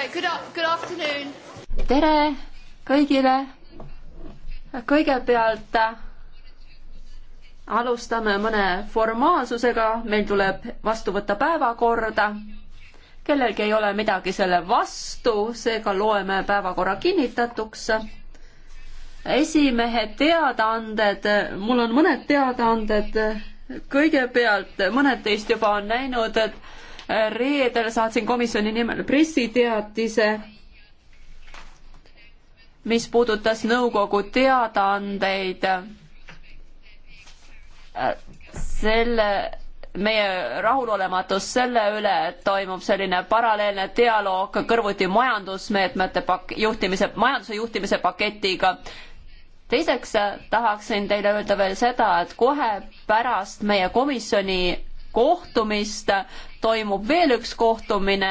Right, good, good afternoon. tere kõigile. kõigepealt äh, alustame mõne formaalsusega, meil tuleb vastu võtta päevakorda. kellelgi ei ole midagi selle vastu, seega loeme päevakorra kinnitatuks. esimehe teadaanded, mul on mõned teadaanded. kõigepealt mõned teist juba on näinud, et reedel saatsin komisjoni nimel pressiteatise, mis puudutas nõukogu teadaandeid äh, selle meie rahulolematus selle üle, et toimub selline paralleelne dialoog kõrvuti majandusmeetmete pak-, juhtimise, majanduse juhtimise paketiga. teiseks äh, tahaksin teile öelda veel seda, et kohe pärast meie komisjoni kohtumist toimub veel üks kohtumine,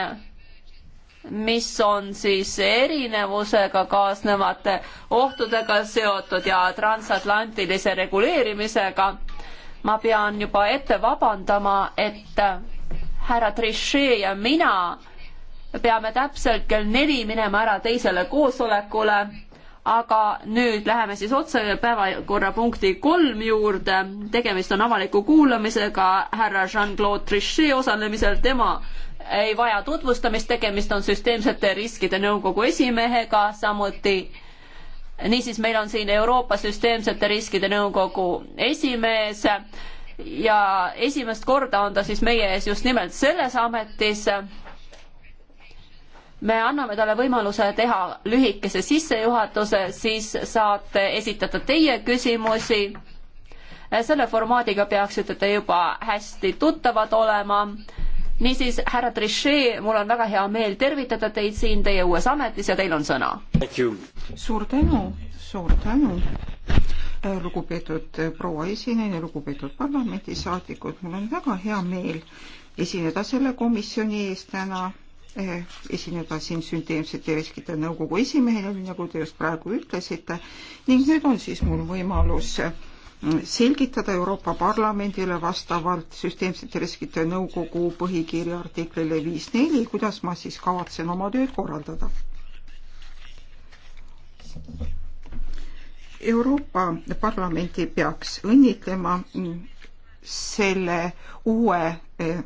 mis on siis erinevusega kaasnevate ohtudega seotud ja transatlantilise reguleerimisega. ma pean juba ette vabandama, et härra Trichet ja mina peame täpselt kell neli minema ära teisele koosolekule aga nüüd läheme siis otse päevakorrapunkti kolm juurde. tegemist on avaliku kuulamisega härra Jean-Claude Trichet osalemisel, tema ei vaja tutvustamist, tegemist on süsteemsete riskide nõukogu esimehega, samuti niisiis, meil on siin Euroopa süsteemsete riskide nõukogu esimees ja esimest korda on ta siis meie ees just nimelt selles ametis me anname talle võimaluse teha lühikese sissejuhatuse, siis saate esitada teie küsimusi. selle formaadiga peaksite te juba hästi tuttavad olema. niisiis, härra Trichet, mul on väga hea meel tervitada teid siin teie uues ametis ja teil on sõna. suur tänu, suur tänu lugupeetud proua esineja, lugupeetud parlamendisaadikud, mul on väga hea meel esineda selle komisjoni ees täna Eh, esineda siin sünteemsete veskide nõukogu esimehena, nagu te just praegu ütlesite. ning nüüd on siis mul võimalus eh, selgitada Euroopa Parlamendile vastavalt süsteemsete riskide nõukogu põhikirja artiklile viis neli, kuidas ma siis kavatsen oma tööd korraldada. Euroopa Parlamenti peaks õnnitlema selle uue eh,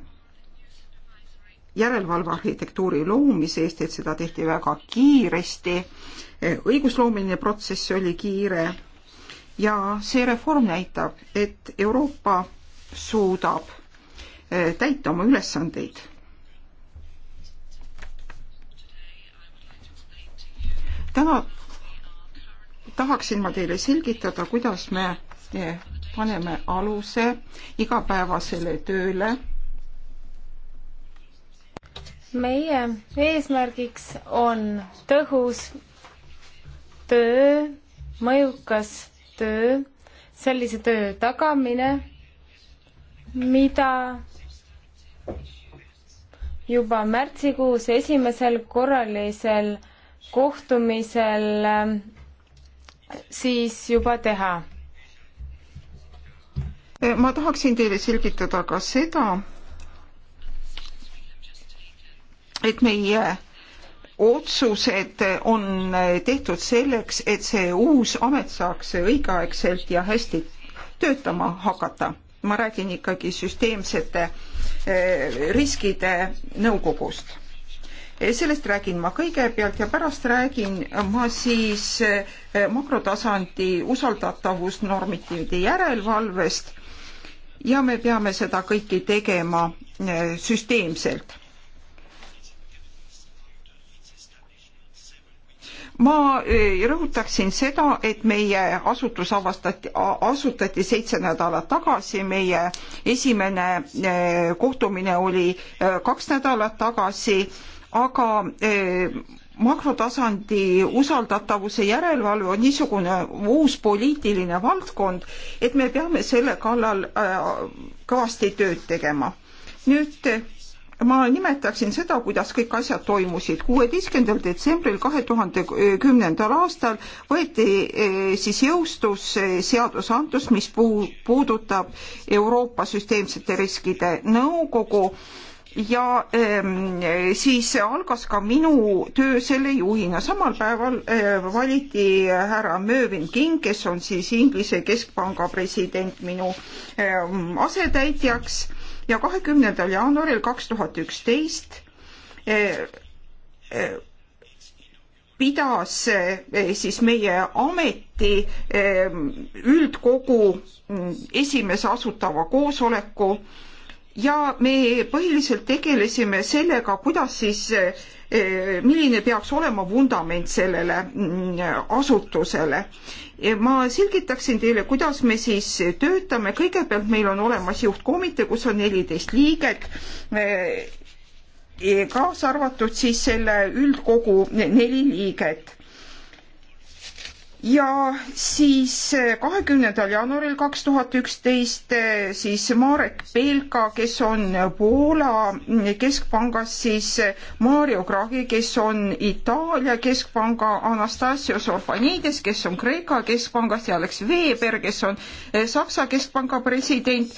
järelevalvearhitektuuri loomise eest, et seda tehti väga kiiresti. õigusloomeline protsess oli kiire ja see reform näitab, et Euroopa suudab eh, täita oma ülesandeid. täna tahaksin ma teile selgitada, kuidas me eh, paneme aluse igapäevasele tööle meie eesmärgiks on tõhus töö, mõjukas töö, sellise töö tagamine, mida juba märtsikuus esimesel korralisel kohtumisel ähm, siis juba teha. ma tahaksin teile selgitada ka seda, et meie otsused on tehtud selleks, et see uus amet saaks õigeaegselt ja hästi töötama hakata. ma räägin ikkagi süsteemsete eh, riskide nõukogust. Eh, sellest räägin ma kõigepealt ja pärast räägin ma siis eh, makrotasandi usaldatavusnormitiivide järelevalvest ja me peame seda kõike tegema süsteemselt ma eh, rõhutaksin seda, et meie asutus avastati, asutati seitse nädalat tagasi, meie esimene eh, kohtumine oli eh, kaks nädalat tagasi, aga makrotasandi usaldatavuse järelevalve on niisugune uus poliitiline valdkond, et me peame selle kallal kõvasti tööd tegema. nüüd ma nimetaksin seda, kuidas kõik asjad toimusid. kuueteistkümnendal detsembril kahe tuhande kümnendal aastal võeti, eh, siis jõustus seadusandlus, mis puudutab Euroopa süsteemsete riskide nõukogu ja ehm, siis algas ka minu töö selle juhina. samal päeval eh, valiti härra Mervyn King, kes on siis Inglise Keskpanga president, minu ehm, asetäitjaks ja kahekümnendal jaanuaril kaks tuhat üksteist eh, eh, pidas eh, siis meie ameti üldkogu mm, esimese asutava koosoleku ja me põhiliselt tegelesime sellega, kuidas siis milline peaks olema vundament sellele mm, asutusele. ma selgitaksin teile, kuidas me siis töötame, kõigepealt meil on olemas juhtkomitee, kus on neliteist liiget, kaasa arvatud siis selle üldkogu neli liiget ja siis eh, kahekümnendal jaanuaril kaks tuhat üksteist eh, siis Marek Belka, kes on Poola mm, keskpangas, siis eh, Mario Draghi, kes on Itaalia keskpanga, Anastasios Orbanides, kes on Kreeka keskpangas ja Alex Weber, kes on Saksa keskpanga president,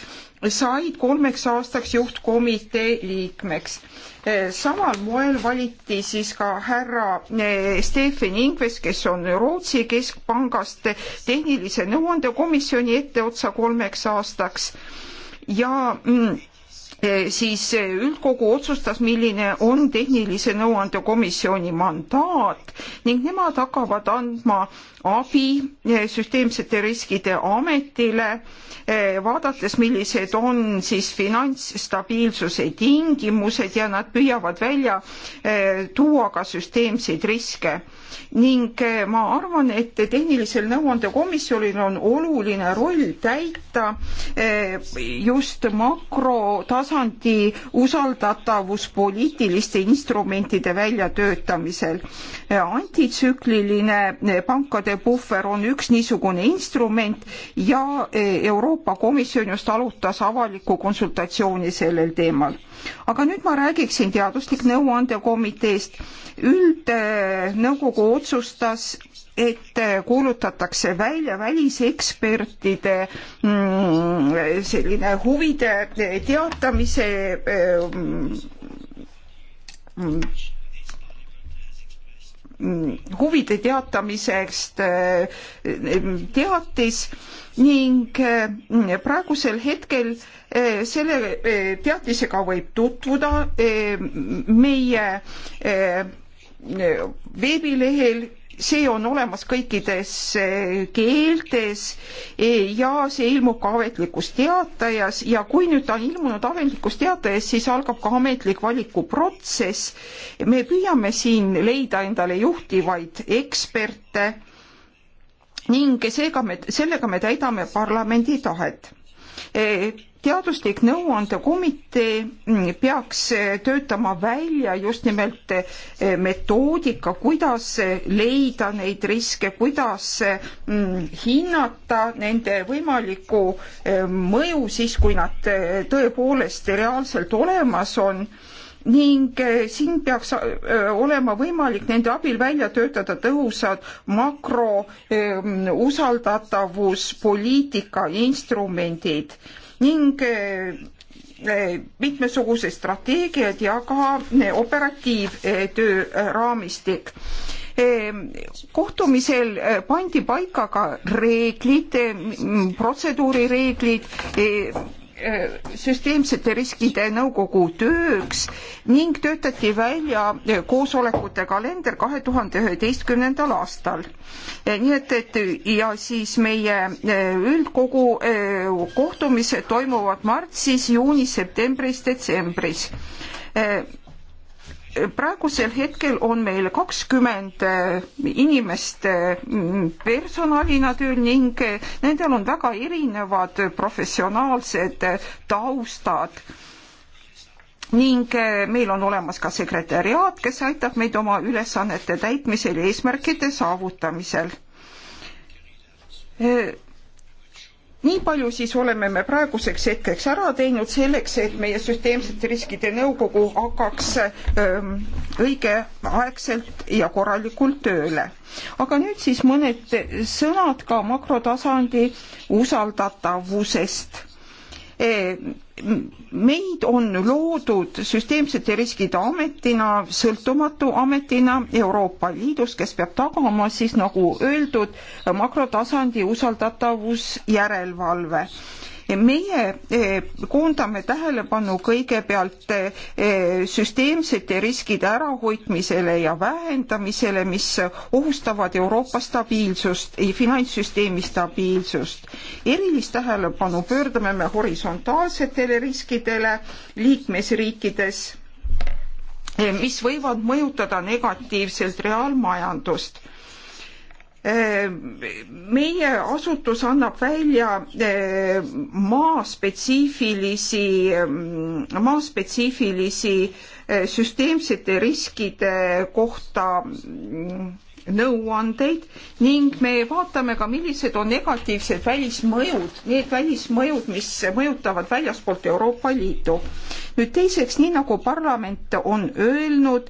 said kolmeks aastaks juhtkomitee liikmeks Eh, samal moel valiti siis ka härra eh, Stefan Ingves, kes on Rootsi keskpangast tehnilise nõuandekomisjoni etteotsa kolmeks aastaks ja mm, eh, siis üldkogu otsustas, milline on tehnilise nõuandekomisjoni mandaat ning nemad hakkavad andma abi eh, süsteemsete riskide ametile, eh, vaadates, millised on siis finantsstabiilsuse tingimused ja nad püüavad välja eh, tuua ka süsteemseid riske. ning ma arvan, et tehnilisel nõuandekomisjonil on oluline roll täita just makrotasandi usaldatavus poliitiliste instrumentide väljatöötamisel. antitsükliline pankade puhver on üks niisugune instrument ja e, Euroopa Komisjon just alutas avalikku konsultatsiooni sellel teemal. aga nüüd ma räägiksin teaduslik nõuandekomiteest. üldnõukogu e, otsustas et e, kuulutatakse välja välisekspertide mm, selline huvide teatamise mm, huvide teatamisest teatis ning eh, praegusel hetkel eh, selle eh, teatisega võib tutvuda meie veebilehel see on olemas kõikides eh, keeltes eh, ja see ilmub ka ametlikus teatajas ja kui nüüd ta on ilmunud ametlikus teatajas, siis algab ka ametlik valikuprotsess. me püüame siin leida endale juhtivaid eksperte ning seega me, sellega me täidame parlamendi tahet eh, teaduslik nõuandekomitee peaks töötama välja just nimelt metoodika, kuidas leida neid riske, kuidas mm, hinnata nende võimalikku eh, mõju siis, kui nad eh, tõepoolest reaalselt olemas on ning eh, siin peaks olema võimalik nende abil välja töötada tõhusad makro mm, usaldatavuspoliitika instrumendid ning eh, eh, mitmesugused strateegiad ja ka eh, operatiivtöö raamistik. kohtumisel pandi paika ka reeglid, protseduurireeglid Äh, süsteemsete riskide nõukogu tööks ning töötati välja äh, koosolekute kalender kahe tuhande üheteistkümnendal aastal. Äh, nii et, et ja siis meie üldkogu kohtumised toimuvad märtsis, juunis, septembris, detsembris praegusel hetkel on meil kakskümmend eh, inimest eh, personalina tööl ning eh, nendel on väga erinevad professionaalsed taustad ning meil on olemas ka sekretäriaat, kes aitab meid oma ülesannete täitmisel ja eesmärkide saavutamisel nii palju siis oleme me praeguseks hetkeks ära teinud selleks, et meie süsteemsete riskide nõukogu hakkaks ähm, õigeaegselt ja korralikult tööle. aga nüüd siis mõned sõnad ka makrotasandi usaldatavusest Eh, meid on loodud süsteemsete riskide ametina, sõltumatu ametina Euroopa Liidus, kes peab tagama siis nagu öeldud makrotasandi usaldatavus järelevalve meie eh, koondame tähelepanu kõigepealt eh, süsteemsete riskide ärahoidmisele ja vähendamisele, mis ohustavad Euroopa stabiilsust, eh, finantssüsteemi stabiilsust. erilist tähelepanu pöördame me horisontaalsetele riskidele liikmesriikides mis võivad mõjutada negatiivselt reaalmajandust meie asutus annab välja maaspetsiifilisi, eh, maaspetsiifilisi mm, eh, süsteemsete riskide kohta mm, nõuandeid ning me vaatame ka, millised on negatiivsed välismõjud, need välismõjud, mis mõjutavad väljaspoolt Euroopa Liitu nüüd teiseks, nii nagu parlament on öelnud,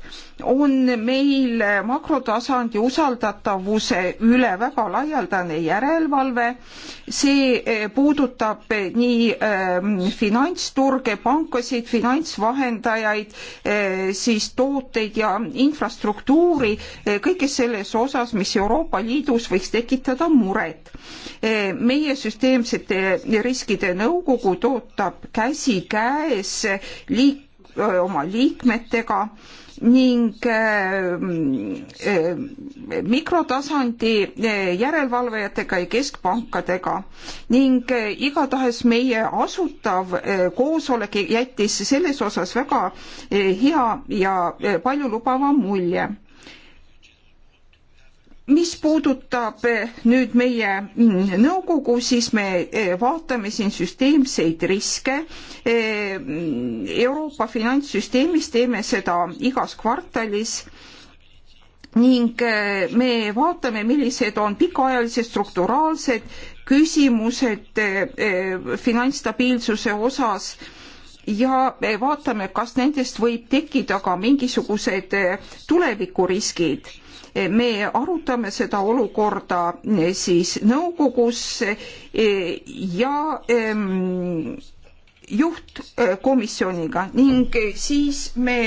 on meil makrotasandi usaldatavuse üle väga laialdane järelevalve. see eh, puudutab eh, nii äh, finantsturge, pankasid, finantsvahendajaid äh,, siis tooteid ja infrastruktuuri äh,, kõiges selles osas, mis Euroopa Liidus võiks tekitada muret äh,. meie süsteemsete riskide nõukogu tootab käsikäes äh, liik-, oma liikmetega ning äh, äh, mikrotasandi äh, järelevalvajatega ja keskpankadega ning igatahes meie asutav koosolek jättis selles osas väga hea ja paljulubava mulje mis puudutab eh, nüüd meie mm, nõukogu, siis me eh, vaatame siin süsteemseid riske. Eh, Euroopa finantssüsteemis teeme seda igas kvartalis ning me vaatame, millised on pikaajalised strukturaalsed küsimused finantsstabiilsuse osas ja vaatame, kas nendest võib tekkida ka mingisugused tulevikuriskid me arutame seda olukorda eh, siis nõukogus eh, ja ehm, juhtkomisjoniga ning eh, siis me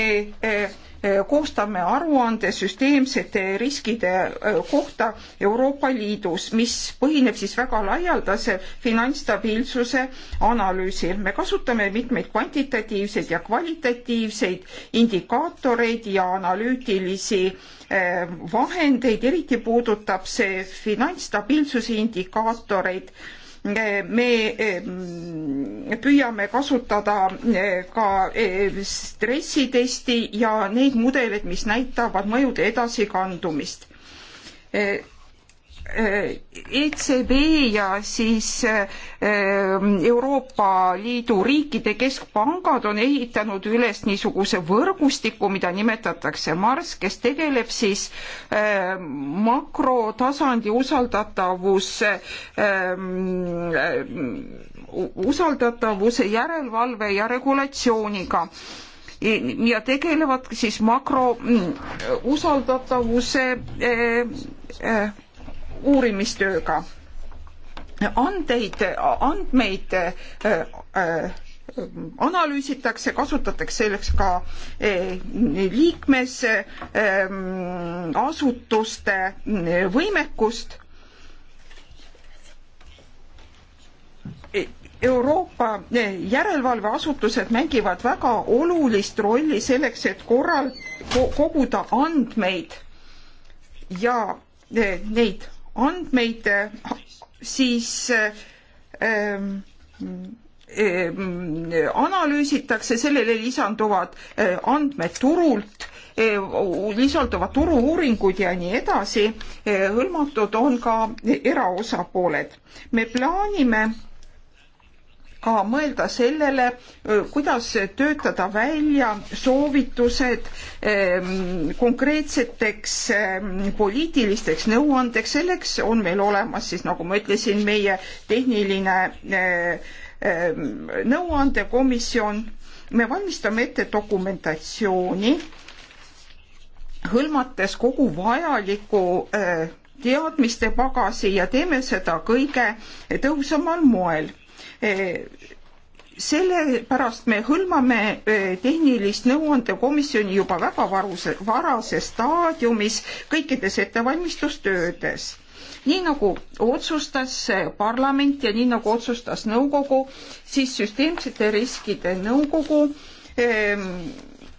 koostame aruande süsteemsete riskide kohta Euroopa Liidus, mis põhineb siis väga laialdase finantsstabiilsuse analüüsil. me kasutame mitmeid kvantitatiivseid ja kvalitatiivseid indikaatoreid ja analüütilisi vahendeid, eriti puudutab see finantsstabiilsuse indikaatoreid me mm, püüame kasutada eh, ka eh, stressitesti ja neid mudeleid, mis näitavad mõjude edasikandumist eh, ECB ja siis äh, Euroopa Liidu riikide keskpangad on ehitanud üles niisuguse võrgustiku, mida nimetatakse MARS, kes tegeleb siis äh, makrotasandi usaldatavus, äh, usaldatavuse järelevalve ja regulatsiooniga ja tegelevad siis makro mm, usaldatavuse uurimistööga. andeid, andmeid äh, äh, analüüsitakse, kasutatakse selleks ka äh, liikmesasutuste ähm, võimekust. E, Euroopa järelevalveasutused mängivad väga olulist rolli selleks, et korral koguda andmeid ja neid andmeid, siis ähm, ähm, analüüsitakse, sellele lisanduvad äh, andmed turult äh,, lisanduvad turu-uuringud ja nii edasi äh,. hõlmatud on ka eraosapooled. me plaanime äh, ka mõelda sellele, kuidas töötada välja soovitused ehm, konkreetseteks ehm, poliitilisteks nõuandeks, selleks on meil olemas siis, nagu ma ütlesin, meie tehniline ehm, nõuandekomisjon, me valmistame ette dokumentatsiooni, hõlmates kogu vajaliku teadmistepagasi ja teeme seda kõige tõhusamal moel Eh, sellepärast me hõlmame eh, tehnilist nõuandekomisjoni juba väga varuse, varases staadiumis kõikides ettevalmistustöödes. nii nagu otsustas eh, parlament ja nii nagu otsustas nõukogu, siis süsteemsete riskide nõukogu ähm,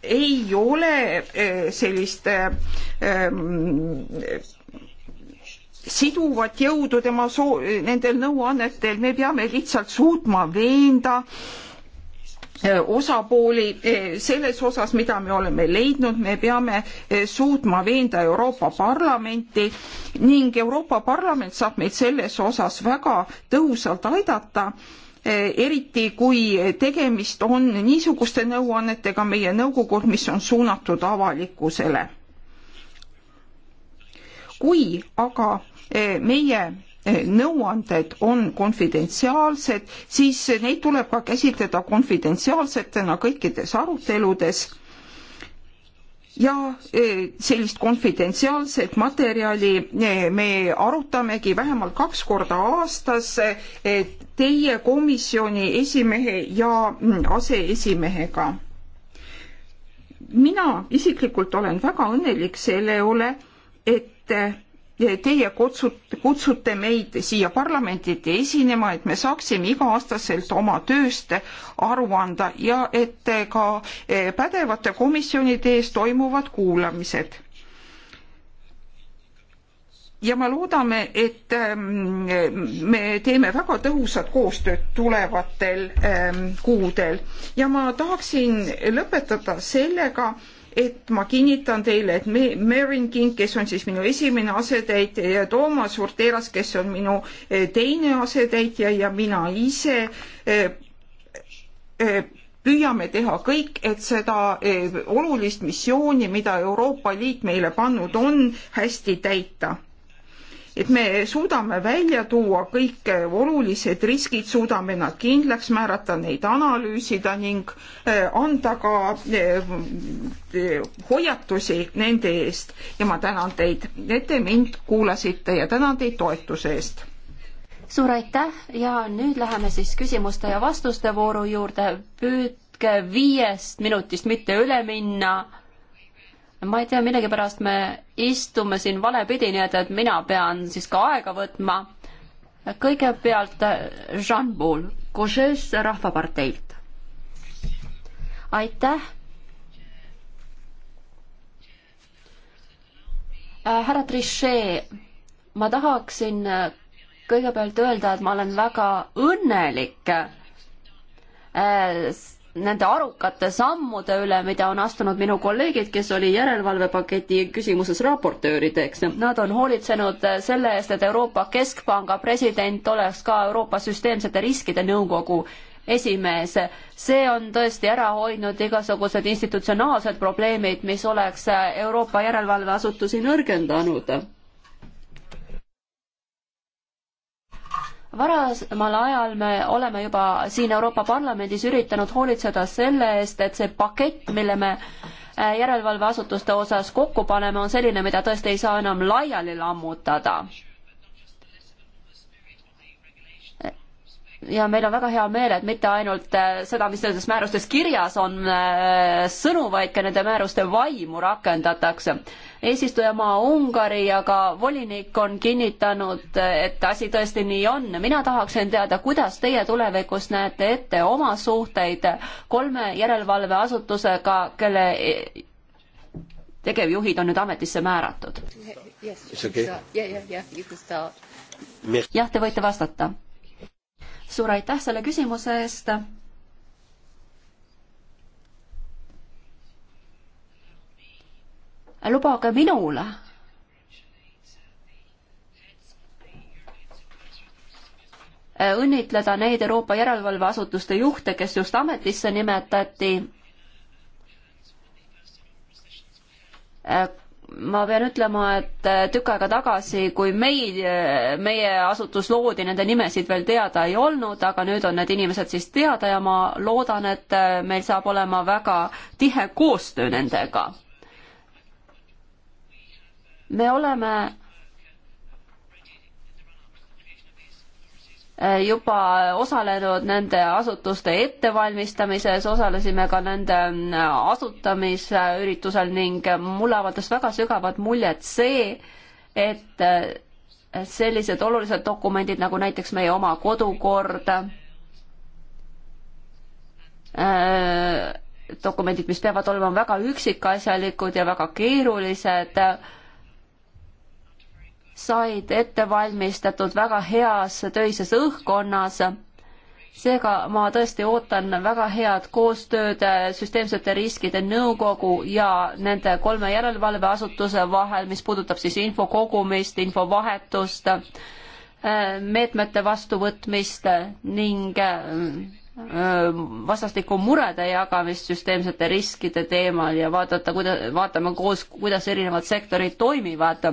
ei ole äh, sellist ähm, siduvat jõudu tema soo-, nendel nõuannetel, me peame lihtsalt suutma veenda eh, osapooli eh, selles osas, mida me oleme leidnud, me peame eh, suutma veenda Euroopa Parlamenti ning Euroopa Parlament saab meid selles osas väga tõhusalt aidata, eriti kui tegemist on niisuguste nõuannetega meie nõukogult, mis on suunatud avalikkusele. kui aga Eh, meie eh, nõuanded on konfidentsiaalsed, siis neid tuleb ka käsitleda konfidentsiaalsetena kõikides aruteludes ja eh, sellist konfidentsiaalset materjali me arutamegi vähemalt kaks korda aastas teie komisjoni esimehe ja mm, aseesimehega. mina isiklikult olen väga õnnelik selle üle, et teie kutsute, kutsute meid siia parlamenditi esinema, et me saaksime iga-aastaselt oma tööst aru anda ja et ka eh, pädevate komisjonide ees toimuvad kuulamised. ja me loodame, et ehm, me teeme väga tõhusat koostööd tulevatel ehm, kuudel ja ma tahaksin lõpetada sellega, et ma kinnitan teile, et me, Merin King, kes on siis minu esimene asetäitja ja Toomas Urteras, kes on minu eh, teine asetäitja ja mina ise eh, eh, püüame teha kõik, et seda eh, olulist missiooni, mida Euroopa Liit meile pannud on, hästi täita et me suudame välja tuua kõik olulised riskid, suudame nad kindlaks määrata, neid analüüsida ning eh, anda ka eh, hoiatusi nende eest ja ma tänan teid, et te mind kuulasite ja tänan teid toetuse eest suur aitäh ja nüüd läheme siis küsimuste ja vastuste vooru juurde. püüdke viiest minutist mitte üle minna ma ei tea, millegipärast me istume siin valepidi, nii et, et mina pean siis ka aega võtma. kõigepealt eh, Jean-Paul Cochesse Rahvaparteilt. aitäh. Eh, härra Trichet, ma tahaksin eh, kõigepealt öelda, et ma olen väga õnnelik nende arukate sammude üle, mida on astunud minu kolleegid, kes oli järelevalvepaketi küsimuses raportöörideks. Nad on hoolitsenud selle eest, et Euroopa Keskpanga president oleks ka Euroopa Süsteemsete Riskide Nõukogu esimees. see on tõesti ära hoidnud igasugused institutsionaalsed probleemid, mis oleks Euroopa järelevalveasutusi nõrgendanud varasemal ajal me oleme juba siin Euroopa Parlamendis üritanud hoolitseda selle eest, et see pakett, mille me äh, järelevalveasutuste osas kokku paneme, on selline, mida tõesti ei saa enam laiali lammutada ja meil on väga hea meel, et mitte ainult äh, seda, mis nendes määrustes kirjas on, äh, sõnu, vaid ka nende määruste vaimu rakendatakse. eesistujamaa Ungari ja ka volinik on kinnitanud, et asi tõesti nii on. mina tahaksin teada, kuidas teie tulevikus näete ette oma suhteid kolme järelevalveasutusega, kelle tegevjuhid on nüüd ametisse määratud? jah, te võite vastata suur aitäh selle küsimuse eest. lubage minul õnnitleda neid Euroopa järelevalveasutuste juhte, kes just ametisse nimetati ma pean ütlema, et äh, tükk aega tagasi, kui meil, äh, meie asutus loodi, nende nimesid veel teada ei olnud, aga nüüd on need inimesed siis teada ja ma loodan, et äh, meil saab olema väga tihe koostöö nendega. me oleme juba osalenud nende asutuste ettevalmistamises, osalesime ka nende mm, asutamisüritusel ning mulle avaldas väga sügavat muljet see, et äh, sellised olulised dokumendid nagu näiteks meie oma kodukord, äh, dokumendid, mis peavad olema väga üksikasjalikud ja väga keerulised, said ette valmistatud väga heas töises õhkkonnas. seega ma tõesti ootan väga head koostööd süsteemsete riskide nõukogu ja nende kolme järelevalveasutuse vahel, mis puudutab siis info kogumist, infovahetust, meetmete vastuvõtmist ning vastastikku murede jagamist süsteemsete riskide teemal ja vaadata, kuida-, vaatame koos, kuidas erinevad sektorid toimivad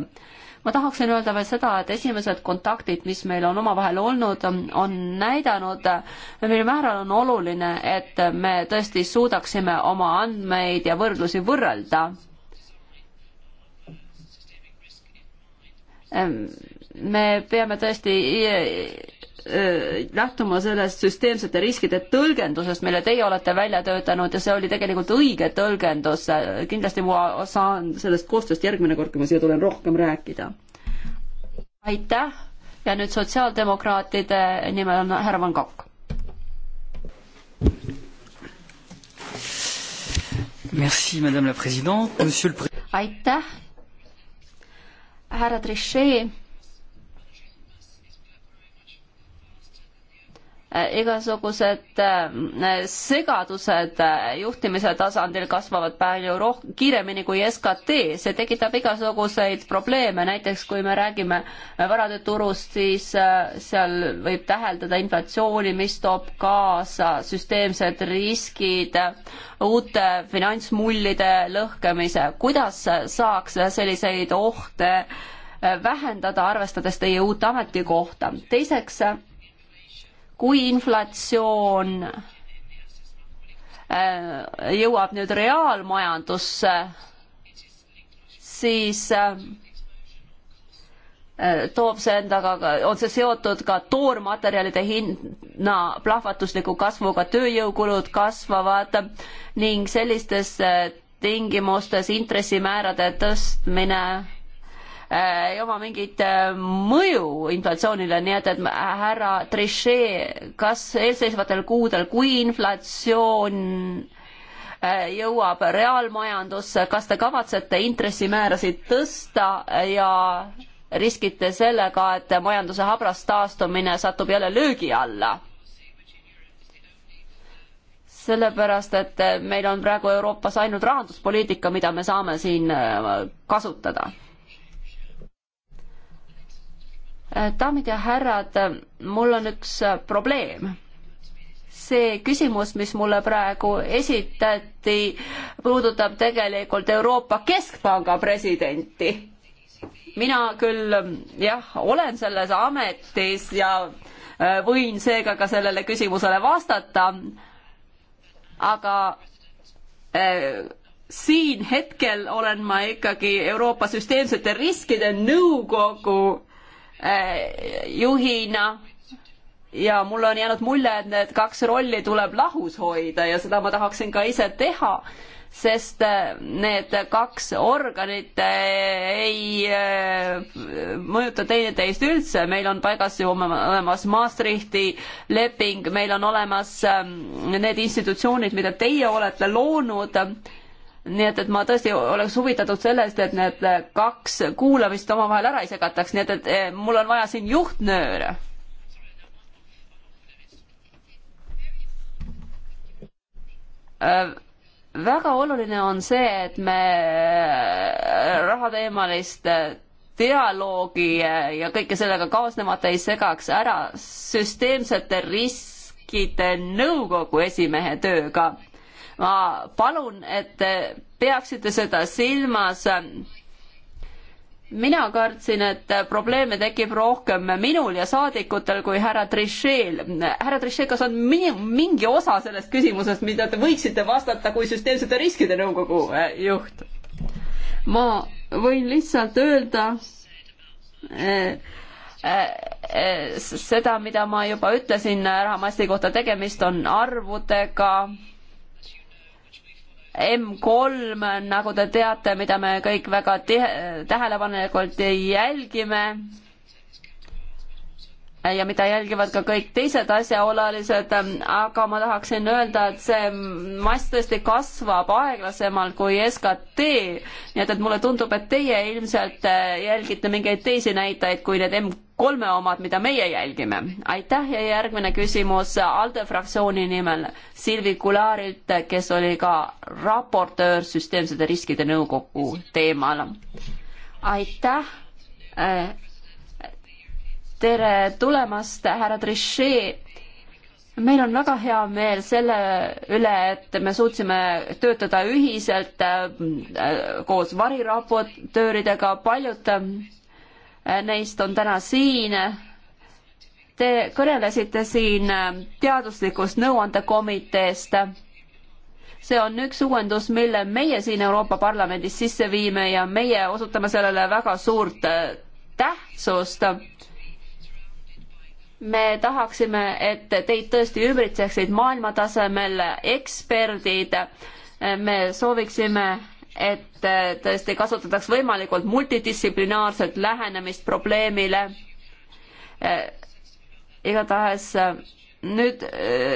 ma tahaksin öelda veel seda, et esimesed kontaktid, mis meil on omavahel olnud, on näidanud, mil määral on oluline, et me tõesti suudaksime oma andmeid ja võrdlusi võrrelda. me peame tõesti lähtuma sellest süsteemsete riskide tõlgendusest, mille teie olete välja töötanud ja see oli tegelikult õige tõlgendus. kindlasti ma saan sellest koostööst järgmine kord, kui ma siia tulen, rohkem rääkida. aitäh ja nüüd sotsiaaldemokraatide nimel on härra Van Kokk. Merci, madame la présidente, monsieur le aitäh, härra Trichet Äh, igasugused äh, segadused äh, juhtimise tasandil kasvavad palju roh-, kiiremini kui SKT, see tekitab igasuguseid probleeme, näiteks kui me räägime varade turust, siis seal võib täheldada inflatsiooni, mis toob kaasa süsteemsed riskid, uute finantsmullide lõhkemise, kuidas saaks selliseid ohte vähendada, arvestades teie uut ametikohta. teiseks kui inflatsioon äh, jõuab nüüd reaalmajandusse, siis äh, toob see endaga, on see seotud ka toormaterjalide hinna plahvatusliku kasvuga, tööjõukulud kasvavad ning sellistes äh, tingimustes intressimäärade tõstmine Äh, ei oma mingit äh, mõju inflatsioonile, nii et, et härra Trichet, kas eelseisvatel kuudel, kui inflatsioon äh, jõuab reaalmajandusse, kas te kavatsete intressimäärasid tõsta ja riskite sellega, et majanduse habras taastumine satub jälle löögi alla? sellepärast, et meil on praegu Euroopas ainult rahanduspoliitika, mida me saame siin kasutada daamid ja härrad, mul on üks äh, probleem. see küsimus, mis mulle praegu esitati, puudutab tegelikult Euroopa Keskpanga presidenti. mina küll jah, olen selles ametis ja äh, võin seega ka sellele küsimusele vastata, aga äh, siin hetkel olen ma ikkagi Euroopa Süsteemsete Riskide Nõukogu Äh, juhina ja mul on jäänud mulje, et need kaks rolli tuleb lahus hoida ja seda ma tahaksin ka ise teha, sest äh, need kaks organit äh, ei mõjuta teineteist üldse, meil on paigas ju olemas Maastrichti leping, meil on olemas ähm, need institutsioonid, mida teie olete loonud nii et, et ma tõesti oleks huvitatud sellest, et need kaks kuulamist omavahel ära ei segataks, nii et, et eh, mul on vaja siin juhtnööre. Äh, väga oluline on see, et me äh, rahateemalist äh, dialoogi ja kõike sellega kaasnevat ei segaks ära süsteemsete riskide nõukogu esimehe tööga ma palun, et te peaksite seda silmas. mina kartsin, et probleeme tekib rohkem minul ja saadikutel kui härra Trichet. härra Trichet, kas on minu, mingi osa sellest küsimusest, mida te võiksite vastata kui süsteemsete riskide nõukogu äh, juht? ma võin lihtsalt öelda eh, eh, seda, mida ma juba ütlesin rahamasti kohta, tegemist on arvudega M3, nagu te teate, mida me kõik väga tihe, tähelepanelikult jälgime ja mida jälgivad ka kõik teised asjaolalised, ähm, aga ma tahaksin öelda, et see mass tõesti kasvab aeglasemalt kui SKT, nii et, et mulle tundub, et teie ilmselt äh, jälgite mingeid teisi näitajaid kui need M3 omad, mida meie jälgime. aitäh ja järgmine küsimus ALDE fraktsiooni nimel Silvi Kularilt, kes oli ka raportöör süsteemsete riskide nõukogu teemal. aitäh äh, tere tulemast, härra Trichet! meil on väga hea meel selle üle, et me suutsime töötada ühiselt äh, koos variraportööridega, paljud äh, neist on täna siin. Te kõnelesite siin äh, teaduslikust nõuandekomiteest. see on üks uuendus, mille meie siin Euroopa Parlamendis sisse viime ja meie osutame sellele väga suurt tähtsust me tahaksime, et teid tõesti ümbritseksid maailmatasemel eksperdid. me sooviksime, et tõesti kasutataks võimalikult multidistsiplinaarset lähenemist probleemile. igatahes nüüd,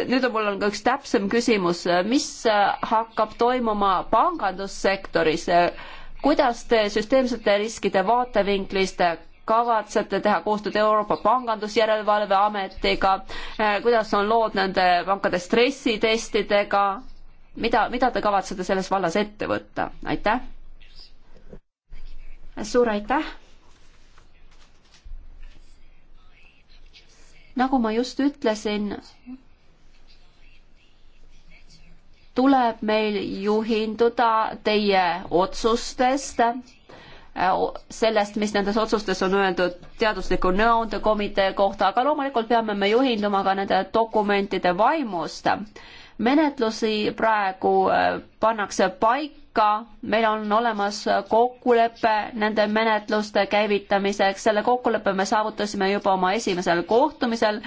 nüüd on mul on ka üks täpsem küsimus, mis hakkab toimuma pangandussektoris? kuidas te süsteemsete riskide vaatevinklist kavatsete teha koostööd Euroopa Pangandusjärelevalve Ametiga, eh, kuidas on lood nende pankade stressitestidega, mida, mida te kavatsete selles vallas ette võtta, aitäh! suur aitäh! nagu ma just ütlesin, tuleb meil juhinduda teie otsustest Äh, sellest, mis nendes otsustes on öeldud teadusliku nõuandekomitee kohta, aga loomulikult peame me juhinduma ka nende dokumentide vaimust. menetlusi praegu äh, pannakse paika, meil on olemas kokkulepe nende menetluste käivitamiseks, selle kokkuleppe me saavutasime juba oma esimesel kohtumisel.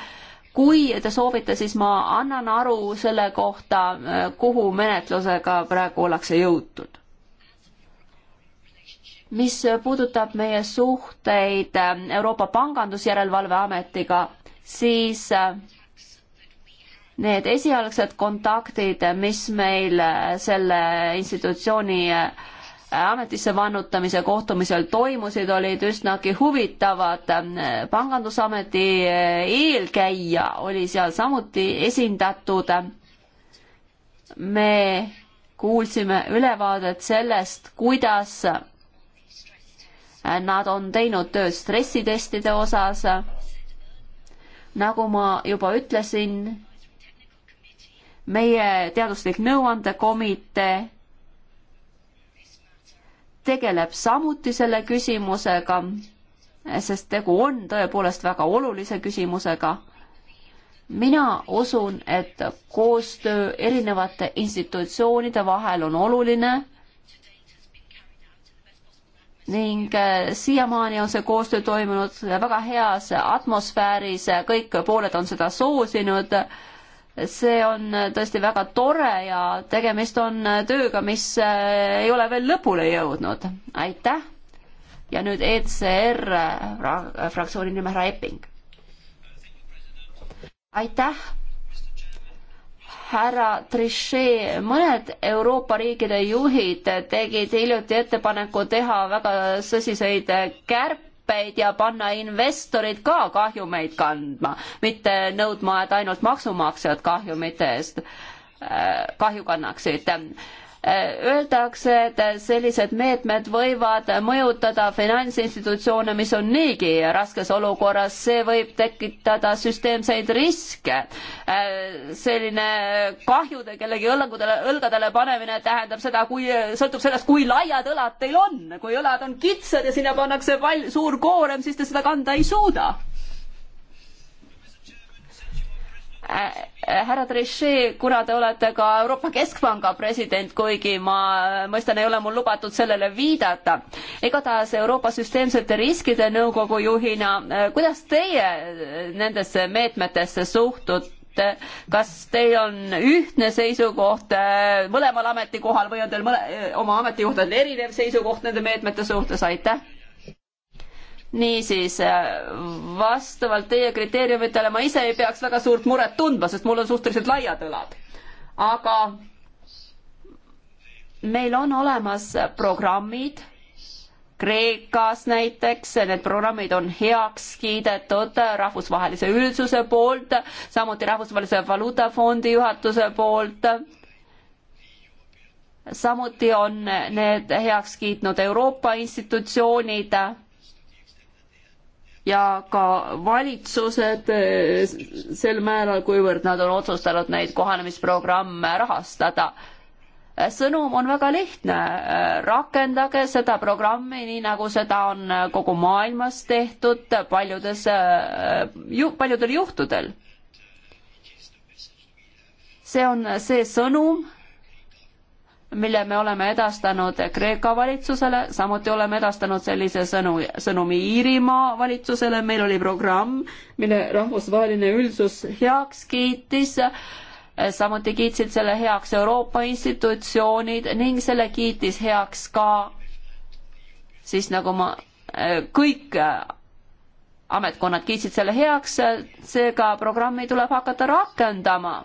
kui te soovite, siis ma annan aru selle kohta, äh, kuhu menetlusega praegu ollakse jõutud mis puudutab meie suhteid ähm, Euroopa Pangandusjärelevalve Ametiga, siis äh, need esialgsed kontaktid, mis meil äh, selle institutsiooni äh, ametisse vannutamise kohtumisel toimusid, olid üsnagi huvitavad. Ähm, pangandusameti eelkäija oli seal samuti esindatud. me kuulsime ülevaadet sellest, kuidas Nad on teinud tööd stressitestide osas. nagu ma juba ütlesin, meie teaduslik nõuandekomitee tegeleb samuti selle küsimusega, sest tegu on tõepoolest väga olulise küsimusega mina usun, et koostöö erinevate institutsioonide vahel on oluline ning äh, siiamaani on see koostöö toimunud väga heas atmosfääris, kõik pooled on seda soosinud. see on tõesti väga tore ja tegemist on tööga, mis äh, ei ole veel lõpule jõudnud. aitäh. ja nüüd ECR äh, fraktsiooni nimel härra Epping. aitäh härra Trichet, mõned Euroopa riikide juhid tegid hiljuti ettepaneku teha väga sõsiseid kärpeid ja panna investorid ka kahjumeid kandma, mitte nõudma, et ainult maksumaksjad kahjumite eest äh, kahju kannaksid Öeldakse, et sellised meetmed võivad mõjutada finantsinstitutsioone, mis on niigi raskes olukorras, see võib tekitada süsteemseid riske. selline kahjude kellegi õlgadele, õlgadele panemine tähendab seda, kui, sõltub sellest, kui laiad õlad teil on. kui õlad on kitsad ja sinna pannakse pall, suur koorem, siis te seda kanda ei suuda Äh, härra Trichet, kuna te olete ka Euroopa Keskpanga president, kuigi ma mõistan, ei ole mul lubatud sellele viidata. igatahes Euroopa Süsteemsete Riskide Nõukogu juhina, äh, kuidas teie nendesse meetmetesse suhtute? kas teil on ühtne seisukoht äh, mõlemal ametikohal või on teil mõle, oma ametikohtadel erinev seisukoht nende meetmete suhtes, aitäh! niisiis, äh, vastavalt teie kriteeriumitele ma ise ei peaks väga suurt muret tundma, sest mul on suhteliselt laiad õlad. aga meil on olemas programmid, Kreekas näiteks, need programmid on heaks kiidetud rahvusvahelise üldsuse poolt, samuti Rahvusvahelise Valuutafondi juhatuse poolt samuti on need heaks kiitnud Euroopa institutsioonid ja ka valitsused eh, sel määral, kuivõrd nad on otsustanud neid kohanemisprogramme rahastada. sõnum on väga lihtne, rakendage seda programmi nii, nagu seda on kogu maailmas tehtud paljudes, eh, paljudel juhtudel. see on see sõnum mille me oleme edastanud Kreeka valitsusele, samuti oleme edastanud sellise sõnu, sõnumi Iirimaa valitsusele, meil oli programm, mille rahvusvaheline üldsus heaks kiitis, samuti kiitsid selle heaks Euroopa institutsioonid ning selle kiitis heaks ka siis nagu ma, kõik ametkonnad kiitsid selle heaks, seega programmi tuleb hakata rakendama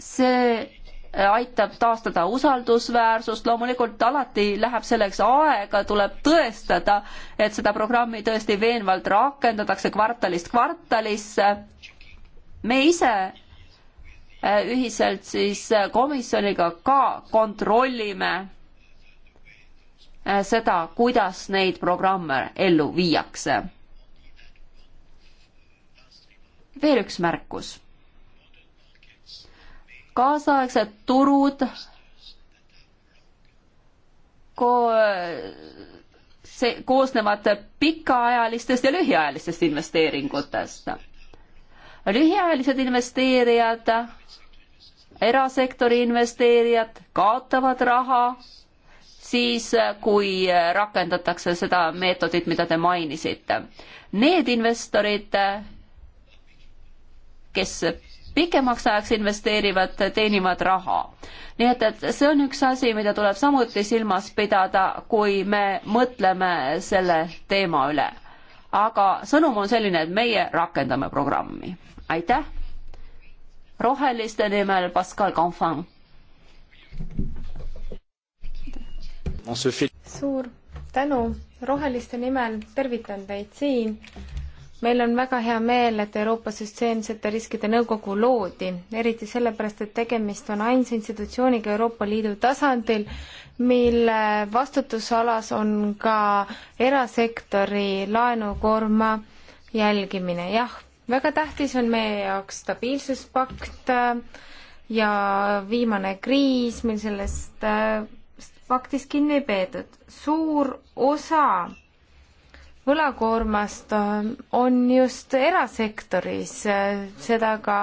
see aitab taastada usaldusväärsust, loomulikult alati läheb selleks aega, tuleb tõestada, et seda programmi tõesti veenvalt rakendatakse kvartalist kvartalisse. me ise eh, ühiselt siis komisjoniga ka kontrollime eh, seda, kuidas neid programme ellu viiakse. veel üks märkus kaasaegsed turud ko-, see koosnevad pikaajalistest ja lühiajalistest investeeringutest. lühiajalised investeerijad, erasektori investeerijad kaotavad raha siis, kui rakendatakse seda meetodit, mida te mainisite. Need investorid, kes pikemaks ajaks investeerivad, teenivad raha. nii et, et see on üks asi, mida tuleb samuti silmas pidada, kui me mõtleme selle teema üle. aga sõnum on selline, et meie rakendame programmi. aitäh! roheliste nimel Pascal Canfin. suur tänu roheliste nimel, tervitan teid siin meil on väga hea meel, et Euroopa Süsteemsete Riskide Nõukogu loodi, eriti sellepärast, et tegemist on ainsa institutsiooniga Euroopa Liidu tasandil, mille vastutusalas on ka erasektori laenukoorma jälgimine, jah. väga tähtis on meie jaoks stabiilsuspakt äh, ja viimane kriis, mil sellest äh, faktist kinni ei peetud. suur osa võlakoormast ähm, on just erasektoris, äh, seda ka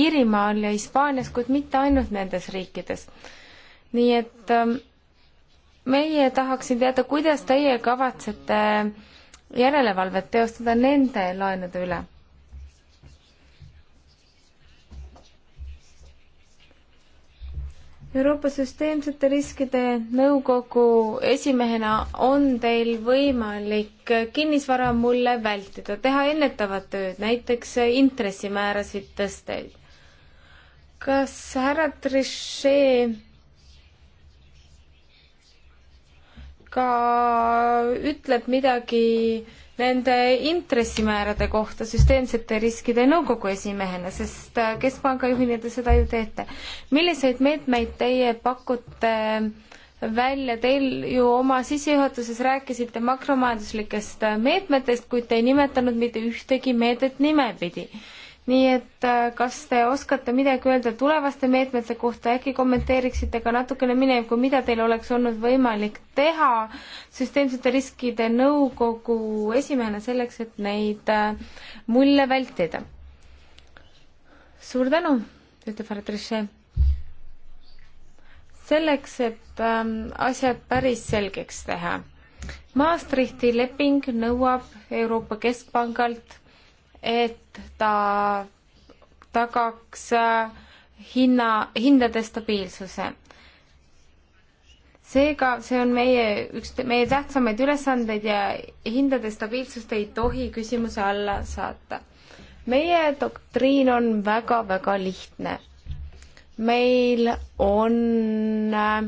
Iirimaal ja Hispaanias, kuid mitte ainult nendes riikides. nii et ähm, meie tahaksin teada, kuidas teie kavatsete järelevalvet teostada nende laenude üle Euroopa Süsteemsete Riskide Nõukogu esimehena on teil võimalik kinnisvaramulle vältida, teha ennetavat tööd, näiteks intressimäärasid tõsteid. kas härra Trichet ka ütleb midagi nende intressimäärade kohta süsteemsete riskide nõukogu esimehena, sest äh, Keskpanga juhina te seda ju teete. milliseid meetmeid teie pakute äh, välja, teil ju oma sissejuhatuses rääkisite makromajanduslikest äh, meetmetest, kuid te ei nimetanud mitte ühtegi meedet nimepidi nii et äh, kas te oskate midagi öelda tulevaste meetmete kohta, äkki kommenteeriksite ka natukene minevikku, mida teil oleks olnud võimalik teha süsteemsete riskide nõukogu esimehena selleks, et neid äh, mulle vältida? suur tänu, ütleb härra Trichet. selleks, et ähm, asjad päris selgeks teha. Maastrichti leping nõuab Euroopa Keskpangalt et ta tagaks äh, hinna, hindade stabiilsuse. seega see on meie, üks meie tähtsamaid ülesandeid ja hindade stabiilsust ei tohi küsimuse alla saata. meie doktriin on väga-väga lihtne. meil on äh,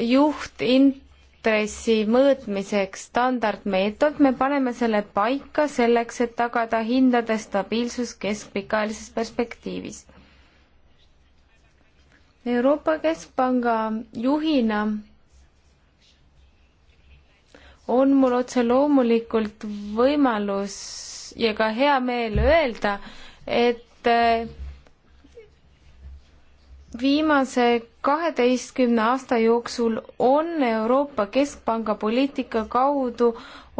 juhtint-, intressi mõõtmiseks standardmeetod, me paneme selle paika selleks, et tagada hindade stabiilsus keskpikaajalises perspektiivis. Euroopa Keskpanga juhina on mul otse loomulikult võimalus ja ka hea meel öelda, et äh, viimase kaheteistkümne aasta jooksul on Euroopa Keskpanga poliitika kaudu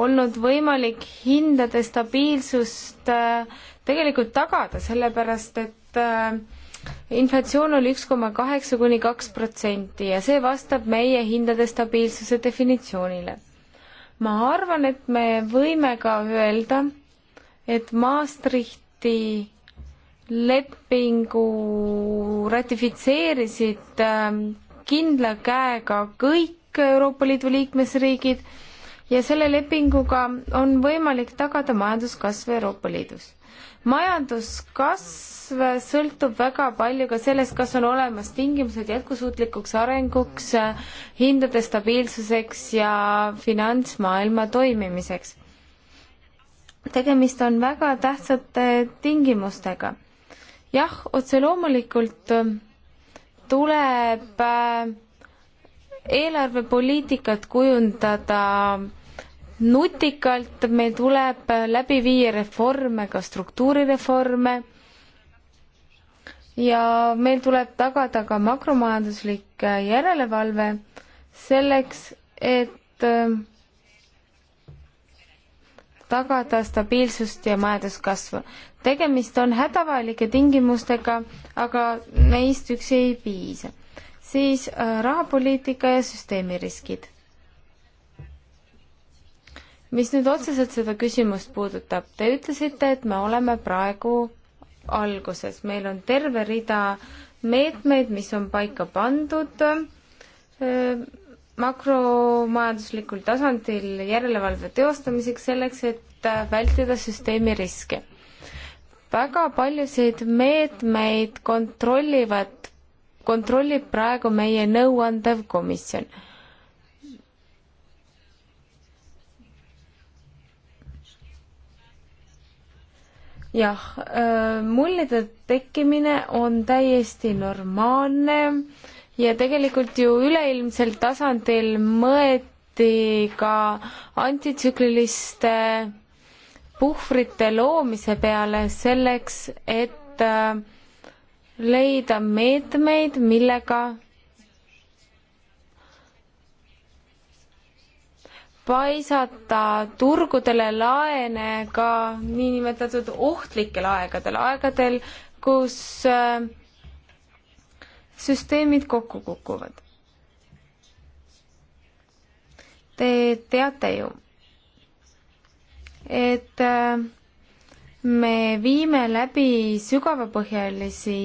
olnud võimalik hindade stabiilsust äh, tegelikult tagada, sellepärast et äh, inflatsioon oli üks koma kaheksa kuni kaks protsenti ja see vastab meie hindade stabiilsuse definitsioonile. ma arvan, et me võime ka öelda, et Maastrichti lepingu ratifitseerisid ähm, kindla käega kõik Euroopa Liidu liikmesriigid ja selle lepinguga on võimalik tagada majanduskasv Euroopa Liidus. majanduskasv sõltub väga palju ka sellest, kas on olemas tingimused jätkusuutlikuks arenguks, hindade stabiilsuseks ja finantsmaailma toimimiseks tegemist on väga tähtsate tingimustega jah, otse loomulikult äh, tuleb äh, eelarvepoliitikat kujundada nutikalt, meil tuleb äh, läbi viia reforme, ka struktuurireforme ja meil tuleb tagada ka makromajanduslik järelevalve selleks, et tagada stabiilsust ja majanduskasvu. tegemist on hädavajalike tingimustega, aga neist üksi ei piisa. siis äh, rahapoliitika ja süsteemiriskid. mis nüüd otseselt seda küsimust puudutab, te ütlesite, et me oleme praegu alguses, meil on terve rida meetmeid, mis on paika pandud äh, makromajanduslikul tasandil järelevalve teostamiseks selleks, et äh, vältida süsteemi riske. väga paljusid meetmeid kontrollivad, kontrollib praegu meie nõuandev komisjon. jah, äh, mullide tekkimine on täiesti normaalne äh, ja tegelikult ju üleilmsel tasandil mõõti ka antitsükliliste puhvrite loomise peale selleks, et äh, leida meetmeid, millega paisata turgudele laene ka niinimetatud ohtlikel aegadel, aegadel, kus äh, süsteemid kokku kukuvad. Te teate ju, et äh, me viime läbi sügavapõhjalisi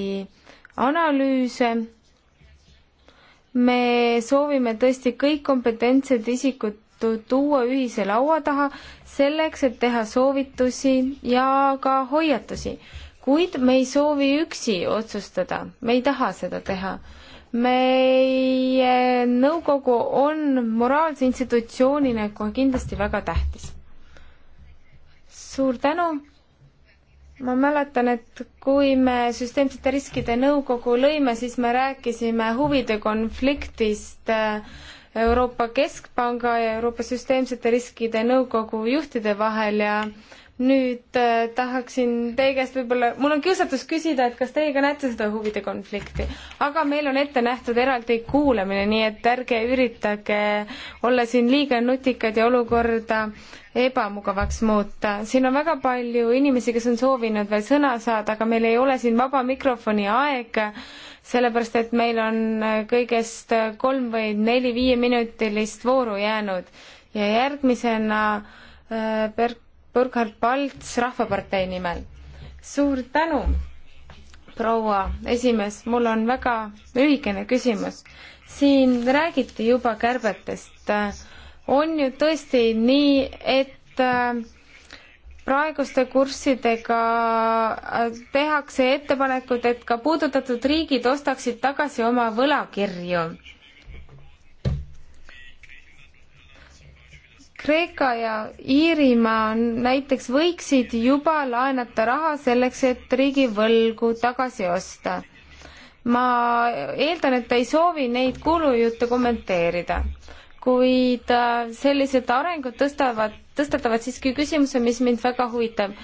analüüse, me soovime tõesti kõik kompetentsed isikud tuua ühise laua taha selleks, et teha soovitusi ja ka hoiatusi kuid me ei soovi üksi otsustada, me ei taha seda teha. meie nõukogu on moraalse institutsioonina kohe kindlasti väga tähtis. suur tänu! ma mäletan, et kui me süsteemsete riskide nõukogu lõime, siis me rääkisime huvide konfliktist äh, Euroopa Keskpanga ja Euroopa Süsteemsete Riskide Nõukogu juhtide vahel ja nüüd äh, tahaksin teie käest võib-olla, mul on kiusatus küsida, et kas teie ka näete seda huvide konflikti, aga meil on ette nähtud eraldi kuulamine, nii et ärge üritage olla siin liiga nutikad ja olukorda ebamugavaks muuta. siin on väga palju inimesi, kes on soovinud veel sõna saada, aga meil ei ole siin vaba mikrofoni aega, sellepärast et meil on äh, kõigest äh, kolm või neli viieminutilist vooru jäänud ja järgmisena äh, Berk Burkhard Palts Rahvapartei nimel. suur tänu, proua esimees, mul on väga lühikene küsimus. siin räägiti juba kärbetest. on ju tõesti nii, et äh, praeguste kurssidega äh, tehakse ettepanekud, et ka puudutatud riigid ostaksid tagasi oma võlakirju Kreeka ja Iirimaa näiteks võiksid juba laenata raha selleks, et riigivõlgu tagasi osta. ma eeldan, et te ei soovi neid kuulujutte kommenteerida, kuid äh, sellised arengud tõstavad, tõstatavad siiski küsimuse, mis mind väga huvitab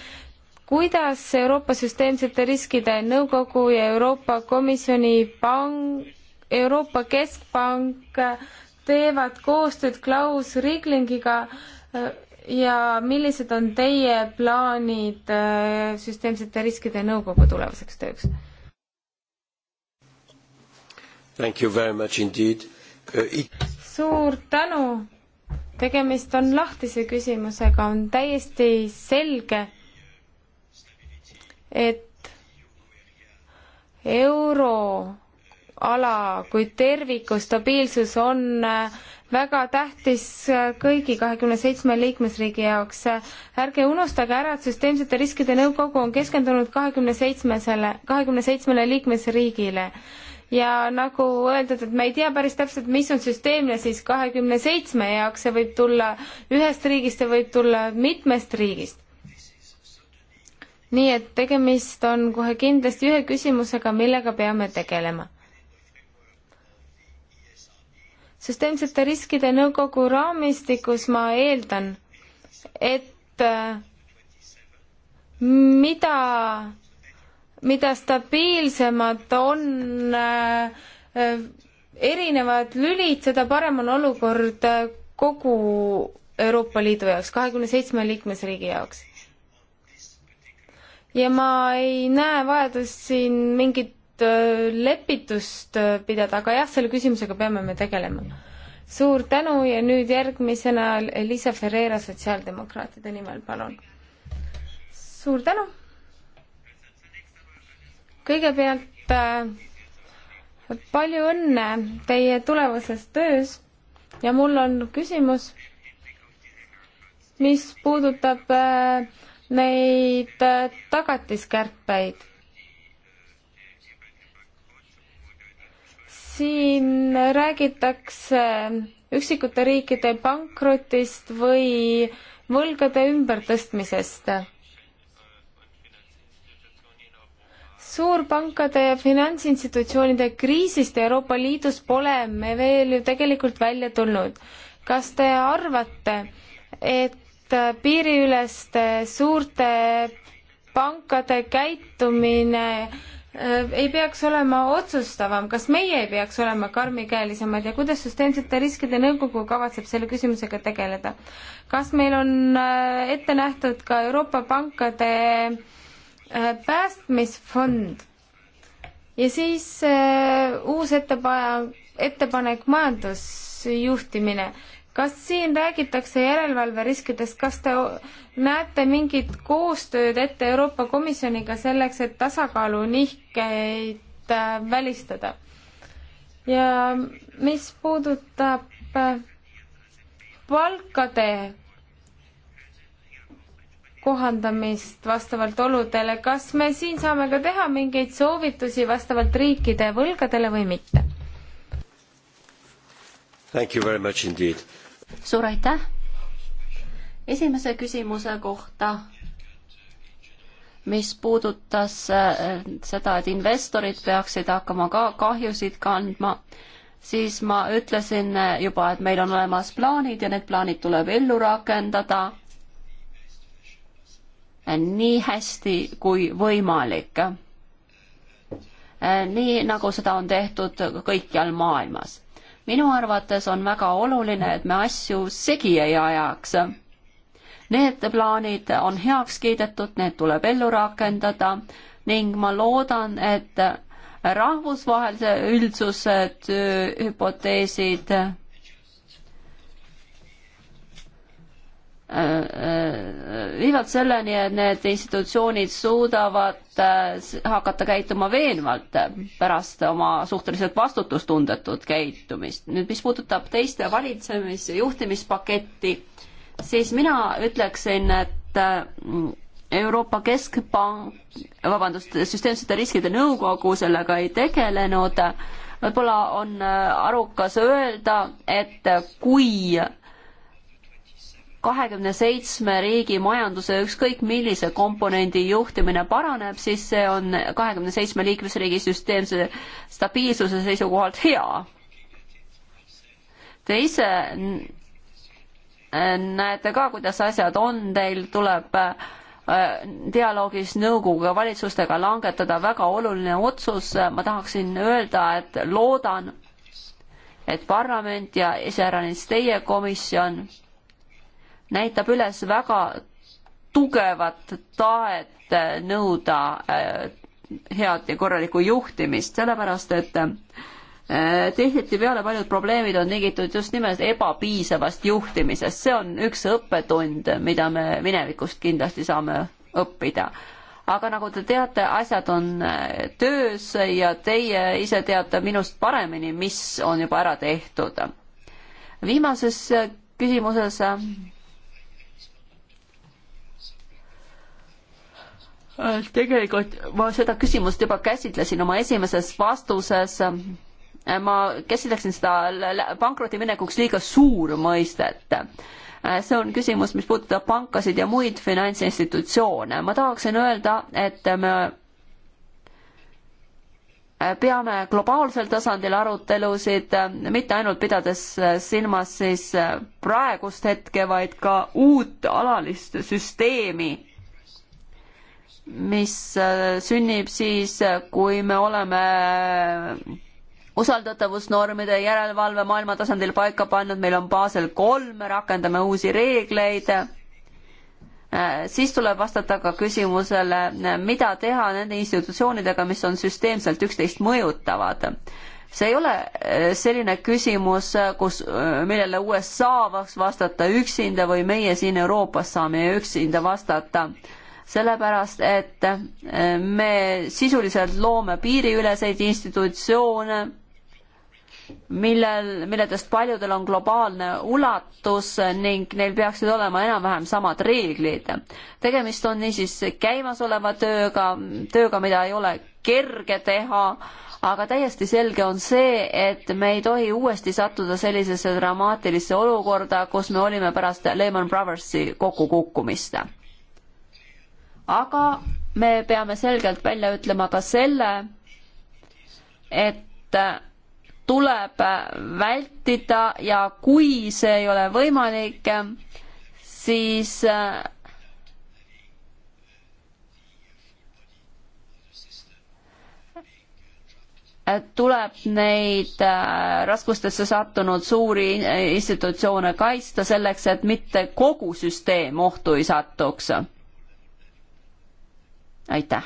kuidas Euroopa süsteemsete riskide nõukogu ja Euroopa Komisjoni pang, Euroopa Keskpank teevad koostööd Klaus Riglingiga äh, ja millised on teie plaanid äh, süsteemsete riskide nõukogu tulevaseks tööks? Thank you very much indeed uh,. It... suur tänu. tegemist on lahtise küsimusega, on täiesti selge, et euro ala kui terviku stabiilsus on äh, väga tähtis äh, kõigi kahekümne seitsme liikmesriigi jaoks. ärge unustage ära, et süsteemsete riskide nõukogu on keskendunud kahekümne seitsmesele, kahekümne seitsmele liikmesriigile ja nagu öeldud, et me ei tea päris täpselt, mis on süsteemne, siis kahekümne seitsme jaoks see võib tulla ühest riigist, see võib tulla mitmest riigist. nii et tegemist on kohe kindlasti ühe küsimusega, millega peame tegelema. süsteemsete riskide nõukogu raamistikus ma eeldan, et äh, mida, mida stabiilsemad on äh, äh, erinevad lülid, seda parem on olukord kogu Euroopa Liidu jaoks, kahekümne seitsme liikmesriigi jaoks. ja ma ei näe vajadust siin mingit Äh, lepitust äh, pidada, aga jah, selle küsimusega peame me tegelema. suur tänu ja nüüd järgmisena Elisa Ferreira sotsiaaldemokraatide nimel, palun. suur tänu. kõigepealt äh, palju õnne teie tulevases töös ja mul on küsimus, mis puudutab neid tagatiskärpeid siin räägitakse üksikute riikide pankrotist või võlgade ümbertõstmisest. suurpankade ja finantsinstitutsioonide kriisist Euroopa Liidus pole me veel ju tegelikult välja tulnud. kas te arvate, et piiriüleste suurte pankade käitumine Äh, ei peaks olema otsustavam, kas meie ei peaks olema karmikäelisemad ja kuidas süsteemsete riskide nõukogu kavatseb selle küsimusega tegeleda? kas meil on äh, ette nähtud ka Euroopa pankade äh, päästmisfond? ja siis uus ettepanek, ettepanek majandusjuhtimine kas siin räägitakse järelevalveriskidest, kas te näete mingit koostööd ette Euroopa Komisjoniga selleks, et tasakaalunihkeid äh, välistada? ja mis puudutab äh, palkade kohandamist vastavalt oludele, kas me siin saame ka teha mingeid soovitusi vastavalt riikide võlgadele või mitte? Thank you very much indeed suur aitäh! esimese küsimuse kohta, mis puudutas äh, seda, et investorid peaksid hakkama ka kahjusid kandma, siis ma ütlesin äh, juba, et meil on olemas plaanid ja need plaanid tuleb ellu rakendada äh, nii hästi kui võimalik. nii, nagu seda on tehtud kõikjal maailmas minu arvates on väga oluline, et me asju segi ei ajaks. Need plaanid on heaks kiidetud, need tuleb ellu rakendada ning ma loodan, et rahvusvahelise üldsuse hüpoteesid viivad selleni, et need institutsioonid suudavad äh, hakata käituma veenvalt pärast oma suhteliselt vastutustundetut käitumist. nüüd, mis puudutab teiste valitsemis- ja juhtimispaketti, siis mina ütleksin, et äh, Euroopa Keskpank, vabandust, süsteemsete riskide nõukogu sellega ei tegelenud, võib-olla on äh, arukas öelda, et kui kahekümne seitsme riigi majanduse ükskõik millise komponendi juhtimine paraneb, siis see on kahekümne seitsme liikmesriigi süsteemse stabiilsuse seisukohalt hea. Te ise näete ka, kuidas asjad on, teil tuleb äh, dialoogis nõukoguga, valitsustega langetada väga oluline otsus, ma tahaksin öelda, et loodan, et parlament ja iseäranis teie komisjon näitab üles väga tugevat tahet nõuda äh, head ja korralikku juhtimist, sellepärast et äh, tihtipeale paljud probleemid on tingitud just nimelt ebapiisavast juhtimisest, see on üks õppetund, mida me minevikust kindlasti saame õppida. aga nagu te teate, asjad on äh, töös ja teie ise teate minust paremini, mis on juba ära tehtud. viimases küsimuses Äh, tegelikult ma seda küsimust juba käsitlesin oma esimeses vastuses. Äh, ma käsitleksin seda pankrotiminekuks liiga suur mõistet. Äh, see on küsimus, mis puudutab pankasid ja muid finantsinstitutsioone. ma tahaksin öelda, et me peame globaalsel tasandil arutelusid, mitte ainult pidades silmas siis praegust hetke, vaid ka uut alalist süsteemi mis äh, sünnib siis, äh, kui me oleme äh, usaldatavusnormide järelevalve maailma tasandil paika pannud, meil on baasel kolm, rakendame uusi reegleid. siis tuleb vastata ka küsimusele, mida teha nende institutsioonidega, mis on süsteemselt üksteist mõjutavad see ei ole selline küsimus, kus, millele USA saaks vastata üksinda või meie siin Euroopas saame üksinda vastata sellepärast et eh, me sisuliselt loome piiriüleseid institutsioone, millel, milledest paljudel on globaalne ulatus ning neil peaksid olema enam-vähem samad reeglid. tegemist on niisiis käimasoleva tööga, tööga, mida ei ole kerge teha, aga täiesti selge on see, et me ei tohi uuesti sattuda sellisesse dramaatilisse olukorda, kus me olime pärast Lehman Brothersi kokkukukkumist aga me peame selgelt välja ütlema ka selle, et tuleb vältida ja kui see ei ole võimalik, siis tuleb neid äh, raskustesse sattunud suuri institutsioone kaitsta selleks, et mitte kogu süsteem ohtu ei satuks aitäh!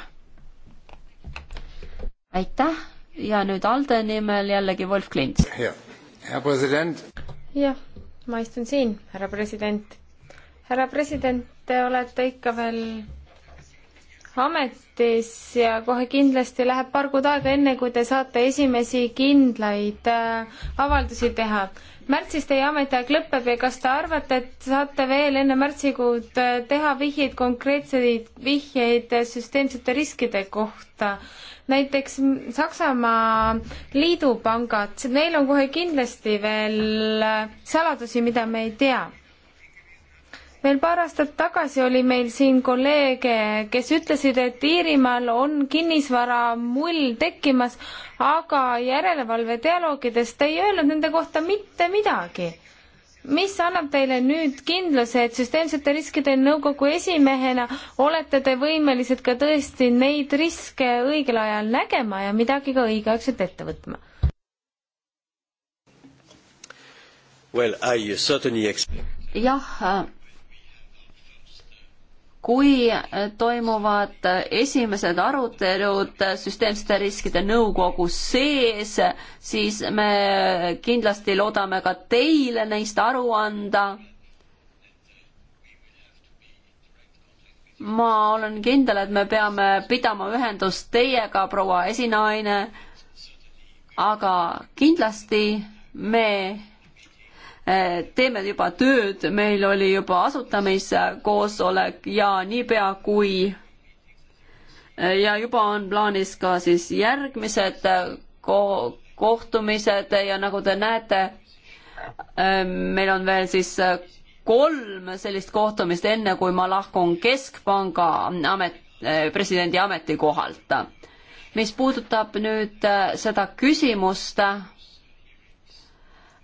aitäh ja nüüd ALDE nimel jällegi Wolf Klints. hea president. jah, ma istun siin, härra president. härra president, te olete ikka veel ametis ja kohe kindlasti läheb paar kuud aega, enne kui te saate esimesi kindlaid äh, avaldusi teha. märtsis teie ametiaeg lõpeb ja kas te arvate, et saate veel enne märtsikuud äh, teha vihjeid, konkreetseid vihjeid äh, süsteemsete riskide kohta? näiteks Saksamaa liidupangad, neil on kohe kindlasti veel äh, saladusi, mida me ei tea veel paar aastat tagasi oli meil siin kolleege, kes ütlesid, et Iirimaal on kinnisvaramull tekkimas, aga järelevalvedialoogidest ei öelnud nende kohta mitte midagi. mis annab teile nüüd kindluse, et süsteemsete riskide nõukogu esimehena olete te võimelised ka tõesti neid riske õigel ajal nägema ja midagi ka õigeaegselt ette võtma? Well, I certainly jah kui toimuvad esimesed arutelud süsteemsete riskide nõukogus sees, siis me kindlasti loodame ka teile neist aru anda. ma olen kindel, et me peame pidama ühendust teiega, proua esinaine, aga kindlasti me teeme juba tööd, meil oli juba asutamiskoosolek ja niipea kui ja juba on plaanis ka siis järgmised ko kohtumised ja nagu te näete, ähm, meil on veel siis kolm sellist kohtumist, enne kui ma lahkun Keskpanga amet, äh, presidendi ametikohalt. mis puudutab nüüd äh, seda küsimust,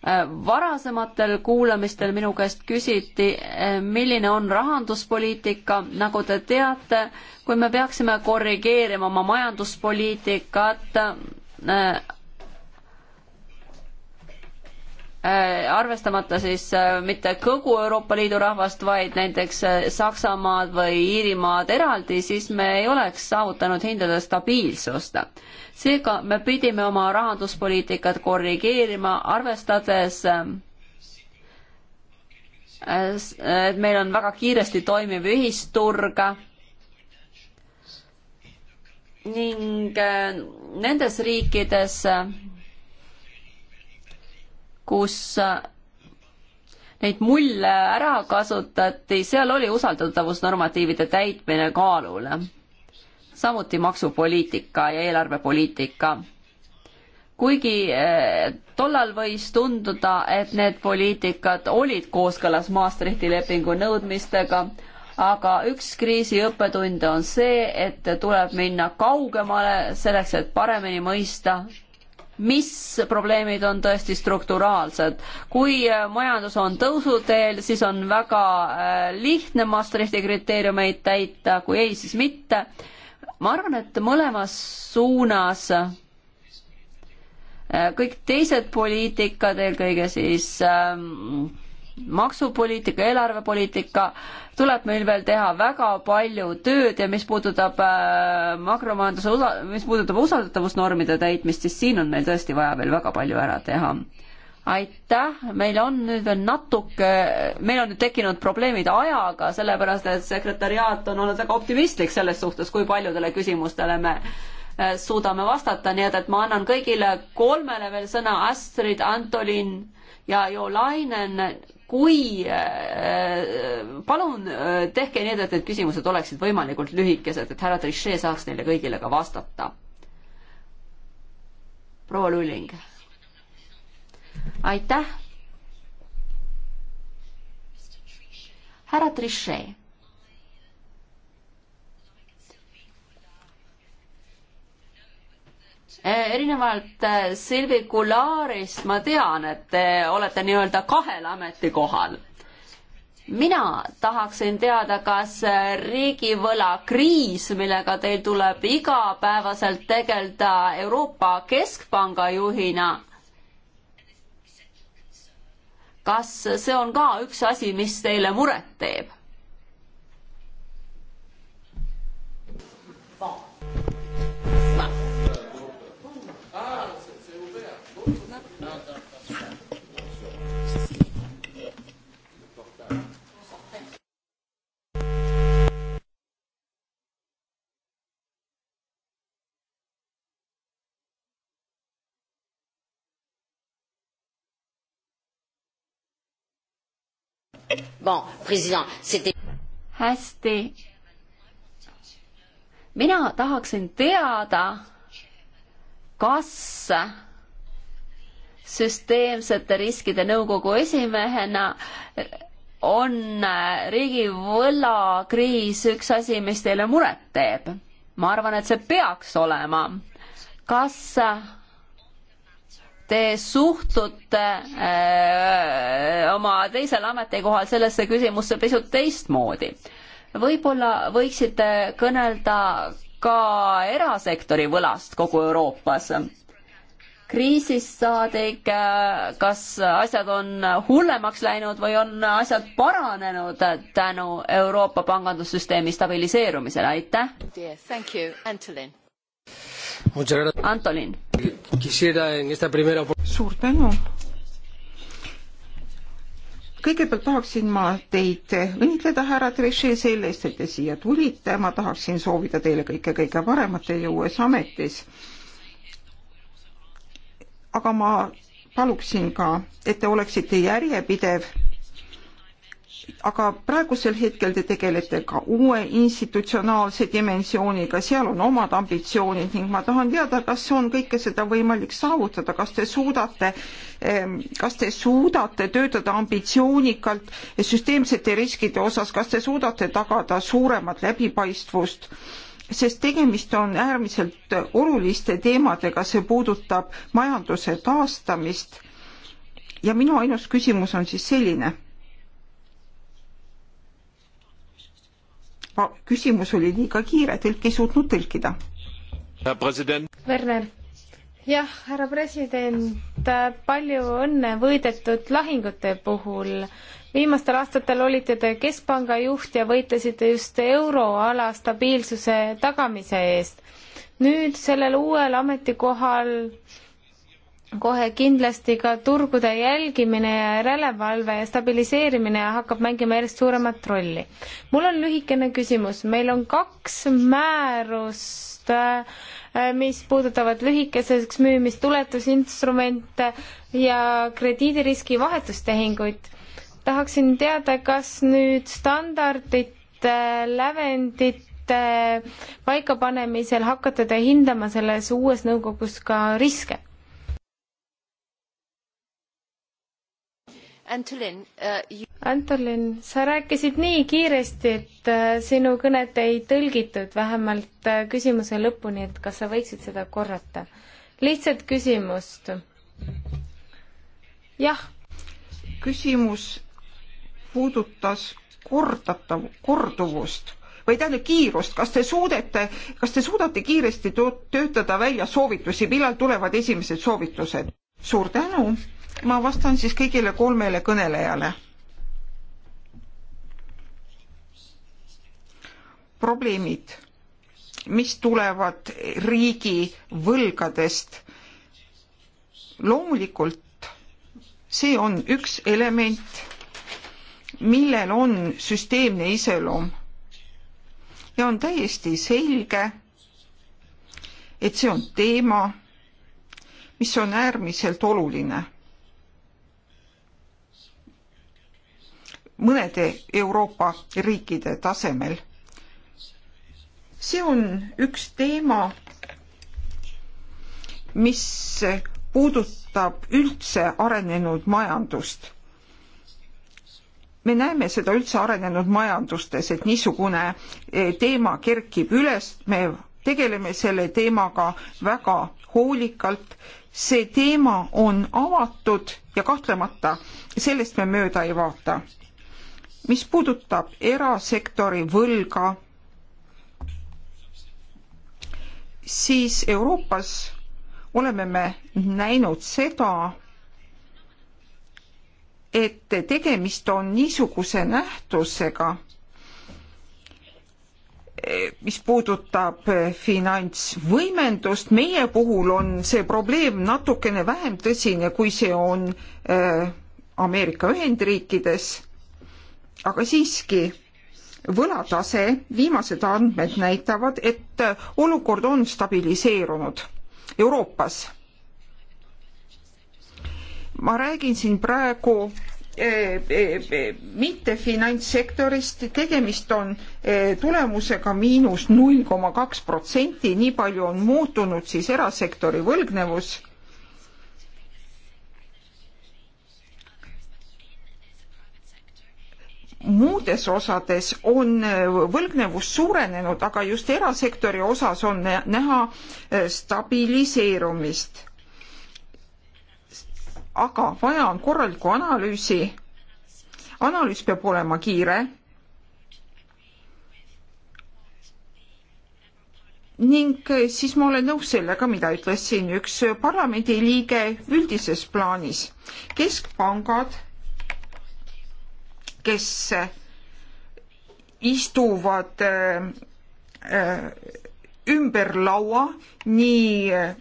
Äh, varasematel kuulamistel minu käest küsiti, äh, milline on rahanduspoliitika, nagu te teate, kui me peaksime korrigeerima oma majanduspoliitikat, äh, Äh, arvestamata siis äh, mitte kogu Euroopa Liidu rahvast, vaid näiteks äh, Saksamaad või Iirimaad eraldi, siis me ei oleks saavutanud hindade stabiilsust. seega me pidime oma rahanduspoliitikat korrigeerima, arvestades et meil on väga kiiresti toimiv ühisturg ning nendes riikides kus äh, neid mulle ära kasutati, seal oli usaldatavusnormatiivide täitmine kaalul. samuti maksupoliitika ja eelarvepoliitika. kuigi äh, tollal võis tunduda, et need poliitikad olid kooskõlas Maastrichti lepingu nõudmistega, aga üks kriisi õppetunde on see, et tuleb minna kaugemale selleks, et paremini mõista, mis probleemid on tõesti strukturaalsed. kui äh, majandus on tõusuteel, siis on väga äh, lihtne Maastrichti kriteeriumeid täita, kui ei, siis mitte. ma arvan, et mõlemas suunas äh, kõik teised poliitikad, eelkõige siis ähm, maksupoliitika, eelarvepoliitika, tuleb meil veel teha väga palju tööd ja mis puudutab äh, makromajanduse osa, mis puudutab usaldatavusnormide täitmist, siis siin on meil tõesti vaja veel väga palju ära teha aitäh, meil on nüüd veel natuke, meil on nüüd tekkinud probleemid ajaga, sellepärast et sekretäriaat on olnud väga optimistlik selles suhtes, kui paljudele küsimustele me äh, suudame vastata, nii et, et ma annan kõigile kolmele veel sõna, Astrid, Antolin ja Jo Lainen kui äh, palun äh, tehke nii, et need küsimused oleksid võimalikult lühikesed, et härra Trichet saaks neile kõigile ka vastata. proua Luling. aitäh. härra Trichet Eh, erinevalt eh, Silvi Kulaarist ma tean, et te olete nii-öelda kahel ametikohal mina tahaksin teada, kas eh, riigivõlakriis, millega teil tuleb igapäevaselt tegeleda Euroopa Keskpanga juhina, kas see on ka üks asi, mis teile muret teeb? bon,. hästi. mina tahaksin teada, kas süsteemsete riskide nõukogu esimehena on riigi võlakriis üks asi, mis teile muret teeb? ma arvan, et see peaks olema. kas te suhtute öö, äh, oma teisel ametikohal sellesse küsimusse pisut teistmoodi. võib-olla võiksite kõnelda ka erasektori võlast kogu Euroopas. kriisist saadik, äh, kas asjad on hullemaks läinud või on asjad paranenud tänu Euroopa pangandussüsteemi stabiliseerumisele, aitäh! Antonin. suur tänu. kõigepealt tahaksin ma teid õnnitleda, härra Trichet, selle eest, et te siia tulite. ma tahaksin soovida teile kõike kõige paremat teie uues ametis. aga ma paluksin ka, et te oleksite järjepidev aga praegusel hetkel te tegelete ka uue institutsionaalse dimensiooniga, seal on omad ambitsioonid ning ma tahan teada, kas on kõike seda võimalik saavutada, kas te suudate, ehm, kas te suudate töötada ambitsioonikalt süsteemsete riskide osas, kas te suudate tagada suuremat läbipaistvust? sest tegemist on äärmiselt oluliste teemadega, see puudutab majanduse taastamist. ja minu ainus küsimus on siis selline ma, küsimus oli liiga kiire, tõlk ei suutnud tõlkida. Werner jah, härra president, palju õnne võidetud lahingute puhul. viimastel aastatel olite te keskpanga juht ja võitlesite just euroala stabiilsuse tagamise eest. nüüd sellel uuel ametikohal kohe kindlasti ka turgude jälgimine ja järelevalve ja stabiliseerimine hakkab mängima järjest suuremat rolli. mul on lühikene küsimus, meil on kaks määrust, äh, mis puudutavad lühikeseks müümist tuletusinstrumente ja krediidiriski vahetustehinguid. tahaksin teada, kas nüüd standardite lävendit paikapanemisel hakkate te hindama selles uues nõukogus ka riske? Antolin uh,, Antolin, sa rääkisid nii kiiresti, et äh, sinu kõnet ei tõlgitud, vähemalt äh, küsimuse lõpuni, et kas sa võiksid seda korrata? lihtsalt küsimust. jah. küsimus puudutas kordatav, korduvust või tähendab kiirust, kas te suudete, kas te suudate kiiresti töötada välja soovitusi, millal tulevad esimesed soovitused? suur tänu ma vastan siis kõigile kolmele kõnelejale. probleemid, mis tulevad riigi võlgadest. loomulikult see on üks element, millel on süsteemne iseloom ja on täiesti selge, et see on teema, mis on äärmiselt oluline mõnede Euroopa riikide tasemel. see on üks teema, mis puudutab üldse arenenud majandust. me näeme seda üldse arenenud majandustes, et niisugune eh, teema kerkib üles, me tegeleme selle teemaga väga hoolikalt. see teema on avatud ja kahtlemata sellest me mööda ei vaata mis puudutab erasektori võlga, siis Euroopas oleme me näinud seda, et tegemist on niisuguse nähtusega, mis puudutab finantsvõimendust, meie puhul on see probleem natukene vähem tõsine, kui see on äh, Ameerika Ühendriikides aga siiski võlatase, viimased andmed näitavad, et olukord on stabiliseerunud Euroopas. ma räägin siin praegu eh, eh, mitte finantssektorist, tegemist on eh, tulemusega miinus null koma kaks protsenti, nii palju on muutunud siis erasektori võlgnevus muudes osades on äh, võlgnevus suurenenud, aga just erasektori osas on näha äh, stabiliseerumist. aga vaja on korralikku analüüsi. analüüs peab olema kiire. ning äh, siis ma olen nõus sellega, mida ütles siin üks parlamendiliige üldises plaanis. keskpangad kes istuvad äh, äh, ümber laua nii äh,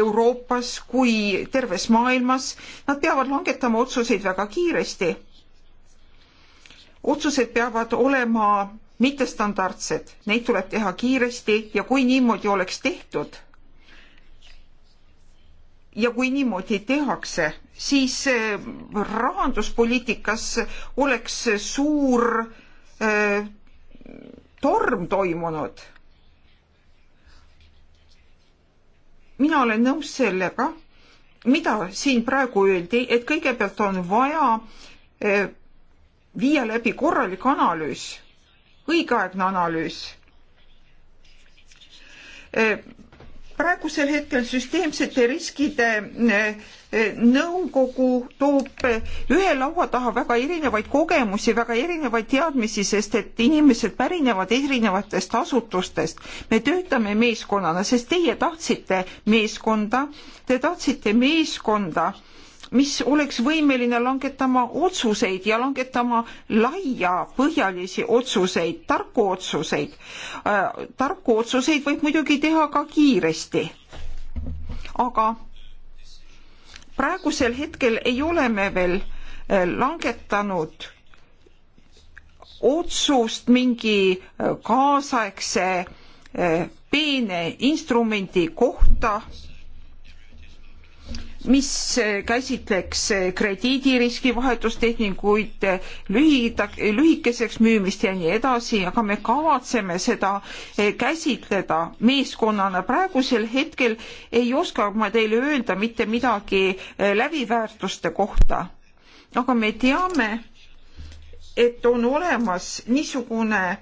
Euroopas kui terves maailmas. Nad peavad langetama otsuseid väga kiiresti. otsused peavad olema mittestandardsed, neid tuleb teha kiiresti ja kui niimoodi oleks tehtud ja kui niimoodi tehakse, siis eh, rahanduspoliitikas oleks suur äh, torm toimunud. mina olen nõus sellega, mida siin praegu öeldi, et kõigepealt on vaja äh, viia läbi korralik analüüs, õigeaegne analüüs äh, praegusel hetkel süsteemsete riskide eh, eh, nõukogu toob eh, ühe laua taha väga erinevaid kogemusi, väga erinevaid teadmisi, sest et inimesed pärinevad erinevatest asutustest. me töötame meeskonnana, sest teie tahtsite meeskonda, te tahtsite meeskonda mis oleks võimeline langetama otsuseid ja langetama laiapõhjalisi otsuseid, tarku otsuseid. Äh, tarku otsuseid võib muidugi teha ka kiiresti. aga praegusel hetkel ei ole me veel äh, langetanud otsust mingi äh, kaasaegse peene instrumendi kohta mis eh, käsitleks eh, krediidiriski vahetustehninguid, eh, lühida, lühikeseks müümist ja nii edasi, aga me kavatseme seda käsitleda meeskonnana. praegusel hetkel ei oska ma teile öelda mitte midagi läbiväärtuste kohta. aga me teame, et on olemas niisugune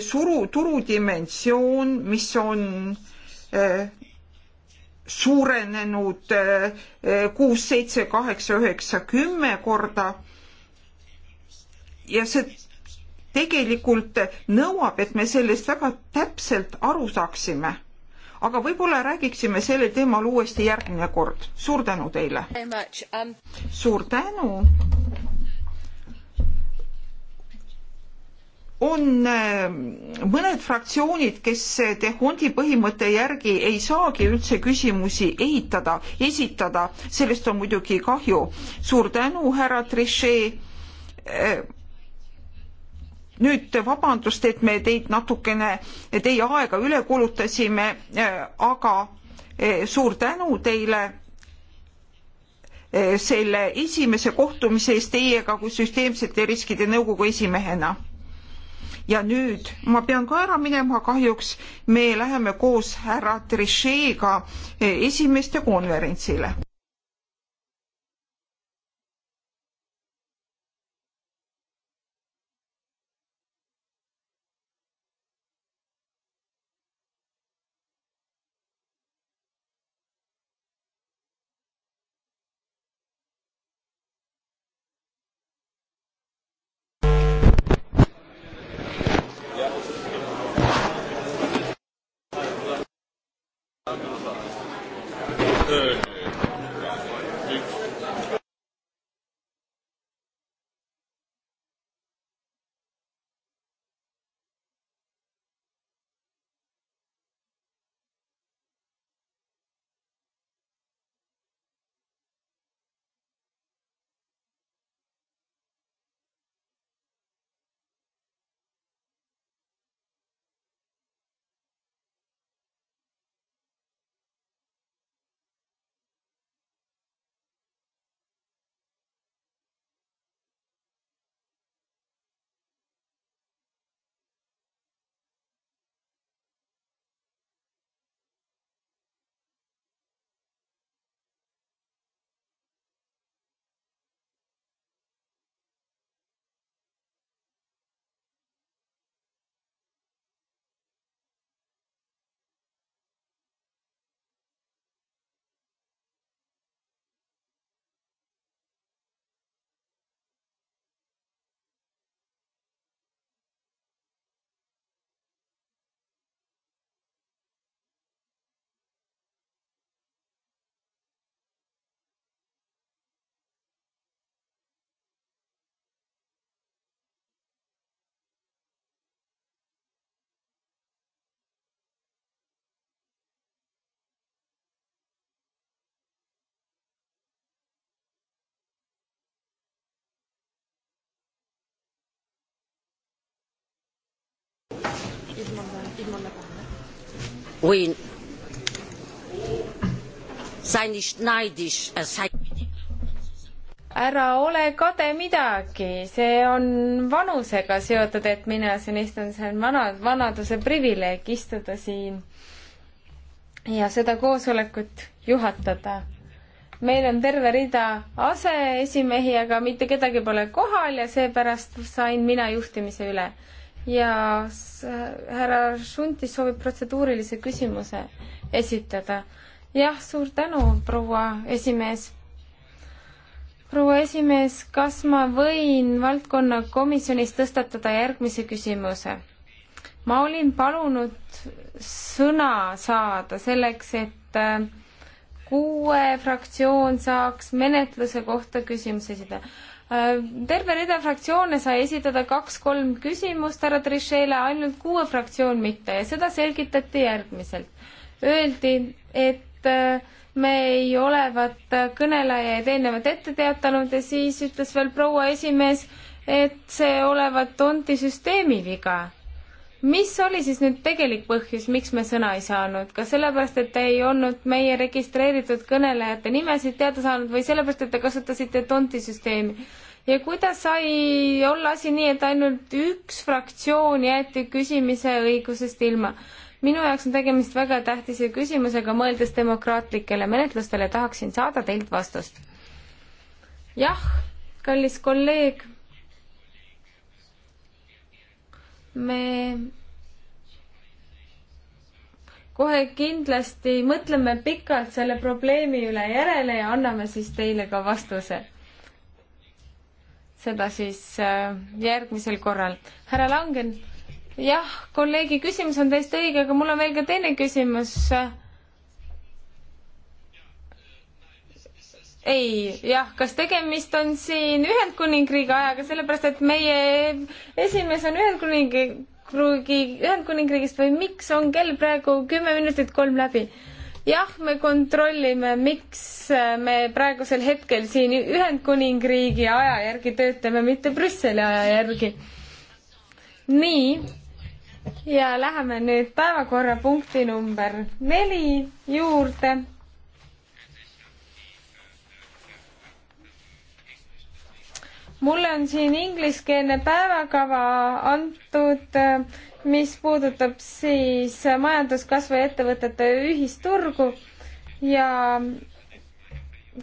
suru, turudimensioon, mis on suurenenud eh, kuus, seitse, kaheksa, üheksa, kümme korda. ja see tegelikult nõuab, et me sellest väga täpselt aru saaksime. aga võib-olla räägiksime sellel teemal uuesti järgmine kord. suur tänu teile. Um, suur tänu. on äh, mõned fraktsioonid, kes De Hondi põhimõtte järgi ei saagi üldse küsimusi ehitada, esitada, sellest on muidugi kahju. suur tänu, härra Trichet. Äh, nüüd vabandust, et me teid natukene, teie aega üle kulutasime, äh, aga suur tänu teile selle esimese kohtumise eest teiega kui süsteemsete riskide nõukogu esimehena ja nüüd ma pean ka ära minema, kahjuks me läheme koos härra Trichet'ga eh, esimeste konverentsile. Oui. Sei nicht neidisch, sei ära ole kade midagi, see on vanusega seotud, et mina siin istun, see on vana, vanaduse privileeg istuda siin ja seda koosolekut juhatada. meil on terve rida aseesimehi, aga mitte kedagi pole kohal ja seepärast sain mina juhtimise üle ja härra Šuntis soovib protseduurilise küsimuse esitada. jah, suur tänu, proua esimees proua esimees, kas ma võin valdkonna komisjonis tõstatada järgmise küsimuse? ma olin palunud sõna saada selleks, et äh, kuue fraktsioon saaks menetluse kohta küsimuse esitada. Äh, terve rida fraktsioone sai esitada kaks-kolm küsimust härra Trichele, ainult kuue fraktsioon mitte ja seda selgitati järgmiselt. Öeldi, et äh, me ei olevat kõnelejaid eelnevalt ette teatanud ja siis ütles veel proua esimees, et see olevat tonti süsteemi viga mis oli siis nüüd tegelik põhjus, miks me sõna ei saanud, kas sellepärast, et te ei olnud meie registreeritud kõnelejate nimesid teada saanud või sellepärast, et te kasutasite tonti süsteemi? ja kuidas sai olla asi nii, et ainult üks fraktsioon jäeti küsimise õigusest ilma? minu jaoks on tegemist väga tähtise küsimusega, mõeldes demokraatlikele menetlustele, tahaksin saada teilt vastust. jah, kallis kolleeg me kohe kindlasti mõtleme pikalt selle probleemi üle järele ja anname siis teile ka vastuse. seda siis äh, järgmisel korral. härra Langen, jah, kolleegi küsimus on täiesti õige, aga mul on veel ka teine küsimus ei, jah, kas tegemist on siin Ühendkuningriigi ajaga, sellepärast et meie esimees on Ühendkuningriigi, Ühendkuningriigist või miks on kell praegu kümme minutit kolm läbi? jah, me kontrollime, miks me praegusel hetkel siin Ühendkuningriigi aja järgi töötame, mitte Brüsseli aja järgi. nii, ja läheme nüüd päevakorrapunkti number neli juurde mulle on siin ingliskeelne päevakava antud, äh, mis puudutab siis majanduskasvu ja ettevõtete ühisturgu ja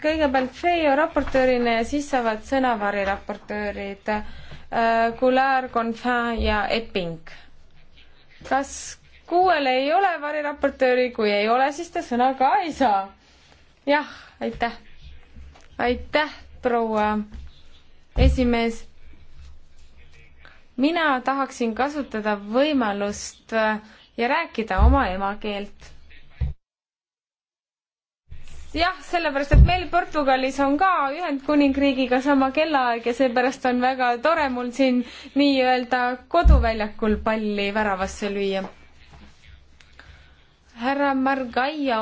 kõigepealt FEIO raportöörina ja siis saavad sõna variraportöörid äh, Goulart, Confin ja Epping. kas kuuel ei ole variraportööri, kui ei ole, siis ta sõna ka ei saa. jah, aitäh. aitäh, proua esimees, mina tahaksin kasutada võimalust äh, ja rääkida oma emakeelt. jah, sellepärast, et meil Portugalis on ka Ühendkuningriigiga sama kellaaeg ja seepärast on väga tore mul siin nii-öelda koduväljakul palli väravasse lüüa. härra Margaio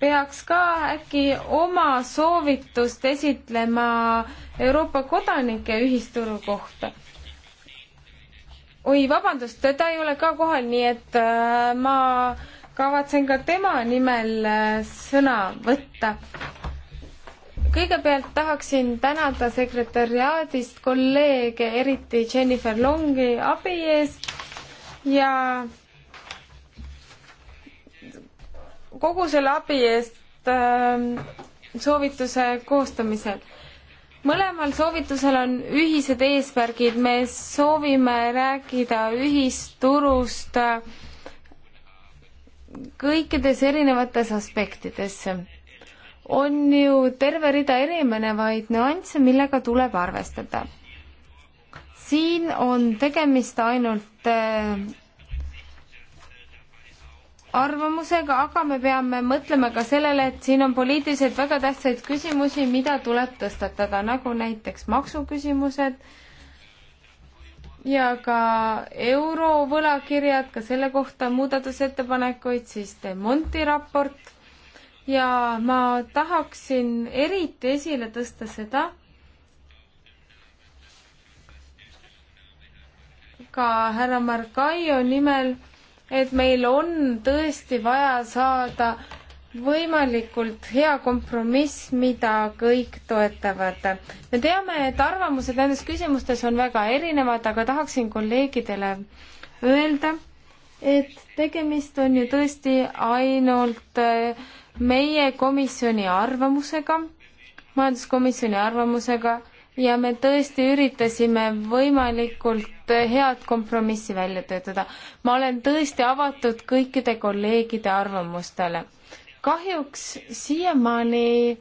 peaks ka äkki oma soovitust esitlema Euroopa kodanike ühisturu kohta. oi, vabandust, teda ei ole ka kohal, nii et äh, ma kavatsen ka tema nimel äh, sõna võtta. kõigepealt tahaksin tänada sekretäriaadist kolleege, eriti Jennifer Longi abi eest ja kogu selle abi eest ähm, soovituse koostamisel. mõlemal soovitusel on ühised eesmärgid, me soovime rääkida ühisturust äh, kõikides erinevates aspektides. on ju terve rida erinevaid nüansse, millega tuleb arvestada. siin on tegemist ainult äh, arvamusega, aga me peame mõtlema ka sellele, et siin on poliitiliselt väga tähtsaid küsimusi, mida tuleb tõstatada, nagu näiteks maksuküsimused ja ka eurovõlakirjad, ka selle kohta muudatusettepanekuid, siis Demonti raport ja ma tahaksin eriti esile tõsta seda, ka härra Margaio nimel et meil on tõesti vaja saada võimalikult hea kompromiss, mida kõik toetavad. me teame, et arvamused nendes küsimustes on väga erinevad, aga tahaksin kolleegidele öelda, et tegemist on ju tõesti ainult äh, meie komisjoni arvamusega, majanduskomisjoni arvamusega ja me tõesti üritasime võimalikult head kompromissi välja töötada. ma olen tõesti avatud kõikide kolleegide arvamustele. kahjuks siiamaani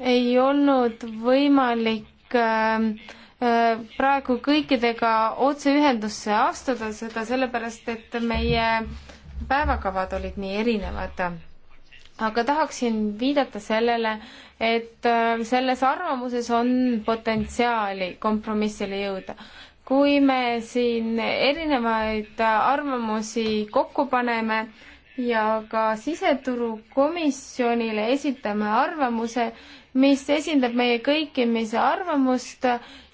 ei olnud võimalik ähm, äh, praegu kõikidega otseühendusse astuda, seda sellepärast, et meie päevakavad olid nii erinevad aga tahaksin viidata sellele, et äh, selles arvamuses on potentsiaali kompromissile jõuda. kui me siin erinevaid äh, arvamusi kokku paneme ja ka siseturukomisjonile esitame arvamuse, mis esindab meie kõikimise arvamust,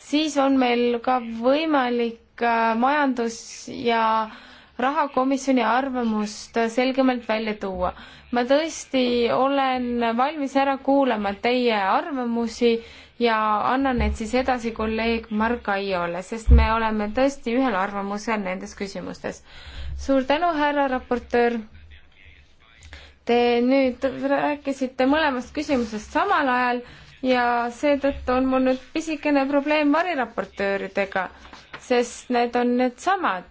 siis on meil ka võimalik äh, majandus- ja äh, rahakomisjoni arvamust selgemalt välja tuua. ma tõesti olen valmis ära kuulama teie arvamusi ja annan need siis edasi kolleeg Mark Aiole, sest me oleme tõesti ühel arvamusel nendes küsimustes. suur tänu, härra raportöör! Te nüüd rääkisite mõlemast küsimusest samal ajal ja seetõttu on mul nüüd pisikene probleem variraportööridega, sest need on need samad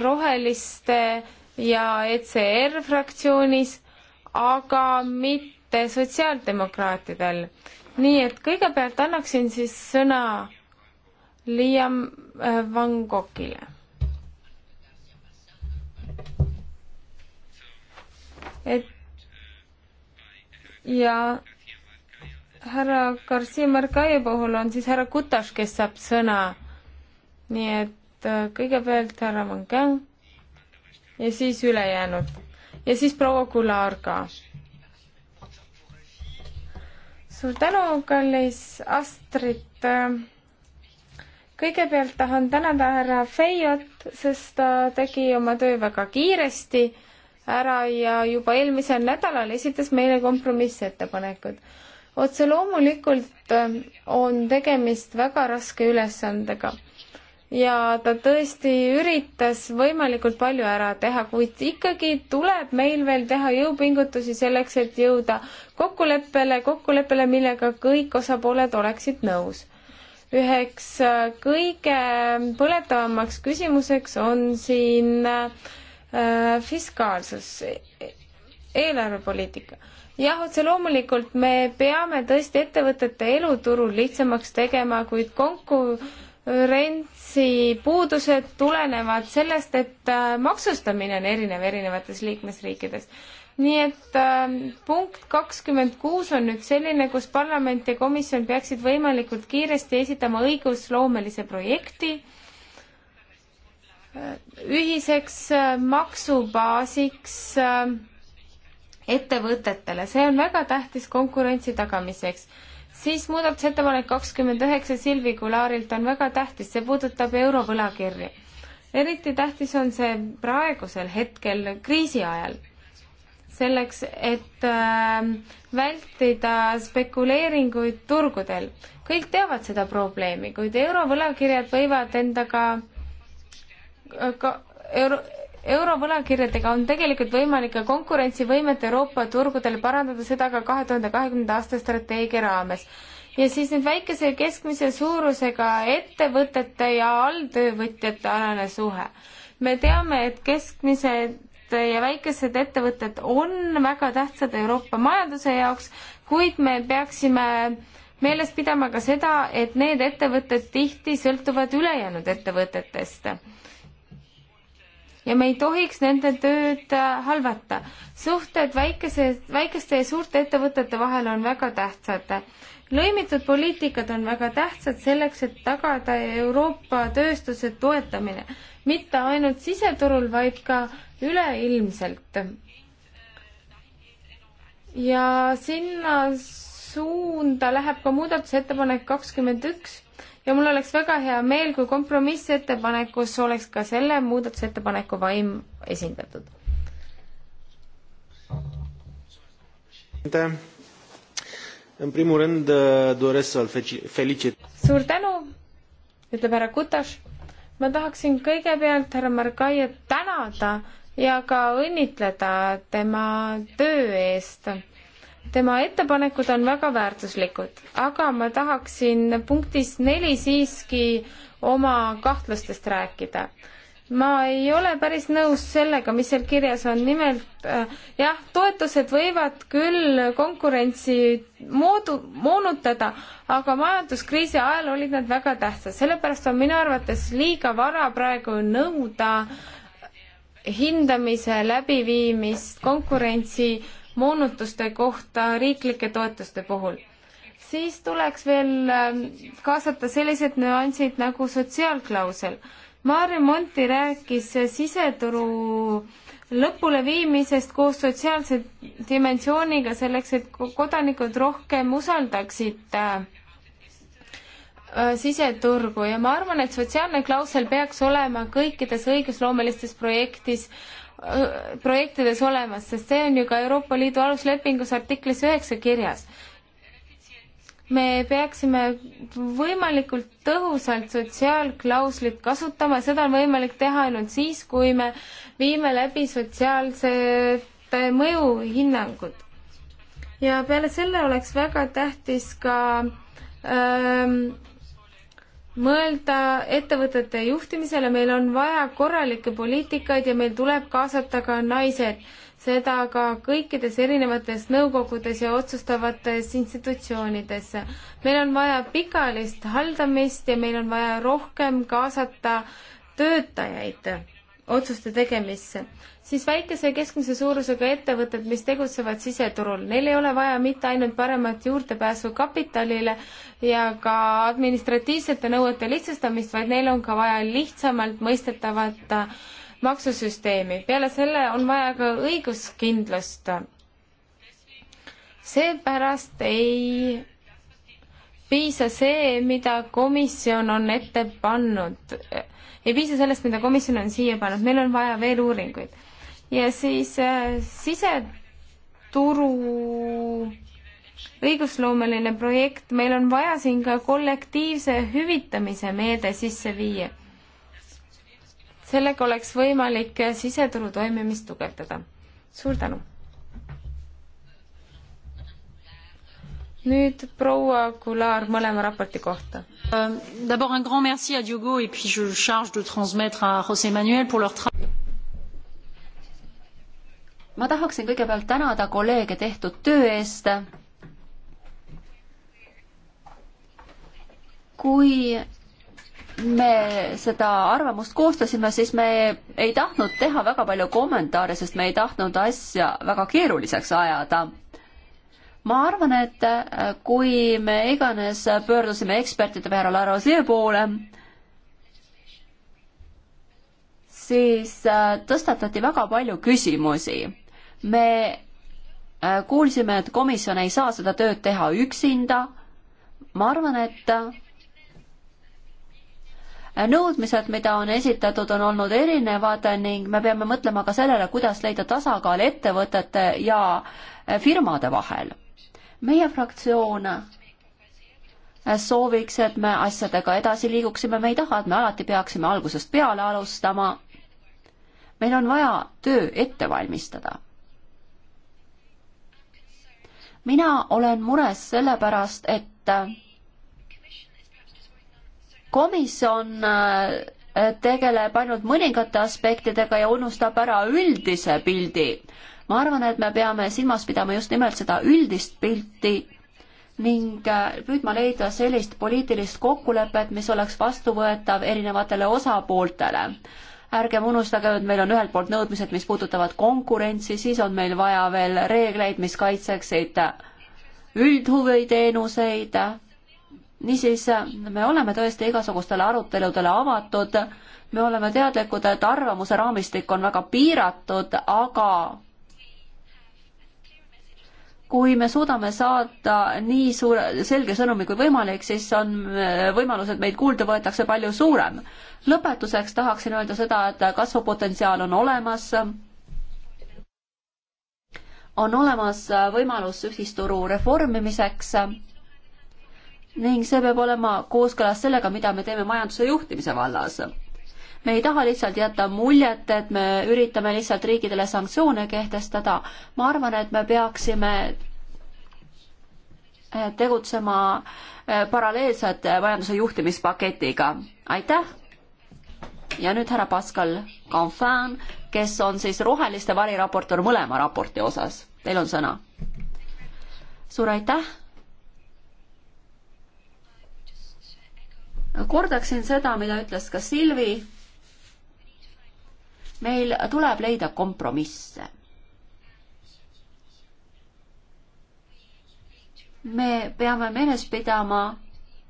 Roheliste ja ECR fraktsioonis, aga mitte sotsiaaldemokraatidel. nii et kõigepealt annaksin siis sõna Liam äh, Van Gogile. et ja härra Garcia Marcaia puhul on siis härra Kutas, kes saab sõna. nii et Äh, kõigepealt härra Mangan ja siis ülejäänud ja siis proua Kular ka. suur tänu, kallis Astrid. kõigepealt tahan tänada härra Feiot, sest ta tegi oma töö väga kiiresti ära ja juba eelmisel nädalal esitas meile kompromissettepanekud otse loomulikult äh, on tegemist väga raske ülesandega ja ta tõesti üritas võimalikult palju ära teha, kuid ikkagi tuleb meil veel teha jõupingutusi selleks, et jõuda kokkuleppele, kokkuleppele, millega kõik osapooled oleksid nõus. üheks äh, kõige põletavamaks küsimuseks on siin äh, fiskaalsus, eelarvepoliitika jah, otse loomulikult me peame tõesti ettevõtete elu turul lihtsamaks tegema, kuid konku-, konkurentsi puudused tulenevad sellest, et äh, maksustamine on erinev erinevates liikmesriikides. nii et äh, punkt kakskümmend kuus on nüüd selline, kus parlament ja komisjon peaksid võimalikult kiiresti esitama õigusloomelise projekti äh, ühiseks äh, maksubaasiks ettevõtetele, see on väga tähtis konkurentsi tagamiseks siis muudatusettepanek kakskümmend üheksa Silvi Kulaarilt on väga tähtis, see puudutab eurovõlakirju. eriti tähtis on see praegusel hetkel, kriisi ajal, selleks, et äh, vältida spekuleeringuid turgudel. kõik teavad seda probleemi, kuid eurovõlakirjad võivad endaga äh, ka, euro, eurovõlakirjadega on tegelikult võimalik ka konkurentsivõimet Euroopa turgudel parandada, seda ka kahe tuhande kahekümnenda aasta strateegia raames. ja siis nüüd väikese ja keskmise suurusega ettevõtete ja alltöövõtjate alane suhe. me teame, et keskmised ja väikesed ettevõtted on väga tähtsad Euroopa majanduse jaoks, kuid me peaksime meeles pidama ka seda, et need ettevõtted tihti sõltuvad ülejäänud ettevõtetest ja me ei tohiks nende tööd äh, halvata. suhted väikese, väikeste ja suurte ettevõtete vahel on väga tähtsad. lõimitud poliitikad on väga tähtsad selleks, et tagada Euroopa tööstuse toetamine, mitte ainult siseturul, vaid ka üleilmselt. ja sinna suunda läheb ka muudatusettepanek kakskümmend üks ja mul oleks väga hea meel, kui kompromissettepanekus oleks ka selle muudatusettepaneku vaim esindatud. Uh, suur tänu, ütleb härra Kutas. ma tahaksin kõigepealt härra Margaiat tänada ja ka õnnitleda tema töö eest tema ettepanekud on väga väärtuslikud, aga ma tahaksin punktis neli siiski oma kahtlustest rääkida. ma ei ole päris nõus sellega, mis seal kirjas on, nimelt äh, jah, toetused võivad küll konkurentsi moodu-, moonutada, aga majanduskriisi ajal olid nad väga tähtsad, sellepärast on minu arvates liiga vara praegu nõuda hindamise läbiviimist konkurentsi äh, moonutuste kohta riiklike toetuste puhul. siis tuleks veel ähm, kaasata sellised nüansid nagu sotsiaalklausel. Maarja Monti rääkis siseturu lõpuleviimisest koos sotsiaalse dimensiooniga selleks, et kodanikud rohkem usaldaksid äh, äh, siseturgu ja ma arvan, et sotsiaalne klausel peaks olema kõikides õigusloomelistes projektis Äh, projektides olemas, sest see on ju ka Euroopa Liidu aluslepingus artiklis üheksa kirjas. me peaksime võimalikult tõhusalt sotsiaalklauslit kasutama, seda on võimalik teha ainult siis, kui me viime läbi sotsiaalsete mõjuhinnangud. ja peale selle oleks väga tähtis ka ähm, mõelda ettevõtete juhtimisele, meil on vaja korralikke poliitikaid ja meil tuleb kaasata ka naised, seda ka kõikides erinevates nõukogudes ja otsustavates institutsioonides. meil on vaja pikaajalist haldamist ja meil on vaja rohkem kaasata töötajaid otsuste tegemisse siis väikese ja keskmise suurusega ettevõtted, mis tegutsevad siseturul, neil ei ole vaja mitte ainult paremat juurdepääsu kapitalile ja ka administratiivsete nõuete lihtsustamist, vaid neil on ka vaja lihtsamalt mõistetavat äh, maksusüsteemi. peale selle on vaja ka õiguskindlust. seepärast ei piisa see, mida komisjon on ette pannud. ei piisa sellest, mida komisjon on siia pannud, meil on vaja veel uuringuid ja siis äh, siseturu õigusloomeline projekt, meil on vaja siin ka kollektiivse hüvitamise meede sisse viia. sellega oleks võimalik äh, siseturu toimimist tugevdada. suur tänu! nüüd proua Goulart mõlema raporti kohta. Äh, d'abord un grand merci à Diogo et puis je charge de transmettre à José Manuel pour leur travail ma tahaksin kõigepealt tänada kolleege tehtud töö eest. kui me seda arvamust koostasime, siis me ei tahtnud teha väga palju kommentaare, sest me ei tahtnud asja väga keeruliseks ajada. ma arvan, et äh, kui me iganes pöördusime ekspertide peale Larosee poole, siis äh, tõstatati väga palju küsimusi me äh, kuulsime, et komisjon ei saa seda tööd teha üksinda. ma arvan, et äh, nõudmised, mida on esitatud, on olnud erinevad ning me peame mõtlema ka sellele, kuidas leida tasakaal ettevõtete ja äh, firmade vahel. meie fraktsioon sooviks, et me asjadega edasi liiguksime, me ei taha, et me alati peaksime algusest peale alustama. meil on vaja töö ette valmistada mina olen mures sellepärast, et komisjon äh, tegeleb ainult mõningate aspektidega ja unustab ära üldise pildi. ma arvan, et me peame silmas pidama just nimelt seda üldist pilti ning äh, püüdma leida sellist poliitilist kokkulepet, mis oleks vastuvõetav erinevatele osapooltele ärgem unustage, et meil on ühelt poolt nõudmised, mis puudutavad konkurentsi, siis on meil vaja veel reegleid, mis kaitseksid üldhuviteenuseid. niisiis, me oleme tõesti igasugustele aruteludele avatud, me oleme teadlikud, et arvamuse raamistik on väga piiratud, aga kui me suudame saata nii suure, selge sõnumi kui võimalik, siis on äh, võimalus, et meid kuulda võetakse palju suurem. lõpetuseks tahaksin öelda seda, et kasvupotentsiaal on olemas. on olemas võimalus ühisturu reformimiseks ning see peab olema kooskõlas sellega, mida me teeme majanduse juhtimise vallas me ei taha lihtsalt jätta muljet, et me üritame lihtsalt riikidele sanktsioone kehtestada. ma arvan, et me peaksime eh, tegutsema eh, paralleelselt eh, majanduse juhtimispaketiga. aitäh! ja nüüd härra Pascal Canfin, kes on siis roheliste variraportor mõlema raporti osas. Teil on sõna. suur aitäh! kordaksin seda, mida ütles ka Silvi meil tuleb leida kompromisse. me peame meeles pidama,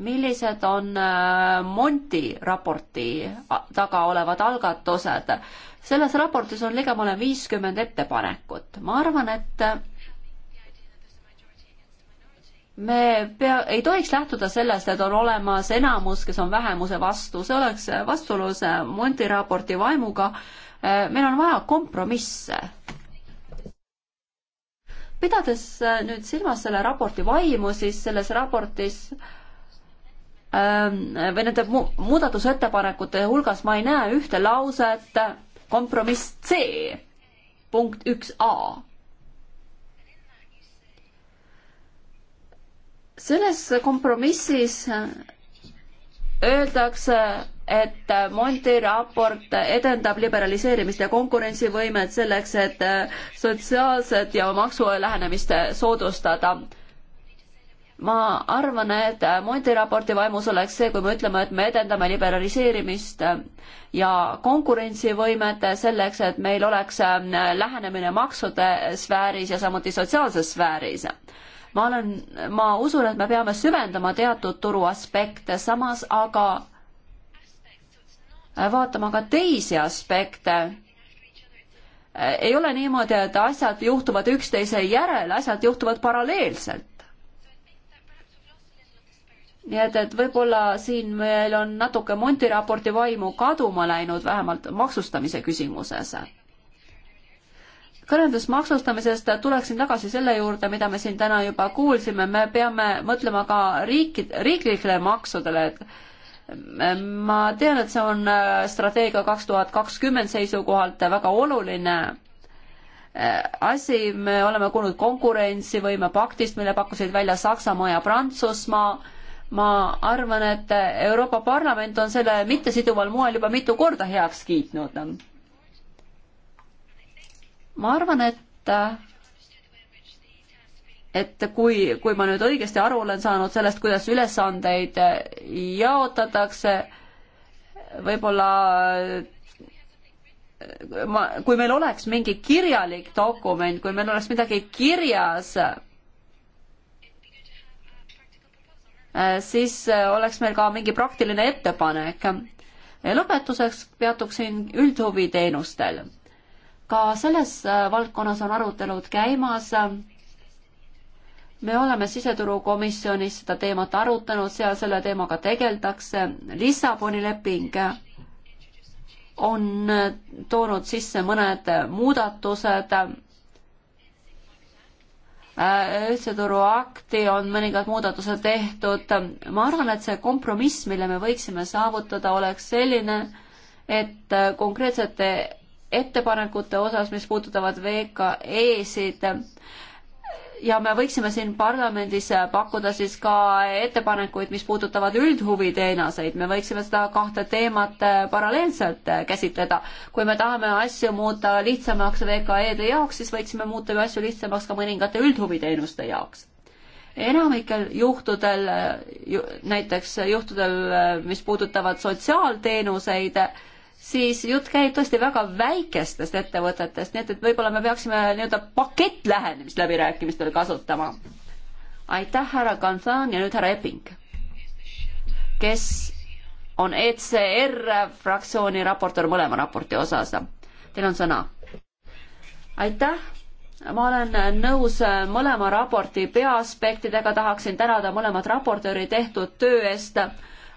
millised on äh, Monti raporti äh, taga olevad algatused. selles raportis on ligemale viiskümmend ettepanekut. ma arvan, et äh, me pea, ei tohiks lähtuda sellest, et on olemas enamus, kes on vähemuse vastu, see oleks vastuolus Monti raporti vaimuga Äh, meil on vaja kompromisse. pidades äh, nüüd silmas selle raporti vaimu, siis selles raportis ähm, või nende muudatusettepanekute hulgas ma ei näe ühte lauset kompromiss C punkt üks A. selles kompromissis äh, öeldakse et Monti raport edendab liberaliseerimist ja konkurentsivõimet selleks, et sotsiaalset ja maksulähenemist soodustada ma arvan, et Monti raporti vaimus oleks see, kui me ütleme, et me edendame liberaliseerimist ja konkurentsivõimet selleks, et meil oleks lähenemine maksude sfääris ja samuti sotsiaalses sfääris. ma olen, ma usun, et me peame süvendama teatud turu aspekte, samas aga Äh, vaatama ka teisi aspekte. Äh, ei ole niimoodi, et asjad juhtuvad üksteise järel, asjad juhtuvad paralleelselt. nii et, et võib-olla siin meil on natuke Monti raporti vaimu kaduma läinud, vähemalt maksustamise küsimuses. kõneldes maksustamisest tuleksin tagasi selle juurde, mida me siin täna juba kuulsime, me peame mõtlema ka riikid, riiklikele maksudele, et ma tean, et see on äh, strateegia kaks tuhat kakskümmend seisukohalt väga oluline äh, asi, me oleme kuulnud konkurentsivõime paktist, mille pakkusid välja Saksamaa ja Prantsusmaa. ma arvan, et Euroopa Parlament on selle mittesiduval moel juba mitu korda heaks kiitnud. ma arvan, et äh, et kui, kui ma nüüd õigesti aru olen saanud sellest, kuidas ülesandeid jaotatakse, võib-olla ma, kui meil oleks mingi kirjalik dokument, kui meil oleks midagi kirjas, siis oleks meil ka mingi praktiline ettepanek. lõpetuseks peatuksin üldhuviteenustel. ka selles valdkonnas on arutelud käimas me oleme siseturukomisjonis seda teemat arutanud, seal selle teemaga tegeldakse. Lissaboni leping on toonud sisse mõned muudatused. ühtse turu akti on mõningad muudatused tehtud. ma arvan, et see kompromiss, mille me võiksime saavutada, oleks selline, et konkreetsete ettepanekute osas, mis puudutavad VKE-sid, ja me võiksime siin parlamendis pakkuda siis ka ettepanekuid, mis puudutavad üldhuviteenuseid, me võiksime seda kahte teemat paralleelselt käsitleda. kui me tahame asju muuta lihtsamaks VKE-de jaoks, siis võiksime muuta ju asju lihtsamaks ka mõningate üldhuviteenuste jaoks. enamikel juhtudel ju,, näiteks juhtudel, mis puudutavad sotsiaalteenuseid, siis jutt käib tõesti väga väikestest ettevõtetest, nii et, et võib-olla me peaksime nii-öelda pakettlähenemist läbirääkimistel kasutama. aitäh, härra Kansan ja nüüd härra Epping, kes on ECR fraktsiooni raportöör mõlema raporti osas. Teil on sõna. aitäh ma olen nõus mõlema raporti peaaspektidega, tahaksin tänada mõlemat raportööri tehtud töö eest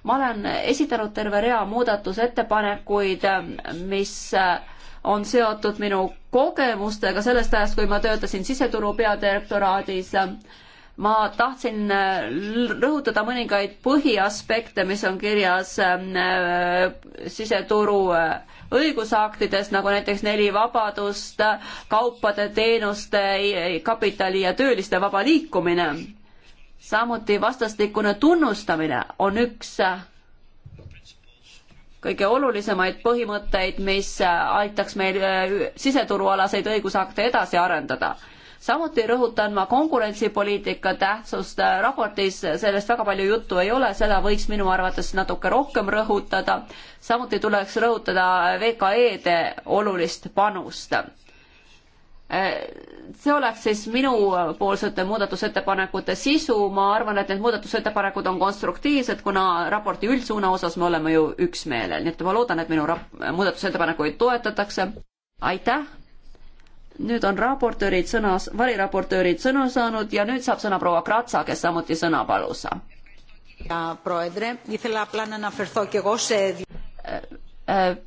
ma olen esitanud terve rea muudatusettepanekuid, mis äh, on seotud minu kogemustega sellest ajast, kui ma töötasin siseturu peadirektoraadis. ma tahtsin äh, rõhutada mõningaid põhiaspekte, mis on kirjas äh, siseturu õigusaktides, nagu näiteks neli vabadust, kaupade, teenuste, kapitali ja tööliste vaba liikumine samuti vastastikune tunnustamine on üks äh, kõige olulisemaid põhimõtteid, mis äh, aitaks meil äh, siseturualaseid õigusakte edasi arendada. samuti rõhutan ma konkurentsipoliitika tähtsust raportis, sellest väga palju juttu ei ole, seda võiks minu arvates natuke rohkem rõhutada. samuti tuleks rõhutada VKE-de olulist panust see oleks siis minupoolsete muudatusettepanekute sisu, ma arvan, et need muudatusettepanekud on konstruktiivsed, kuna raporti üldsuuna osas me oleme ju üksmeelel, nii et ma loodan, et minu rap-, muudatusettepanekuid toetatakse. aitäh! nüüd on raportöörid sõnas, variraportöörid sõna saanud ja nüüd saab sõna proua Kratsa, kes samuti sõna palus.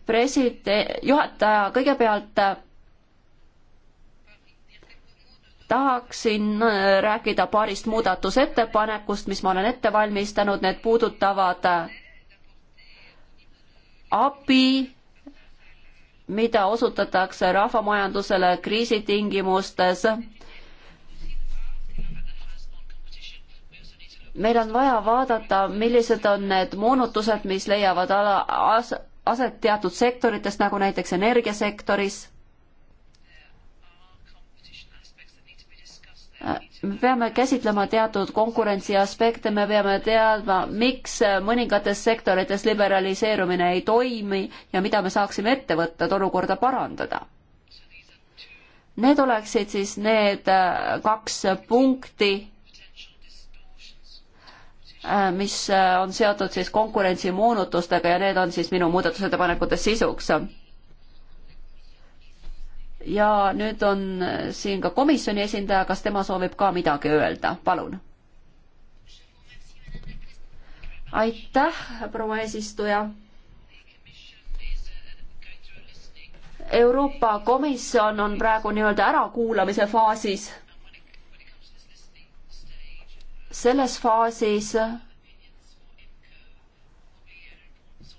president, juhataja, kõigepealt tahaksin äh, rääkida paarist muudatusettepanekust, mis ma olen ette valmistanud, need puudutavad äh, abi, mida osutatakse rahvamajandusele kriisitingimustes. meil on vaja vaadata, millised on need moonutused, mis leiavad ala, as, aset teatud sektorites, nagu näiteks energiasektoris me peame käsitlema teatud konkurentsi aspekte, me peame teadma, miks mõningates sektorites liberaliseerumine ei toimi ja mida me saaksime ette võtta, et olukorda parandada. Need oleksid siis need äh, kaks punkti, äh, mis äh, on seotud siis konkurentsimoonutustega ja need on siis minu muudatusettepanekute sisuks ja nüüd on äh, siin ka komisjoni esindaja, kas tema soovib ka midagi öelda, palun? aitäh, proua eesistuja. Euroopa Komisjon on praegu nii-öelda ärakuulamise faasis. selles faasis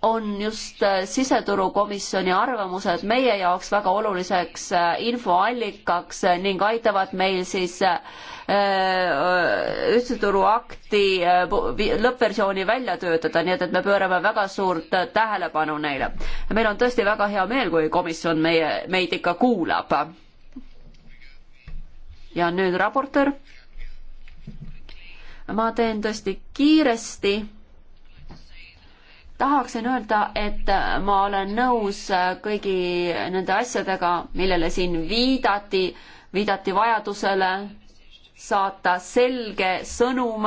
on just äh, siseturukomisjoni arvamused meie jaoks väga oluliseks äh, infoallikaks äh, ning aitavad meil siis ühtse turu akti lõppversiooni välja töötada, nii et, et me pöörame väga suurt tähelepanu neile. meil on tõesti väga hea meel, kui komisjon meie, meid ikka kuulab. ja nüüd raportöör. ma teen tõesti kiiresti tahaksin öelda, et ma olen nõus kõigi nende asjadega, millele siin viidati, viidati vajadusele saata selge sõnum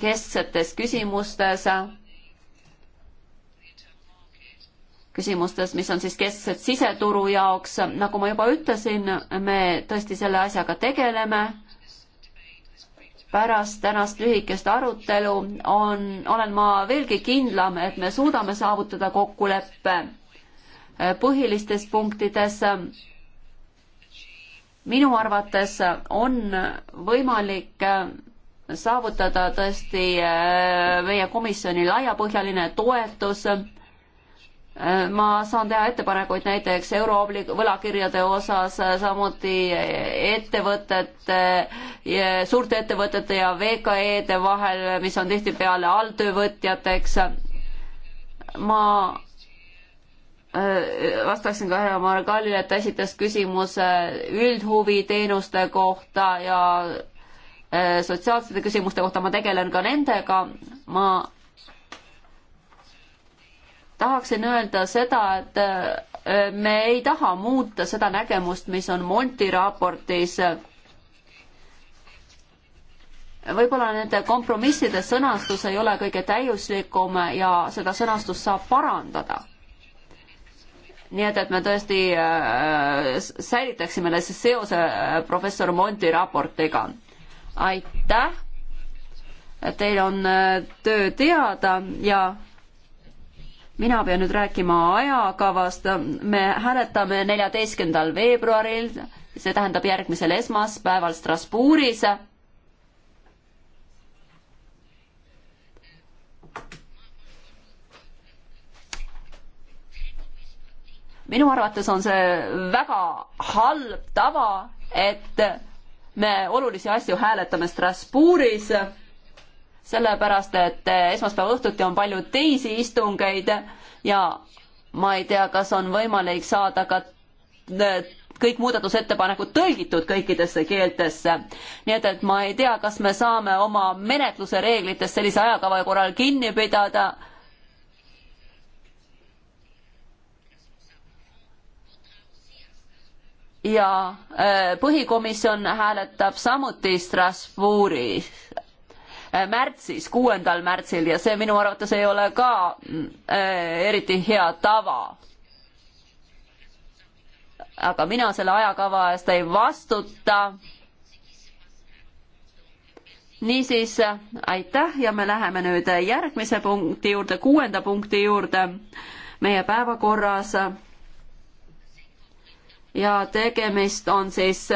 kesksetes küsimustes, küsimustes, mis on siis kesksed siseturu jaoks, nagu ma juba ütlesin, me tõesti selle asjaga tegeleme pärast tänast lühikest arutelu on, olen ma veelgi kindlam, et me suudame saavutada kokkuleppe põhilistes punktides. minu arvates on võimalik saavutada tõesti äh, meie komisjoni laiapõhjaline toetus ma saan teha ettepanekuid näiteks euroobli-, võlakirjade osas, samuti ettevõtete, suurte ettevõtete ja VKE-de vahel, mis on tihtipeale alltöövõtjateks. ma äh, vastaksin ka härra Margalile, et ta esitas küsimuse üldhuviteenuste kohta ja äh, sotsiaalsete küsimuste kohta, ma tegelen ka nendega, ma tahaksin öelda seda, et äh, me ei taha muuta seda nägemust, mis on Monti raportis. võib-olla nende kompromisside sõnastus ei ole kõige täiuslikum ja seda sõnastust saab parandada nii et, et me tõesti äh, säilitaksime selle seose äh, professor Monti raportiga. aitäh, teil on äh, töö teada ja mina pean nüüd rääkima ajakavast, me hääletame neljateistkümnendal veebruaril, see tähendab järgmisel esmaspäeval Strasbourgis. minu arvates on see väga halb tava, et me olulisi asju hääletame Strasbourgis sellepärast et esmaspäeva õhtuti on palju teisi istungeid ja ma ei tea, kas on võimalik saada ka äh, kõik muudatusettepanekud tõlgitud kõikidesse keeltesse. nii et, et ma ei tea, kas me saame oma menetluse reeglitest sellise ajakava korral kinni pidada. ja äh, põhikomisjon hääletab samuti Strasbourgis Äh, märtsis, kuuendal märtsil ja see minu arvates ei ole ka äh, eriti hea tava. aga mina selle ajakava eest ei vastuta. niisiis aitäh ja me läheme nüüd järgmise punkti juurde, kuuenda punkti juurde meie päevakorras ja tegemist on siis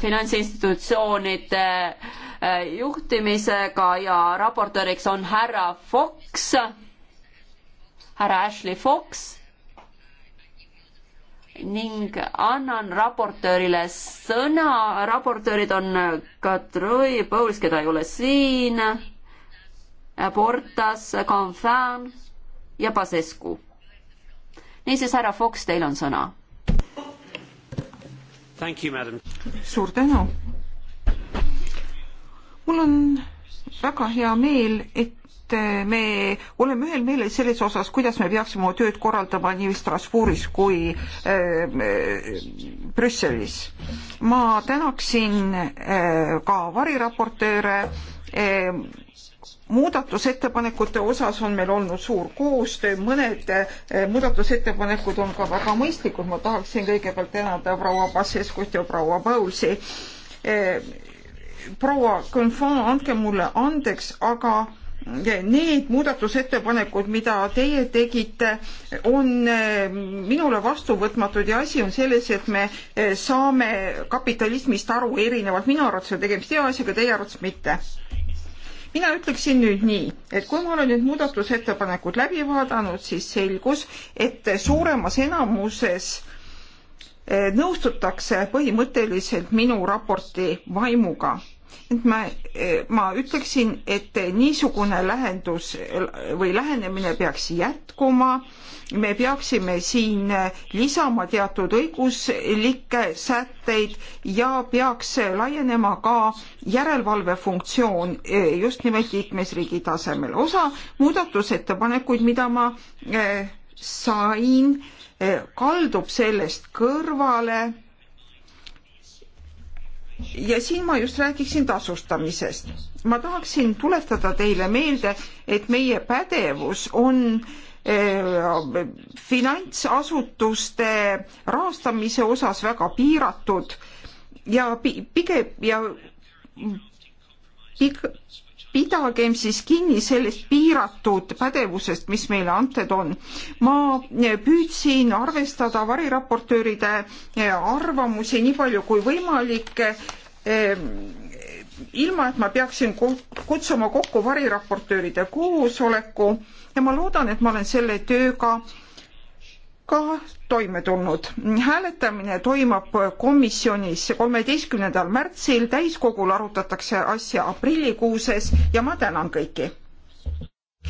finantsinstitutsioonide äh, Äh, juhtimisega ja raportööriks on härra Fox, härra Ashley Fox ning annan raportöörile sõna, raportöörid on Katrõi, Pauls, keda ei ole siin, Portas, Confan ja Pasescu. niisiis, härra Fox, teil on sõna. suur tänu, mul on väga hea meel, et me oleme ühel meelel selles osas, kuidas me peaksime oma tööd korraldama nii Strasbourgis kui äh, äh, Brüsselis. ma tänaksin äh, ka variraportööre. muudatusettepanekute osas on meil olnud suur koostöö, mõned muudatusettepanekud on ka väga mõistlikud, ma tahaksin kõigepealt tänada proua Passeskut ja proua Paulsi proua Confon, andke mulle andeks, aga need muudatusettepanekud, mida teie tegite, on eh, minule vastuvõtmatud ja asi on selles, et me eh, saame kapitalismist aru erinevalt. minu arvates on tegemist hea asjaga, teie arvates mitte mina ütleksin nüüd nii, et kui ma olen nüüd muudatusettepanekud läbi vaadanud, siis selgus, et suuremas enamuses eh, nõustutakse põhimõtteliselt minu raporti vaimuga ma, ma ütleksin, et niisugune lähendus või lähenemine peaks jätkuma. me peaksime siin lisama teatud õiguslikke sätteid ja peaks laienema ka järelevalve funktsioon just nimelt liikmesriigi tasemel. osa muudatusettepanekuid, mida ma eh, sain, eh, kaldub sellest kõrvale ja siin ma just räägiksin tasustamisest. ma tahaksin tuletada teile meelde, et meie pädevus on äh, finantsasutuste rahastamise osas väga piiratud ja pigem ja pig, pidagem siis kinni sellest piiratud pädevusest, mis meile antud on. ma püüdsin arvestada variraportööride eh, arvamusi nii palju kui võimalik eh, ilma, et ma peaksin kutsuma kokku variraportööride koosoleku ja ma loodan, et ma olen selle tööga ka toime tulnud. hääletamine toimub komisjonis kolmeteistkümnendal märtsil, täiskogul arutatakse asja aprillikuuses ja ma tänan kõiki.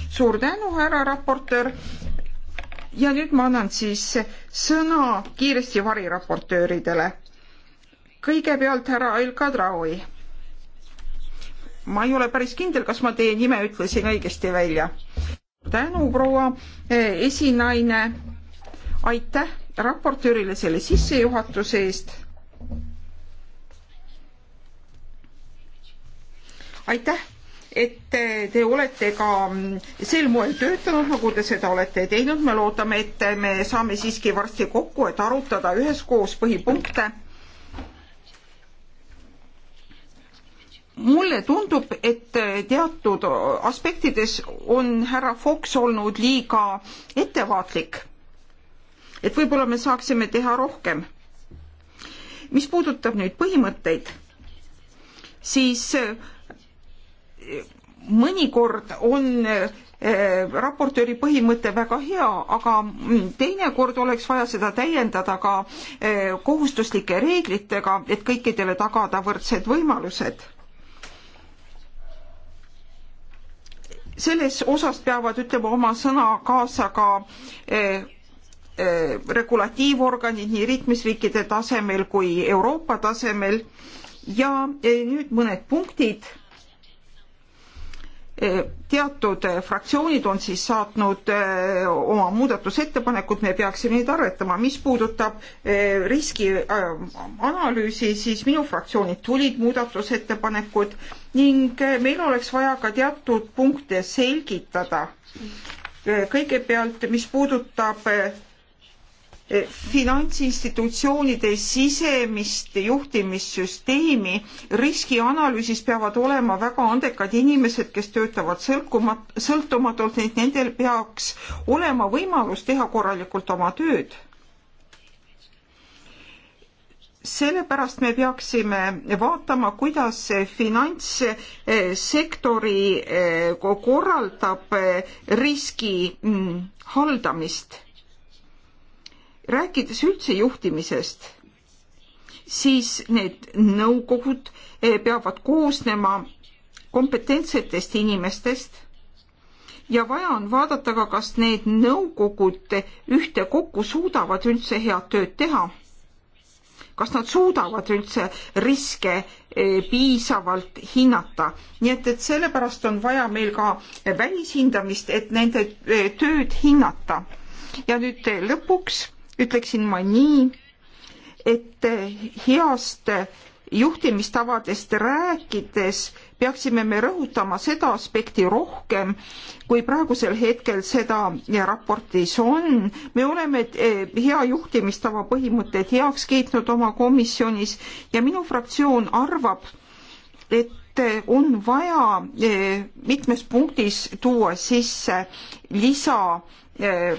suur tänu, härra raportöör. ja nüüd ma annan siis sõna kiiresti variraportööridele. kõigepealt härra El Kadraoui. ma ei ole päris kindel, kas ma teie nime ütlesin õigesti välja. tänu, proua eh, esinaine aitäh raportöörile selle sissejuhatuse eest. aitäh, et te olete ka sel moel töötanud, nagu te seda olete teinud. me loodame, et me saame siiski varsti kokku, et arutada üheskoos põhipunkte mulle tundub, et teatud aspektides on härra Fox olnud liiga ettevaatlik et võib-olla me saaksime teha rohkem. mis puudutab nüüd põhimõtteid, siis eh, mõnikord on eh, raportööri põhimõte väga hea, aga mm, teinekord oleks vaja seda täiendada ka eh, kohustuslike reeglitega, et kõikidele tagada võrdsed võimalused. selles osas peavad ütlema oma sõna kaasa ka Eh, regulatiivorganid nii liikmesriikide tasemel kui Euroopa tasemel ja eh, nüüd mõned punktid. Eh, teatud fraktsioonid on siis saatnud oma muudatusettepanekud, me peaksime neid arvetama. mis puudutab riskianalüüsi, siis minu fraktsioonilt tulid muudatusettepanekud ning meil oleks vaja ka teatud punkte selgitada kõigepealt, mis puudutab Eh, finantsinstitutsioonide sisemist juhtimissüsteemi. riskianalüüsis peavad olema väga andekad inimesed, kes töötavad sõlkumat-, sõltumatult, nii et nendel peaks olema võimalus teha korralikult oma tööd. sellepärast me peaksime vaatama, kuidas finantssektori eh, korraldab eh, riski mm, haldamist rääkides üldse juhtimisest, siis need nõukogud eh, peavad koosnema kompetentsetest inimestest ja vaja on vaadata ka, kas need nõukogud ühtekokku suudavad üldse head tööd teha. kas nad suudavad üldse riske eh, piisavalt hinnata, nii et, et sellepärast on vaja meil ka välishindamist, et nende eh, tööd hinnata. ja nüüd lõpuks ütleksin ma nii, et heast juhtimistavadest rääkides peaksime me rõhutama seda aspekti rohkem, kui praegusel hetkel seda raportis on. me oleme eh, hea juhtimistava põhimõtted heaks kiitnud oma komisjonis ja minu fraktsioon arvab, et on vaja eh, mitmes punktis tuua sisse lisa eh,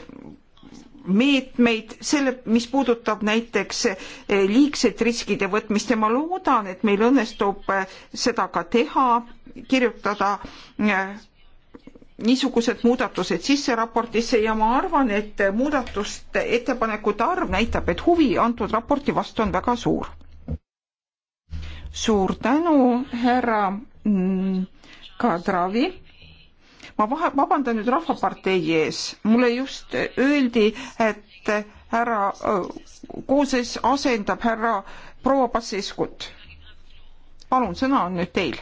meetmeid, selle, mis puudutab näiteks eh, liigset riskide võtmist ja ma loodan, et meil õnnestub eh, seda ka teha, kirjutada eh, niisugused muudatused sisse raportisse ja ma arvan, et muudatuste ettepanekute arv näitab, et huvi antud raporti vastu on väga suur. suur tänu, härra mm, Kadravi ma vahe, vabandan nüüd Rahvapartei ees, mulle just öeldi, et härra Kooses asendab härra proua Basseskut. palun, sõna on nüüd teil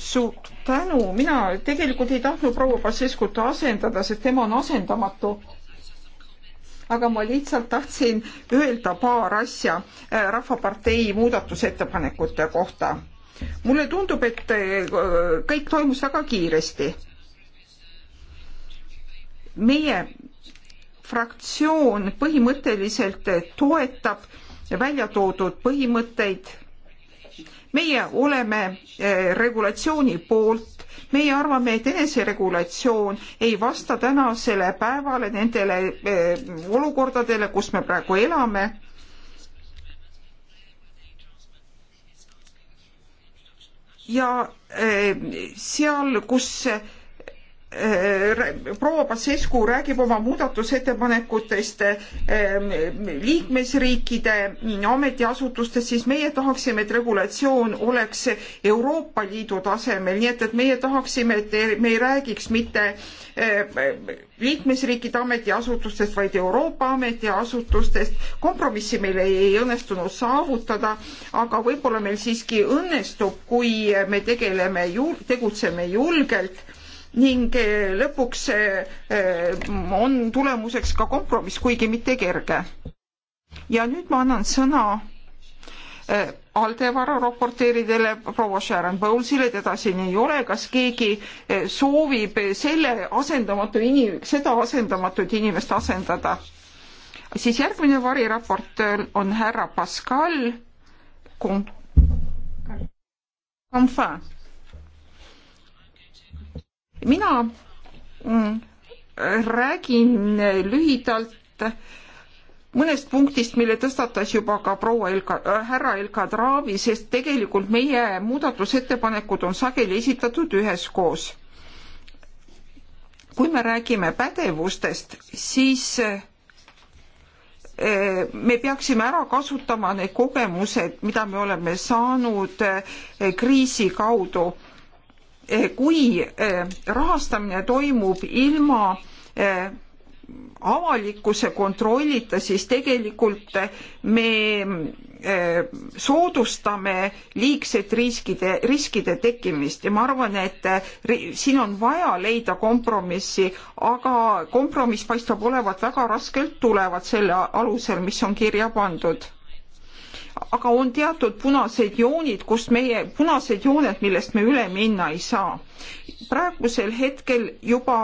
suur tänu, mina tegelikult ei tahtnud proua Basescut asendada, sest tema on asendamatu. aga ma lihtsalt tahtsin öelda paar asja äh, Rahvapartei muudatusettepanekute kohta mulle tundub, et äh, kõik toimus väga kiiresti. meie fraktsioon põhimõtteliselt toetab välja toodud põhimõtteid. meie oleme äh, regulatsiooni poolt, meie arvame, et eneseregulatsioon ei vasta tänasele päevale nendele äh, olukordadele, kus me praegu elame ja eh, seal, kus Äh, proua Pasescu räägib oma muudatusettepanekutest ähm, liikmesriikide ametiasutustest, siis meie tahaksime, et regulatsioon oleks Euroopa Liidu tasemel, nii et, et meie tahaksime, et me ei räägiks mitte äh, liikmesriikide ametiasutustest, vaid Euroopa ametiasutustest. kompromissi meil ei, ei õnnestunud saavutada, aga võib-olla meil siiski õnnestub, kui me tegeleme, tegutseme julgelt ning eh, lõpuks eh, eh, on tulemuseks ka kompromiss, kuigi mitte kerge. ja nüüd ma annan sõna ALDE vararaporteeridele, proua Sharon Bowlesile, teda siin ei ole, kas keegi soovib selle asendamatu inim-, seda asendamatut inimest asendada? siis järgmine variraportöör on härra Pascal Confin mina mm, räägin lühidalt mõnest punktist, mille tõstatas juba ka proua Elka äh,, härra Elka Traavi, sest tegelikult meie muudatusettepanekud on sageli esitatud üheskoos. kui me räägime pädevustest, siis äh, me peaksime ära kasutama need kogemused, mida me oleme saanud äh, kriisi kaudu. Eh, kui eh, rahastamine toimub ilma eh, avalikkuse kontrollita, siis tegelikult me soodustame liigset riskide, riskide tekkimist ja ma arvan, et siin on vaja leida kompromissi, aga kompromiss paistab olevat väga raskelt tulevat selle alusel, mis on kirja pandud aga on teatud punased joonid, kus meie, punased jooned, millest me üle minna ei saa. praegusel hetkel juba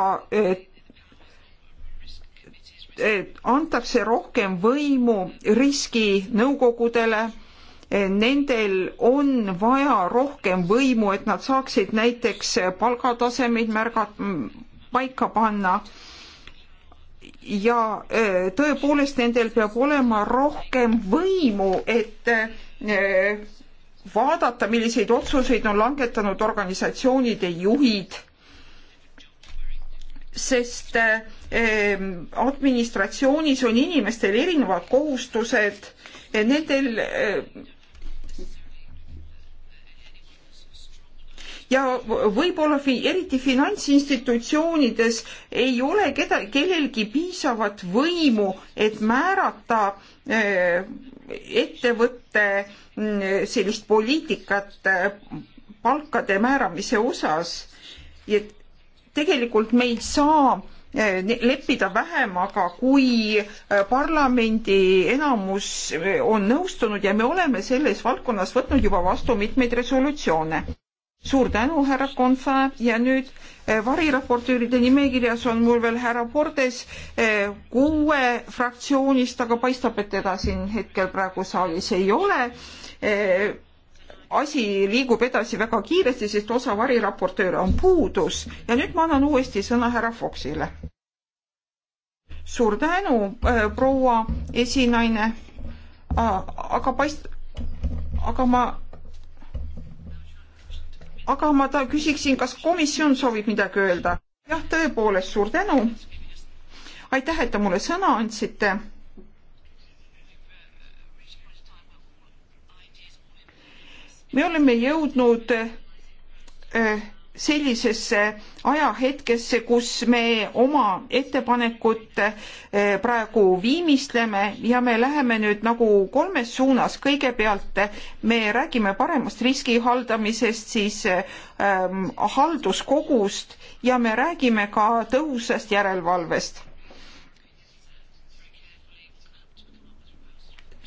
antakse rohkem võimu riskinõukogudele nendel on vaja rohkem võimu, et nad saaksid näiteks palgatasemeid märgat-, paika panna ja äh, tõepoolest nendel peab olema rohkem võimu, et äh, vaadata, milliseid otsuseid on langetanud organisatsioonide juhid, sest äh, ähm, administratsioonis on inimestel erinevad kohustused, nendel ja võib-olla eriti finantsinstitutsioonides ei ole keda, kellelgi piisavat võimu, et määrata äh, ettevõtte mm, sellist poliitikat äh, palkade määramise osas. et tegelikult me ei saa äh, leppida vähemaga, kui parlamendi enamus on nõustunud ja me oleme selles valdkonnas võtnud juba vastu mitmeid resolutsioone suur tänu, härra Konfa ja nüüd eh, variraportööride nimekirjas on mul veel härra Pordes eh, kuue fraktsioonist, aga paistab, et teda siin hetkel praegu saalis ei ole. Eh, asi liigub edasi väga kiiresti, sest osa variraportööre on puudus ja nüüd ma annan uuesti sõna härra Foxile. suur tänu, proua esinaine. Ah, aga paist-, aga ma aga ma ta küsiksin, kas komisjon soovib midagi öelda? jah, tõepoolest, suur tänu. aitäh, et te mulle sõna andsite. me oleme jõudnud äh, sellisesse ajahetkesse, kus me oma ettepanekut eh, praegu viimistleme ja me läheme nüüd nagu kolmes suunas. kõigepealt eh, me räägime paremast riski haldamisest, siis ähm, halduskogust ja me räägime ka tõhusast järelevalvest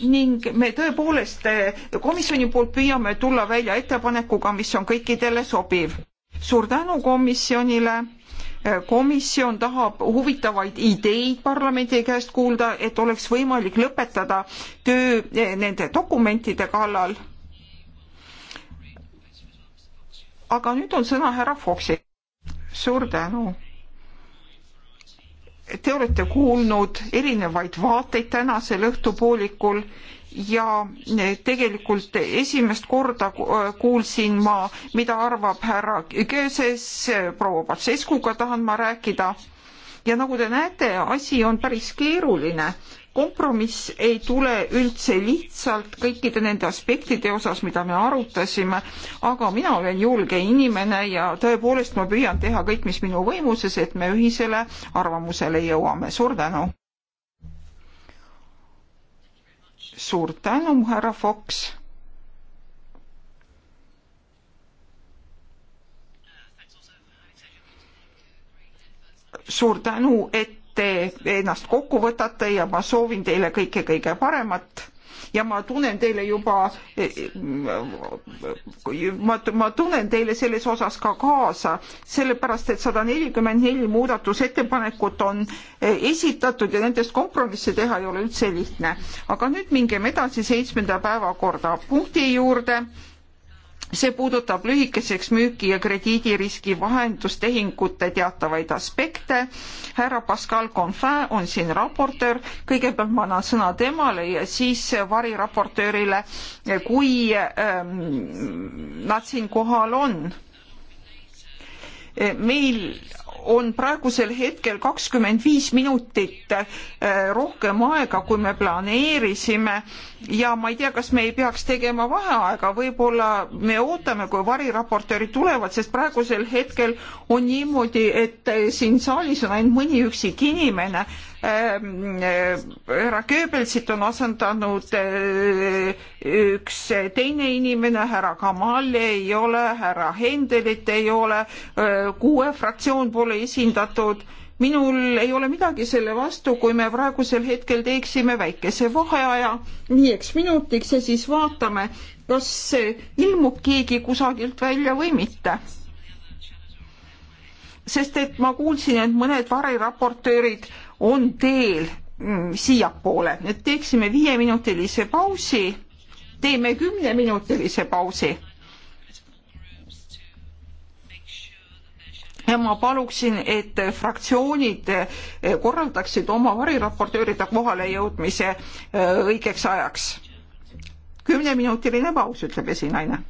ning me tõepoolest komisjoni poolt püüame tulla välja ettepanekuga, mis on kõikidele sobiv suur tänu komisjonile. komisjon tahab huvitavaid ideid parlamendi käest kuulda, et oleks võimalik lõpetada töö eh, nende dokumentide kallal. aga nüüd on sõna härra Foxil. suur tänu Te olete kuulnud erinevaid vaateid tänasel õhtupoolikul ja tegelikult esimest korda kuulsin ma, mida arvab härra Kööses, proua Patseskuga tahan ma rääkida. ja nagu te näete, asi on päris keeruline, kompromiss ei tule üldse lihtsalt kõikide nende aspektide osas, mida me arutasime, aga mina olen julge inimene ja tõepoolest ma püüan teha kõik, mis minu võimuses, et me ühisele arvamusele jõuame. suur tänu! suur tänu, härra Fox! suur tänu, et te ennast kokku võtate ja ma soovin teile kõike kõige paremat ja ma tunnen teile juba, eh, eh, ma, ma tunnen teile selles osas ka kaasa, sellepärast et sada nelikümmend neli muudatusettepanekut on eh, esitatud ja nendest kompromisse teha ei ole üldse lihtne. aga nüüd mingem edasi seitsmenda päevakorda punkti juurde see puudutab lühikeseks müügi ja krediidiriski vahendustehingute teatavaid aspekte. härra Pascal Confin on siin raportöör, kõigepealt ma annan sõna temale ja siis variraportöörile, kui ähm, nad siin kohal on. meil on praegusel hetkel kakskümmend viis minutit äh, rohkem aega, kui me planeerisime ja ma ei tea, kas me ei peaks tegema vaheaega, võib-olla me ootame, kui variraportöörid tulevad, sest praegusel hetkel on niimoodi, et äh, siin saalis on ainult mõni üksik inimene Ähm, äh, härra Goebbelsit on asendanud äh, üks teine inimene, härra Kamal ei ole, härra Hendelit ei ole, äh, kuue fraktsioon pole esindatud minul ei ole midagi selle vastu, kui me praegusel hetkel teeksime väikese vaheaja viieks minutiks ja siis vaatame, kas ilmub keegi kusagilt välja või mitte. sest et ma kuulsin, et mõned variraportöörid on teel mm, siiapoole. nüüd teeksime viieminutilise pausi, teeme kümneminutilise pausi. ja ma paluksin, et fraktsioonid eh, korraldaksid oma variraportööride kohalejõudmise eh, õigeks ajaks. kümneminutiline paus, ütleb esinaine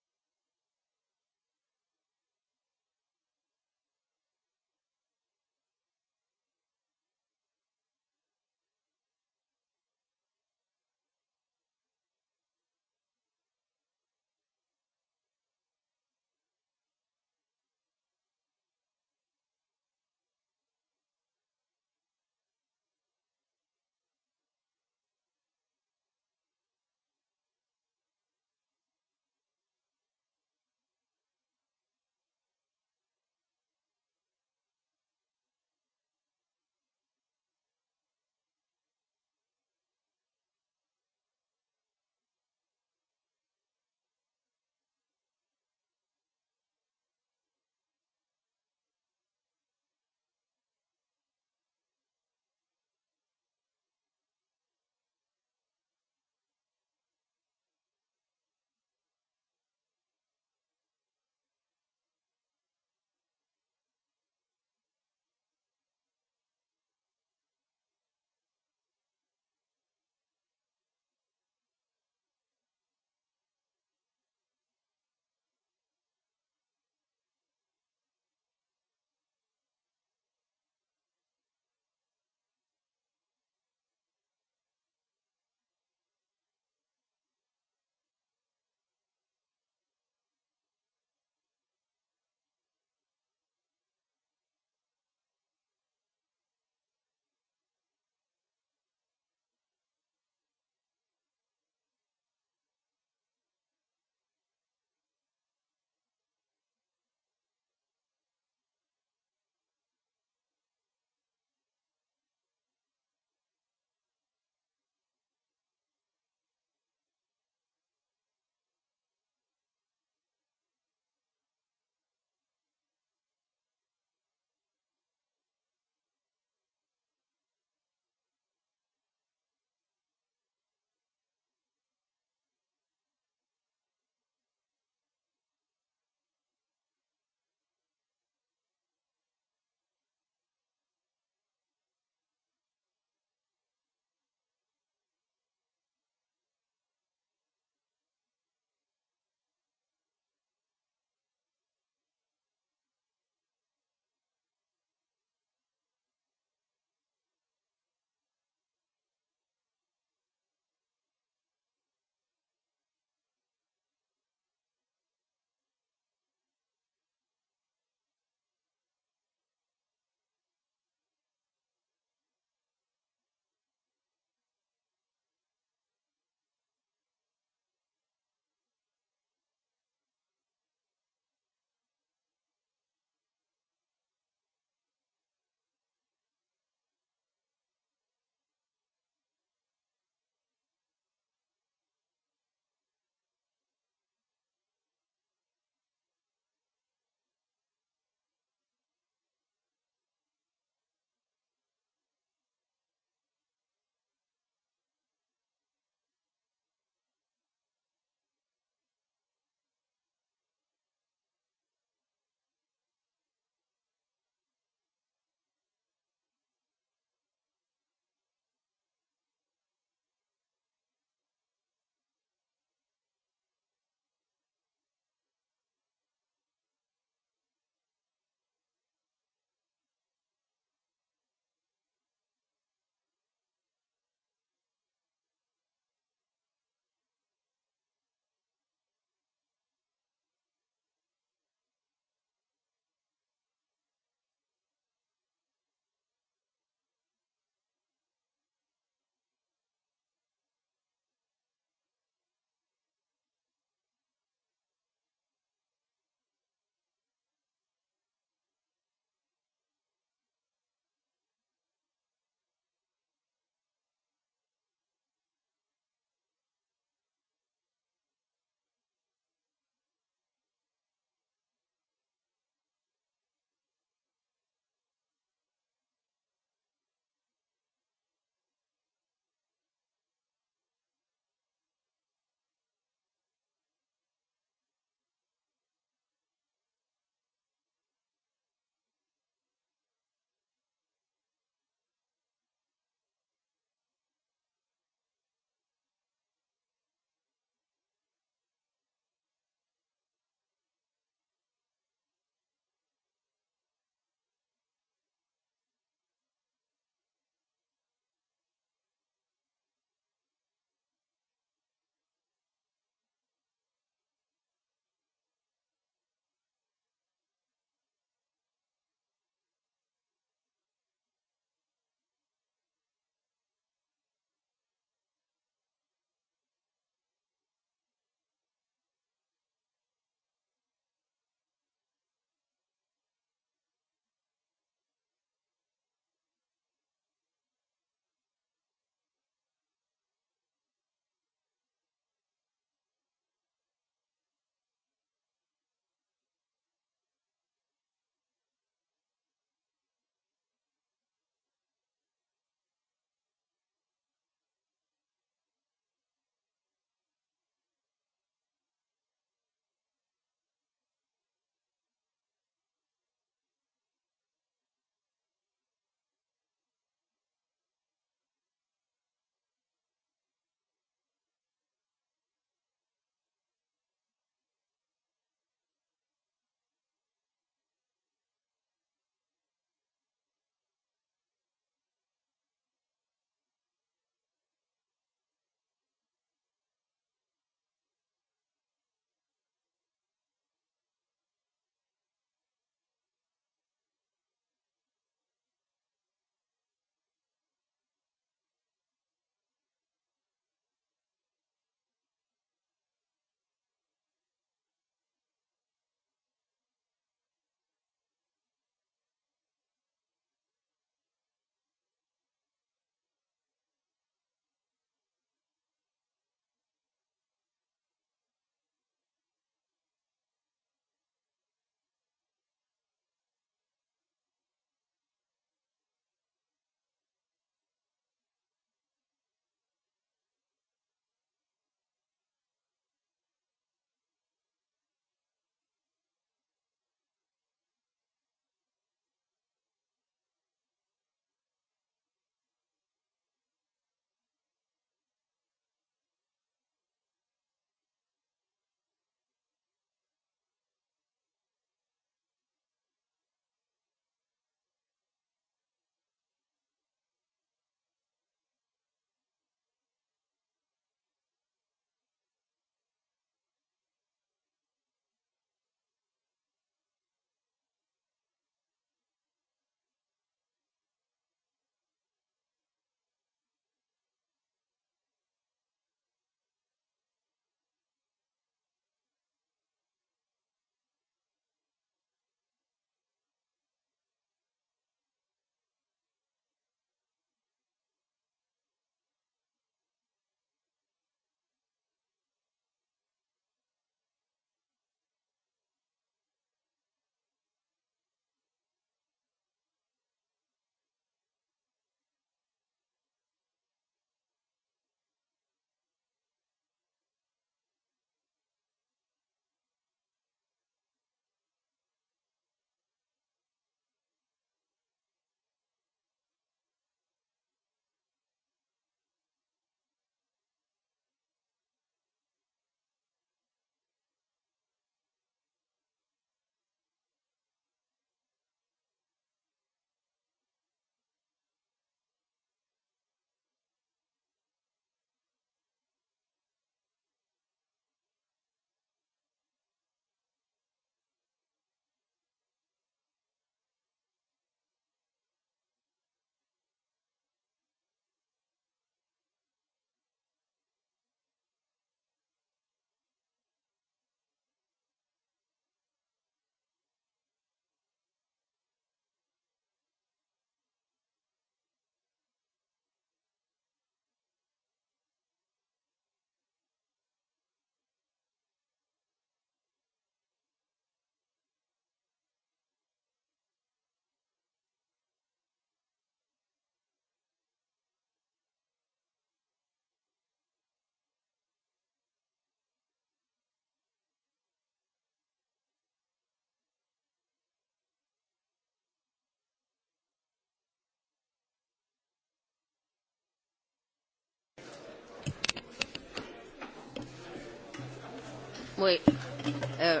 Euh,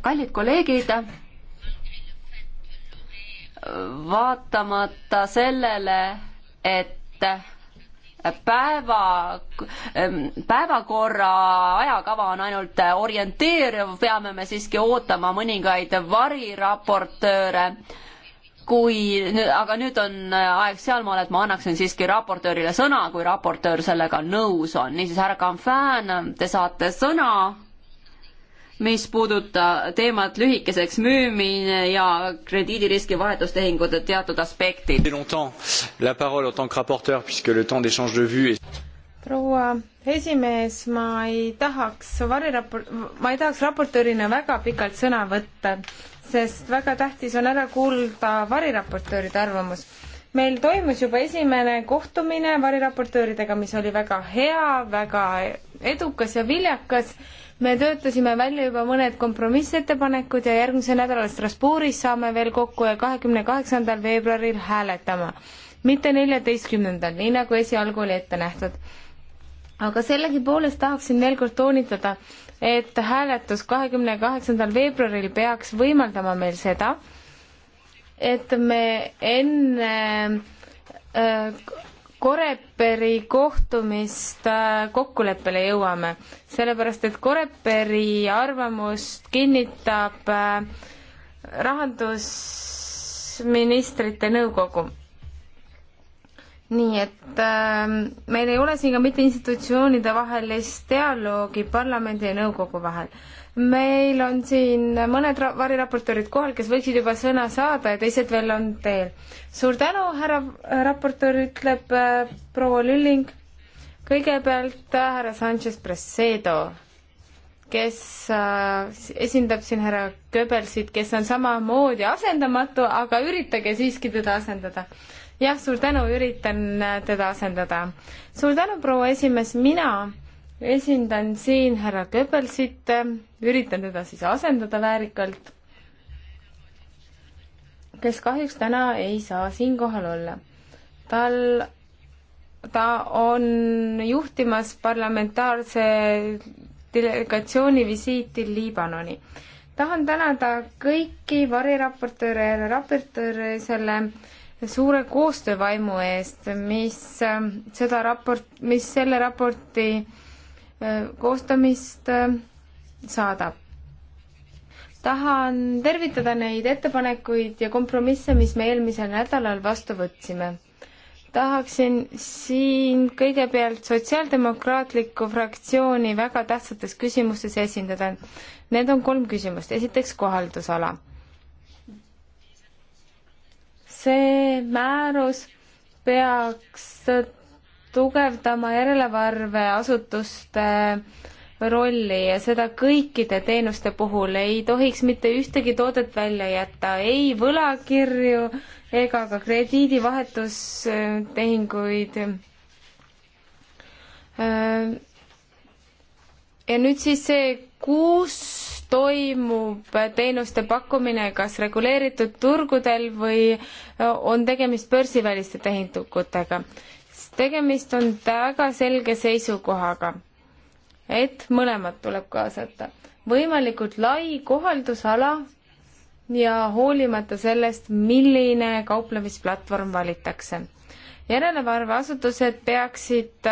kallid kolleegid, vaatamata sellele, et päeva, ähm, päevakorra ajakava on ainult orienteeriv, peame me siiski ootama mõningaid variraportööre kui, aga nüüd on äh, aeg sealmaal, et ma annaksin siiski raportöörile sõna, kui raportöör sellega nõus on. niisiis, härra Kamfään, te saate sõna, mis puudutab teemat lühikeseks müümine ja krediidiriski vahetustehingute teatud aspektid. proua esimees, ma ei tahaks variraport-, ma ei tahaks raportöörina väga pikalt sõna võtta sest väga tähtis on ära kuulda variraportööride arvamus. meil toimus juba esimene kohtumine variraportööridega, mis oli väga hea, väga edukas ja viljakas. me töötasime välja juba mõned kompromissettepanekud ja järgmisel nädalal Strasbourgis saame veel kokku ja kahekümne kaheksandal veebruaril hääletama, mitte neljateistkümnendal, nii nagu esialgu oli ette nähtud aga sellegipoolest tahaksin veel kord toonitada, et hääletus kahekümne kaheksandal veebruaril peaks võimaldama meil seda, et me enne äh, Koreperi kohtumist äh, kokkuleppele jõuame, sellepärast et Koreperi arvamust kinnitab äh, rahandusministrite nõukogu nii et äh, meil ei ole siin ka mitte institutsioonide vahelist dialoogi parlamendi ja nõukogu vahel. meil on siin mõned variraportöörid kohal, kes võiksid juba sõna saada ja teised veel on teel. suur tänu, härra äh, raportöör, ütleb äh, proua Lülling. kõigepealt äh, härra Sanchez Presedo, kes äh, esindab siin härra Goebbelsit, kes on samamoodi asendamatu, aga üritage siiski teda asendada jah, suur tänu, üritan äh, teda asendada. suur tänu, proua esimees, mina esindan siin härra Goebbelsit, üritan teda siis asendada väärikalt, kes kahjuks täna ei saa siinkohal olla. tal, ta on juhtimas parlamentaarse delegatsiooni visiiti Liibanoni. tahan tänada kõiki variraportööre ja raportööre selle äh, suure koostöövaimu eest, mis ähm, seda raport, mis selle raporti äh, koostamist äh, saadab. tahan tervitada neid ettepanekuid ja kompromisse, mis me eelmisel nädalal vastu võtsime. tahaksin siin kõigepealt Sotsiaaldemokraatlikku fraktsiooni väga tähtsates küsimustes esindada. Need on kolm küsimust, esiteks kohaldusala see määrus peaks tugevdama järelevalveasutuste rolli ja seda kõikide teenuste puhul, ei tohiks mitte ühtegi toodet välja jätta, ei võlakirju ega ka krediidivahetustehinguid. Äh, ja nüüd siis see, kus toimub teenuste pakkumine kas reguleeritud turgudel või on tegemist börsiväliste tehingutega. tegemist on väga selge seisukohaga, et mõlemad tuleb kaasata. võimalikult lai kohaldusala ja hoolimata sellest, milline kauplemisplatvorm valitakse. järelevalveasutused peaksid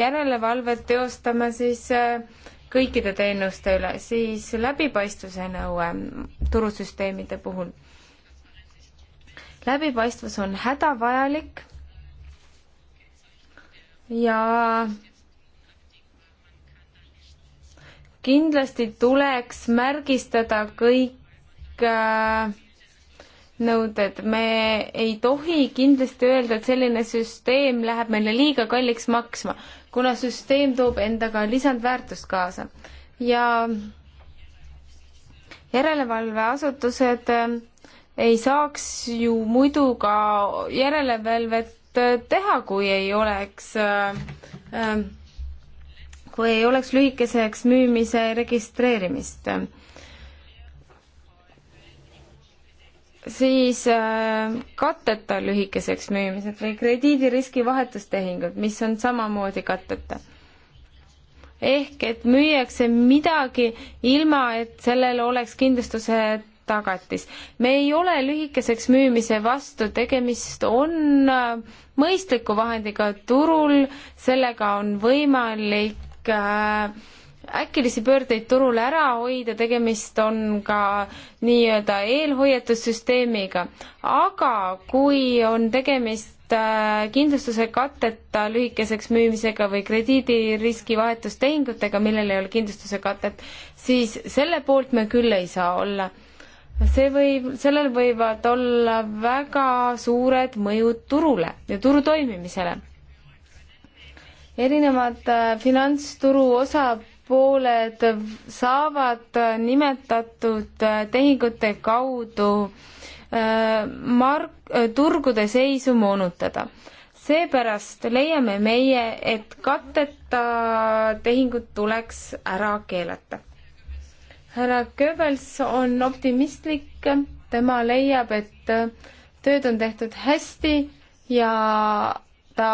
järelevalvet teostama siis äh, kõikide teenuste üle, siis läbipaistvuse nõue turusüsteemide puhul. läbipaistvus on hädavajalik ja kindlasti tuleks märgistada kõik äh, nõuded, me ei tohi kindlasti öelda, et selline süsteem läheb meile liiga kalliks maksma kuna süsteem toob endaga lisandväärtust kaasa ja järelevalveasutused äh, ei saaks ju muidu ka järelevalvet äh, teha, kui ei oleks äh, kui ei oleks lühikeseks müümise registreerimist siis äh, katteta lühikeseks müümised või krediidiriski vahetustehingud, mis on samamoodi katteta. ehk et müüakse midagi, ilma et sellel oleks kindlustuse tagatis. me ei ole lühikeseks müümise vastu, tegemist on äh, mõistliku vahendiga turul, sellega on võimalik äh, äkilisi pöördeid turul ära hoida, tegemist on ka nii-öelda eelhoiatussüsteemiga, aga kui on tegemist äh, kindlustuse katteta lühikeseks müümisega või krediidiriski vahetustehingutega, millel ei ole kindlustuse katet, siis selle poolt me küll ei saa olla. see võib, sellel võivad olla väga suured mõjud turule ja turu toimimisele. erinevad äh, finantsturu osa osapooled saavad nimetatud tehingute kaudu äh, mark-, turgude seisu moonutada. seepärast leiame meie, et katteta tehingud tuleks ära keelata. härra Goebbels on optimistlik, tema leiab, et tööd on tehtud hästi ja ta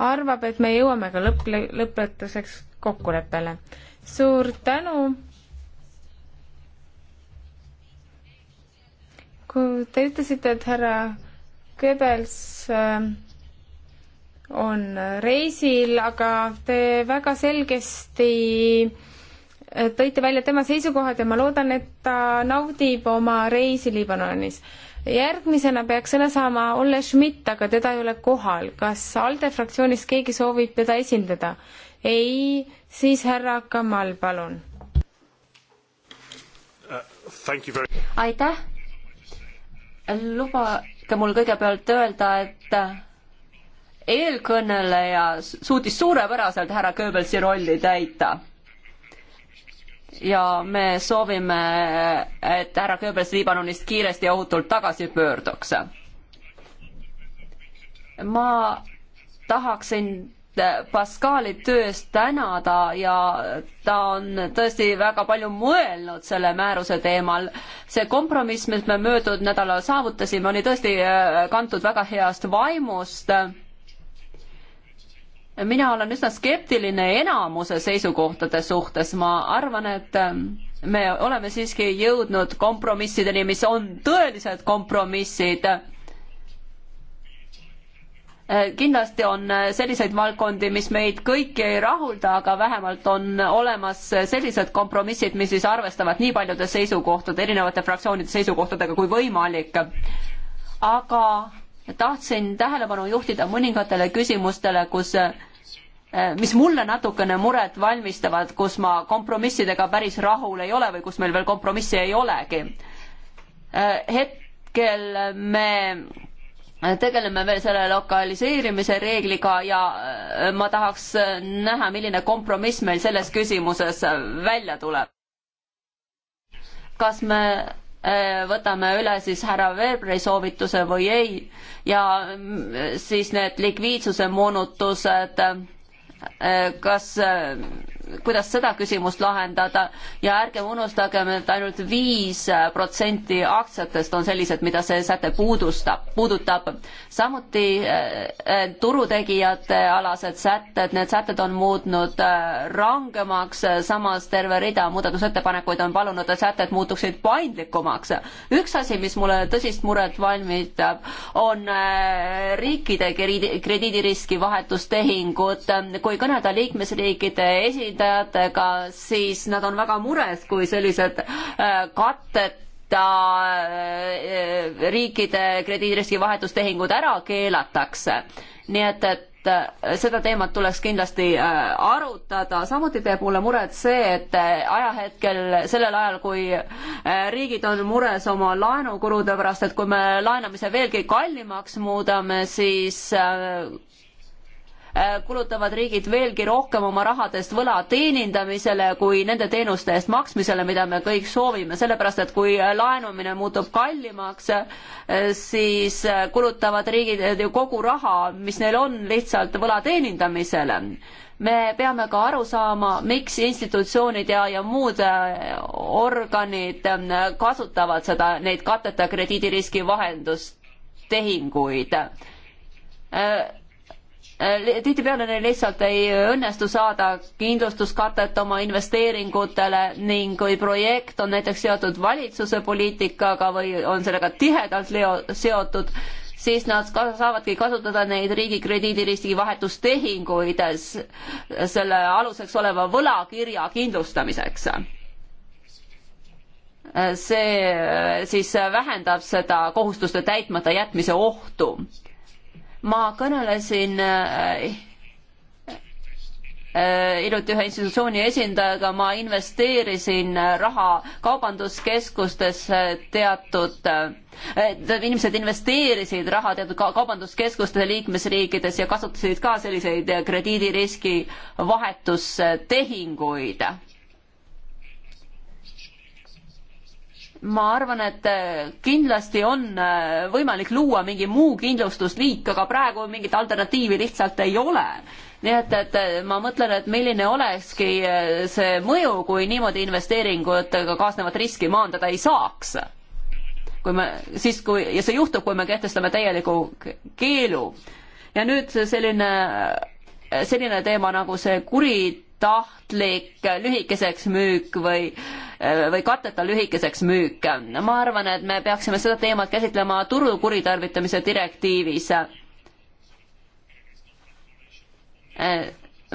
arvab, et me jõuame ka lõpp, lõpetuseks kokkuleppele. suur tänu. kui te ütlesite, et härra Goebbels ähm, on reisil, aga te väga selgesti äh, tõite välja tema seisukohad ja ma loodan, et ta naudib oma reisi Liibanonis järgmisena peaks sõna saama Olle Schmidt, aga teda ei ole kohal. kas ALDE fraktsioonist keegi soovib teda esindada? ei, siis härra Kamal, palun uh,. aitäh. lubage mul kõigepealt öelda, et eelkõneleja suutis suurepäraselt härra Goebbelsi rolli täita ja me soovime, et härra Goebbels Liibanonist kiiresti ja ohutult tagasi pöörduks. ma tahaksin Pascali töö eest tänada ja ta on tõesti väga palju mõelnud selle määruse teemal. see kompromiss, mis me möödunud nädalal saavutasime, oli tõesti äh, kantud väga heast vaimust mina olen üsna skeptiline enamuse seisukohtade suhtes, ma arvan, et ähm, me oleme siiski jõudnud kompromissideni, mis on tõelised kompromissid. Äh, kindlasti on äh, selliseid valdkondi, mis meid kõiki ei rahulda, aga vähemalt on olemas äh, sellised kompromissid, mis siis arvestavad nii paljude seisukohtade, erinevate fraktsioonide seisukohtadega kui võimalik. aga tahtsin tähelepanu juhtida mõningatele küsimustele, kus äh, mis mulle natukene muret valmistavad, kus ma kompromissidega päris rahul ei ole või kus meil veel kompromissi ei olegi. Äh, hetkel me tegeleme veel selle lokaliseerimise reegliga ja äh, ma tahaks näha, milline kompromiss meil selles küsimuses välja tuleb. kas me Äh, võtame üle siis härra Verberi soovituse või ei ja siis need likviidsuse moonutused, äh, kas äh, kuidas seda küsimust lahendada ja ärgem unustagem, et ainult viis protsenti aktsiatest on sellised, mida see säte puudustab, puudutab. samuti eh, eh, turutegijate alased sätted, need sätted on muutnud eh, rangemaks, samas terve rida muudatusettepanekuid on palunud, et sätted muutuksid paindlikumaks. üks asi, mis mulle tõsist muret valmistab, on riikide krediidiriski vahetustehingud, kui kõneleda liikmesriikide esi-, esindajatega, siis nad on väga mures, kui sellised äh, katteta äh, riikide krediidiriski vahetustehingud ära keelatakse. nii et, et et äh, seda teemat tuleks kindlasti arutada, samuti teeb mulle muret see, et ajahetkel, sellel ajal, kui riigid on mures oma laenukulude pärast, et kui me laenamise veelgi kallimaks muudame, siis Äh, kulutavad riigid veelgi rohkem oma rahadest võla teenindamisele kui nende teenuste eest maksmisele, mida me kõik soovime, sellepärast et kui laenumine muutub kallimaks, äh, siis äh, kulutavad riigid ju kogu raha, mis neil on, lihtsalt võla teenindamisele me peame ka aru saama, miks institutsioonid ja, ja muud organid kasutavad seda, neid katteta krediidiriski vahendustehinguid Äh, tihtipeale neil lihtsalt ei õnnestu saada kindlustuskatet oma investeeringutele ning kui projekt on näiteks seotud valitsuse poliitikaga või on sellega tihedalt leo-, seotud, siis nad ka saavadki kasutada neid riigi krediidiriski vahetustehinguid selle aluseks oleva võlakirja kindlustamiseks. Äh, see äh, siis vähendab seda kohustuste täitmata jätmise ohtu ma kõnelesin hiljuti äh, äh, ühe institutsiooni esindajaga, ma investeerisin äh, raha kaubanduskeskustesse teatud, inimesed investeerisid raha teatud kaubanduskeskuste liikmesriikides ja kasutasid ka selliseid krediidiriski vahetustehinguid ma arvan, et äh, kindlasti on äh, võimalik luua mingi muu kindlustusliik, aga praegu mingit alternatiivi lihtsalt ei ole. nii et, et äh, ma mõtlen, et milline olekski see mõju, kui niimoodi investeeringutega kaasnevat riski maandada ei saaks. kui me, siis kui, ja see juhtub, kui me kehtestame täieliku keelu. ja nüüd selline, selline teema nagu see kuritahtlik lühikeseks müük või äh, Äh, või katteta lühikeseks müük. ma arvan, et me peaksime seda teemat käsitlema turu kuritarvitamise direktiivis. Äh,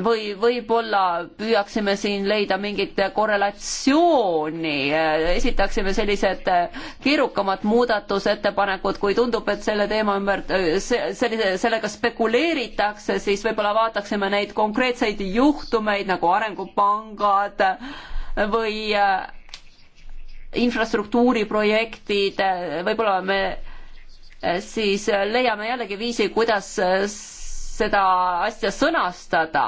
või võib-olla püüaksime siin leida mingit korrelatsiooni, äh, esitaksime sellised keerukamad muudatusettepanekud, kui tundub, et selle teema ümber sellise, sellega spekuleeritakse, siis võib-olla vaataksime neid konkreetseid juhtumeid nagu arengupangad, või äh, infrastruktuuriprojektid, võib-olla me eh, siis leiame jällegi viisi, kuidas eh, seda asja sõnastada.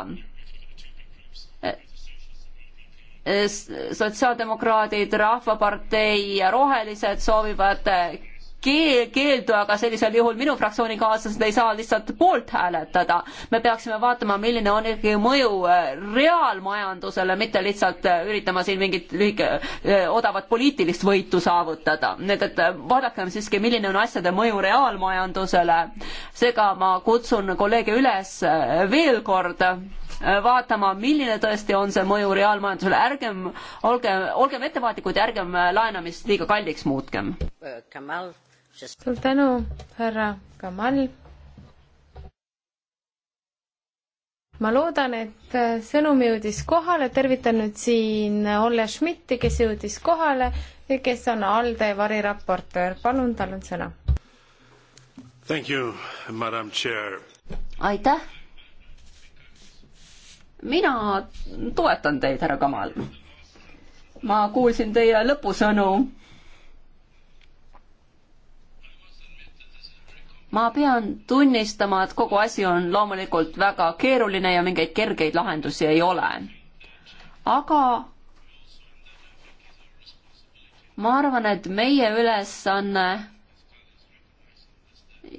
Eh, sotsiaaldemokraadid, Rahvapartei ja Rohelised soovivad keel, keeldu, aga sellisel juhul minu fraktsioonikaaslased ei saa lihtsalt poolt hääletada. me peaksime vaatama, milline on ikkagi mõju äh, reaalmajandusele, mitte lihtsalt äh, üritama siin mingit lühike, äh, odavat poliitilist võitu saavutada. nii et, et vaadakem siiski, milline on asjade mõju reaalmajandusele. seega ma kutsun kolleege üles veel kord vaatama, milline tõesti on see mõju reaalmajandusele, ärgem olgem, olgem ettevaatlikud ja ärgem laenamist liiga kalliks muutkem. Kamal suur tänu, härra Kamal. ma loodan, et sõnum jõudis kohale, tervitan nüüd siin Olle Schmidti, kes jõudis kohale ja kes on ALDE variraportöör, palun, tal on sõna. aitäh. mina toetan teid, härra Kamal. ma kuulsin teie lõpusõnu ma pean tunnistama, et kogu asi on loomulikult väga keeruline ja mingeid kergeid lahendusi ei ole. aga ma arvan, et meie ülesanne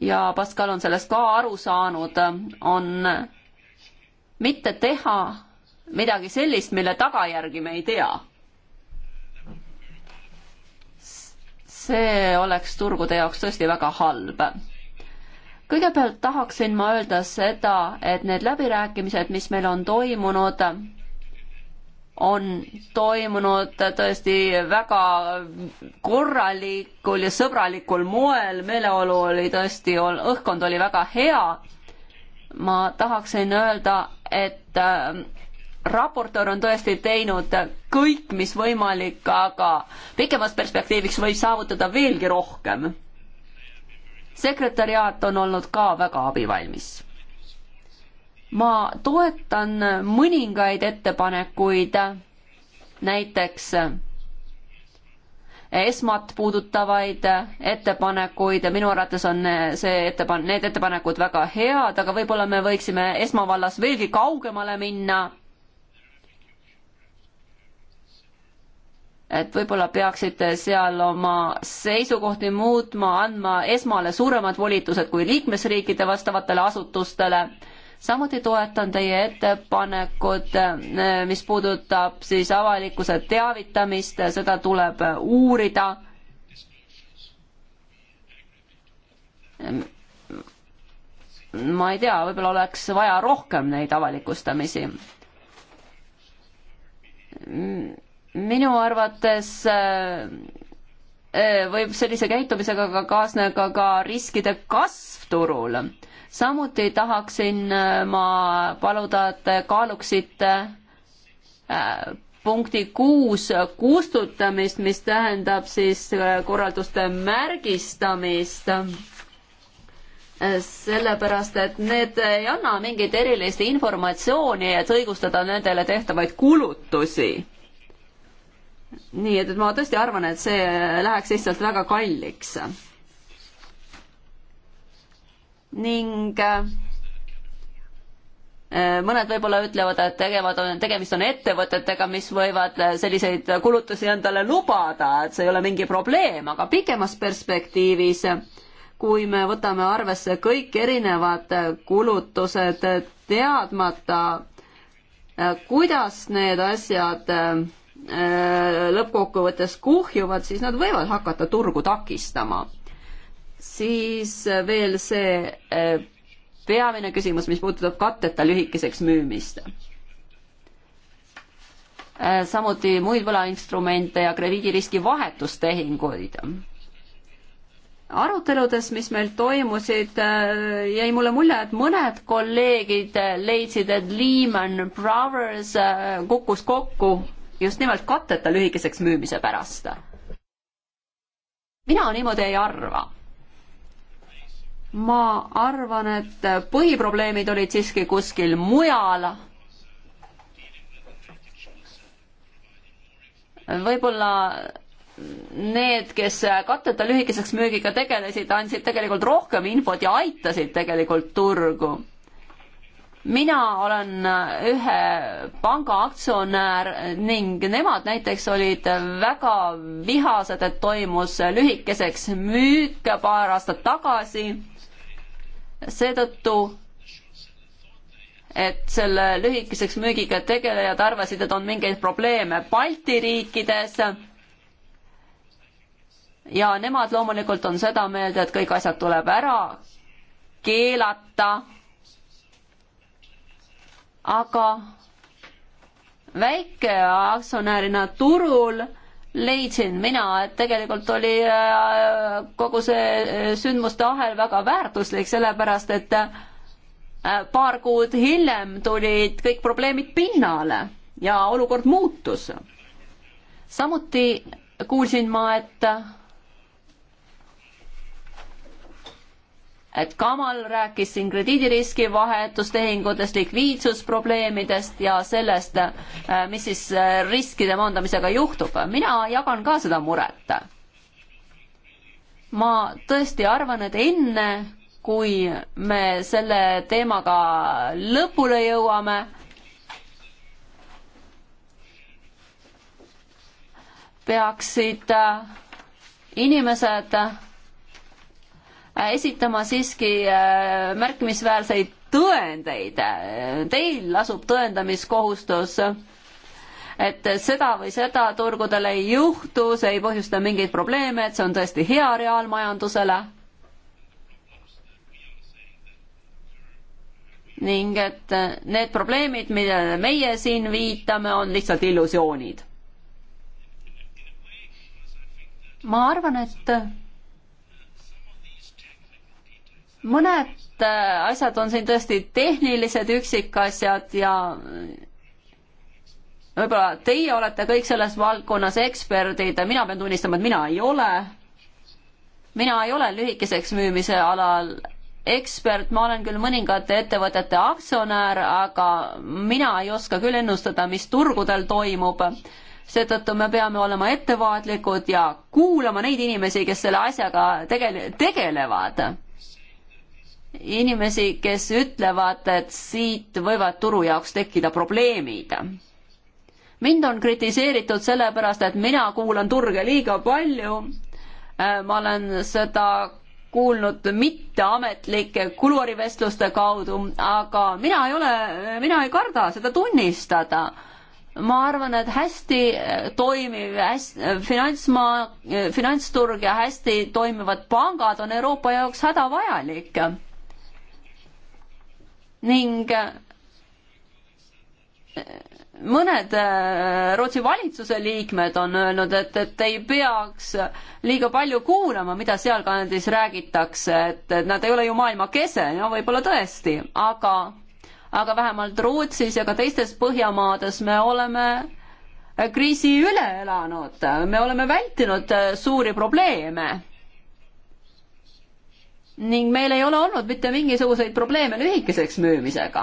ja Pascal on sellest ka aru saanud, on mitte teha midagi sellist, mille tagajärgi me ei tea. see oleks turgude jaoks tõesti väga halb kõigepealt tahaksin ma öelda seda, et need läbirääkimised, mis meil on toimunud, on toimunud tõesti väga korralikul ja sõbralikul moel, meeleolu oli tõesti, õhkkond oli väga hea. ma tahaksin öelda, et äh, raportöör on tõesti teinud kõik, mis võimalik, aga pikemas perspektiivis võib saavutada veelgi rohkem sekretäriaat on olnud ka väga abivalmis. ma toetan mõningaid ettepanekuid, näiteks esmat puudutavaid ettepanekuid ja minu arvates on see ettepan-, need ettepanekud väga head, aga võib-olla me võiksime esmavallas veelgi kaugemale minna et võib-olla peaksite seal oma seisukohti muutma, andma esmale suuremad volitused kui liikmesriikide vastavatele asutustele. samuti toetan teie ettepanekut, eh, mis puudutab siis avalikkuse teavitamist, seda tuleb uurida. ma ei tea, võib-olla oleks vaja rohkem neid avalikustamisi minu arvates äh, äh, võib sellise käitumisega ka kaasneda ka, ka riskide kasv turul. samuti tahaksin äh, ma paluda, et kaaluksite punkti kuus kustutamist, mis tähendab siis korralduste märgistamist sellepärast, et need ei anna mingit erilist informatsiooni, et õigustada nendele tehtavaid kulutusi nii et, et ma tõesti arvan, et see läheks lihtsalt väga kalliks. ning äh, äh, mõned võib-olla ütlevad, et tegevad, tegemist on ettevõtetega, mis võivad äh, selliseid kulutusi endale lubada, et see ei ole mingi probleem, aga pikemas perspektiivis, kui me võtame arvesse kõik erinevad kulutused teadmata, kuidas need asjad äh, Äh, lõppkokkuvõttes kuhjuvad, siis nad võivad hakata turgu takistama. siis äh, veel see äh, peamine küsimus, mis puudutab katteta lühikeseks müümist. samuti muid võlainstrumente ja krediidiriski vahetustehinguid aruteludes, mis meil toimusid, jäi mulle mulje, et mõned kolleegid leidsid, et Lehman Brothers kukkus kokku just nimelt katteta lühikeseks müümise pärast. mina niimoodi ei arva. ma arvan, et põhiprobleemid olid siiski kuskil mujal võib-olla need, kes katteta lühikeseks müügiga tegelesid, andsid tegelikult rohkem infot ja aitasid tegelikult turgu mina olen äh, ühe panga aktsionär ning nemad näiteks olid väga vihased, et toimus lühikeseks müük paar aastat tagasi. seetõttu, et selle lühikeseks müügiga tegelejad arvasid, et on mingeid probleeme Balti riikides. ja nemad loomulikult on seda meelt, et kõik asjad tuleb ära keelata aga väikeaktsionärina turul leidsin mina, et tegelikult oli äh, kogu see äh, sündmuste ahel väga väärtuslik, sellepärast et äh, paar kuud hiljem tulid kõik probleemid pinnale ja olukord muutus. samuti kuulsin ma, et et Kamal rääkis siin krediidiriski vahetustehingutest, likviidsusprobleemidest ja sellest, äh, mis siis äh, riskide maandamisega juhtub. mina jagan ka seda muret. ma tõesti arvan, et enne, kui me selle teemaga lõpule jõuame, peaksid äh, inimesed Äh, esitama siiski äh, märkimisväärseid tõendeid. Teil lasub tõendamiskohustus, et seda või seda turgudel ei juhtu, see ei põhjusta mingeid probleeme, et see on tõesti hea reaalmajandusele. ning et need probleemid, millele meie siin viitame, on lihtsalt illusioonid. ma arvan, et mõned äh, asjad on siin tõesti tehnilised üksikasjad ja võib-olla teie olete kõik selles valdkonnas eksperdid, mina pean tunnistama, et mina ei ole. mina ei ole lühikeseks müümise alal ekspert, ma olen küll mõningate ettevõtete aktsionär, aga mina ei oska küll ennustada, mis turgudel toimub. seetõttu me peame olema ettevaatlikud ja kuulama neid inimesi, kes selle asjaga tegele-, tegelevad inimesi, kes ütlevad, et siit võivad turu jaoks tekkida probleemid. mind on kritiseeritud sellepärast, et mina kuulan turge liiga palju. ma olen seda kuulnud mitteametlike kuluarivestluste kaudu, aga mina ei ole, mina ei karda seda tunnistada ma arvan, et hästi toimiv hästi, finantsmaa, finantsturg ja hästi toimivad pangad on Euroopa jaoks hädavajalik ning äh, mõned äh, Rootsi valitsuse liikmed on öelnud, et, et ei peaks liiga palju kuulama, mida sealkandis räägitakse, et, et nad ei ole ju maailma kese, no võib-olla tõesti, aga, aga vähemalt Rootsis ja ka teistes Põhjamaades me oleme äh, kriisi üle elanud, me oleme vältinud suuri probleeme ning meil ei ole olnud mitte mingisuguseid probleeme lühikeseks müümisega.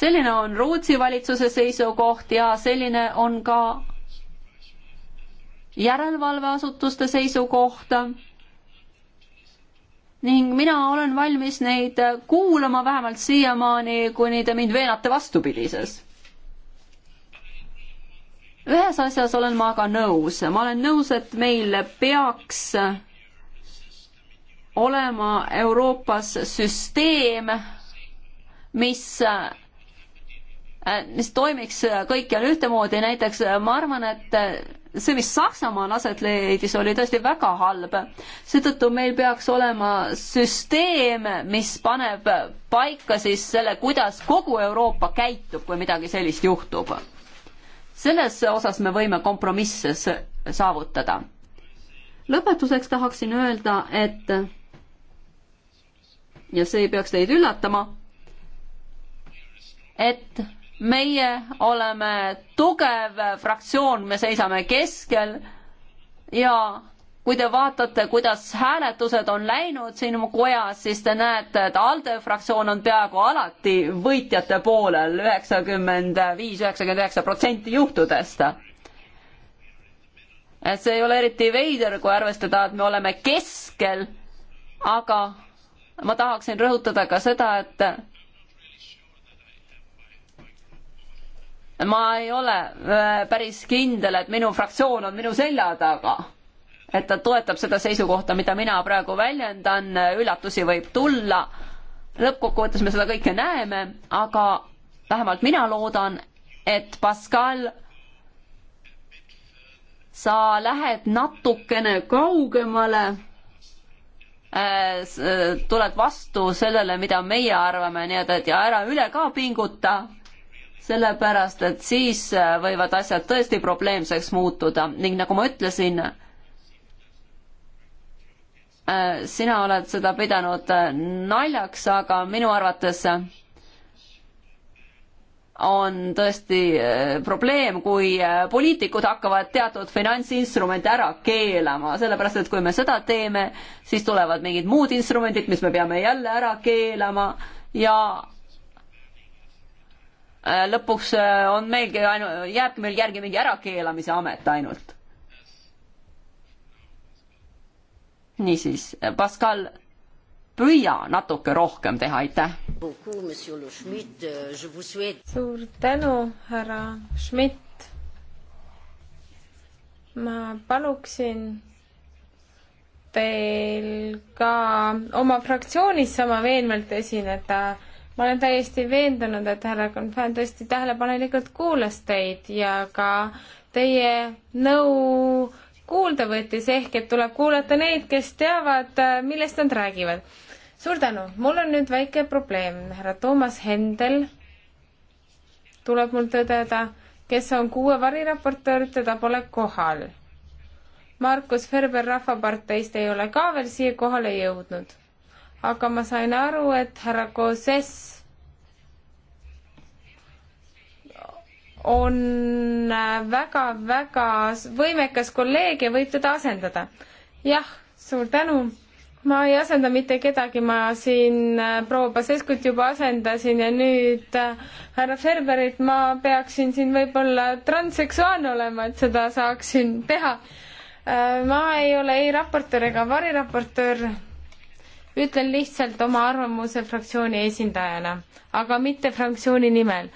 selline on Rootsi valitsuse seisukoht ja selline on ka järelevalveasutuste seisukoht. ning mina olen valmis neid kuulama vähemalt siiamaani, kuni te mind veenate vastupidises ühes asjas olen ma aga nõus, ma olen nõus, et meil peaks olema Euroopas süsteem, mis, mis toimiks kõikjal ühtemoodi, näiteks ma arvan, et see, mis Saksamaal aset leidis, oli tõesti väga halb. seetõttu meil peaks olema süsteem, mis paneb paika siis selle, kuidas kogu Euroopa käitub, kui midagi sellist juhtub. selles osas me võime kompromisse saavutada. lõpetuseks tahaksin öelda, et ja see ei peaks teid üllatama, et meie oleme tugev fraktsioon, me seisame keskel ja kui te vaatate, kuidas hääletused on läinud siin kojas, siis te näete, et ALDE fraktsioon on peaaegu alati võitjate poolel üheksakümmend viis, üheksakümmend üheksa protsenti juhtudest. et see ei ole eriti veider, kui arvestada, et me oleme keskel, aga ma tahaksin rõhutada ka seda, et ma ei ole äh, päris kindel, et minu fraktsioon on minu selja taga. et ta toetab seda seisukohta, mida mina praegu väljendan, üllatusi võib tulla. lõppkokkuvõttes me seda kõike näeme, aga vähemalt mina loodan, et Pascal sa lähed natukene kaugemale Äh, äh, tuled vastu sellele, mida meie arvame, nii et, et ja ära üle ka pinguta, sellepärast et siis äh, võivad asjad tõesti probleemseks muutuda ning nagu ma ütlesin, sina oled seda pidanud naljaks, aga minu arvates on tõesti eh, probleem, kui eh, poliitikud hakkavad teatud finantsinstrumente ära keelama, sellepärast et kui me seda teeme, siis tulevad mingid muud instrumendid, mis me peame jälle ära keelama ja eh, lõpuks on meilgi ainu-, jääb meil järgi mingi ärakeelamise amet ainult. niisiis, Pascal pöia natuke rohkem teha, aitäh! Euh, suur tänu, härra Schmidt! ma paluksin teil ka oma fraktsioonis sama veenvalt esineda. ma olen täiesti veendunud, et härra Confan tõesti tähelepanelikult kuulas teid ja ka teie nõu kuulda võttis, ehk et tuleb kuulata neid, kes teavad, millest nad räägivad suur tänu, mul on nüüd väike probleem, härra Toomas Hendel tuleb mul tõdeda, kes on kuue variraportöör, teda pole kohal. Markus Ferber Rahvaparteist ei ole ka veel siia kohale jõudnud. aga ma sain aru, et härra Koses on väga-väga võimekas kolleeg ja võib teda asendada. jah, suur tänu ma ei asenda mitte kedagi, ma siin äh, proua Paseskut juba asendasin ja nüüd äh, härra Ferberit ma peaksin siin võib-olla transseksuaalne olema, et seda saaksin teha. Äh, ma ei ole ei raportöör ega variraportöör. ütlen lihtsalt oma arvamuse fraktsiooni esindajana, aga mitte fraktsiooni nimel.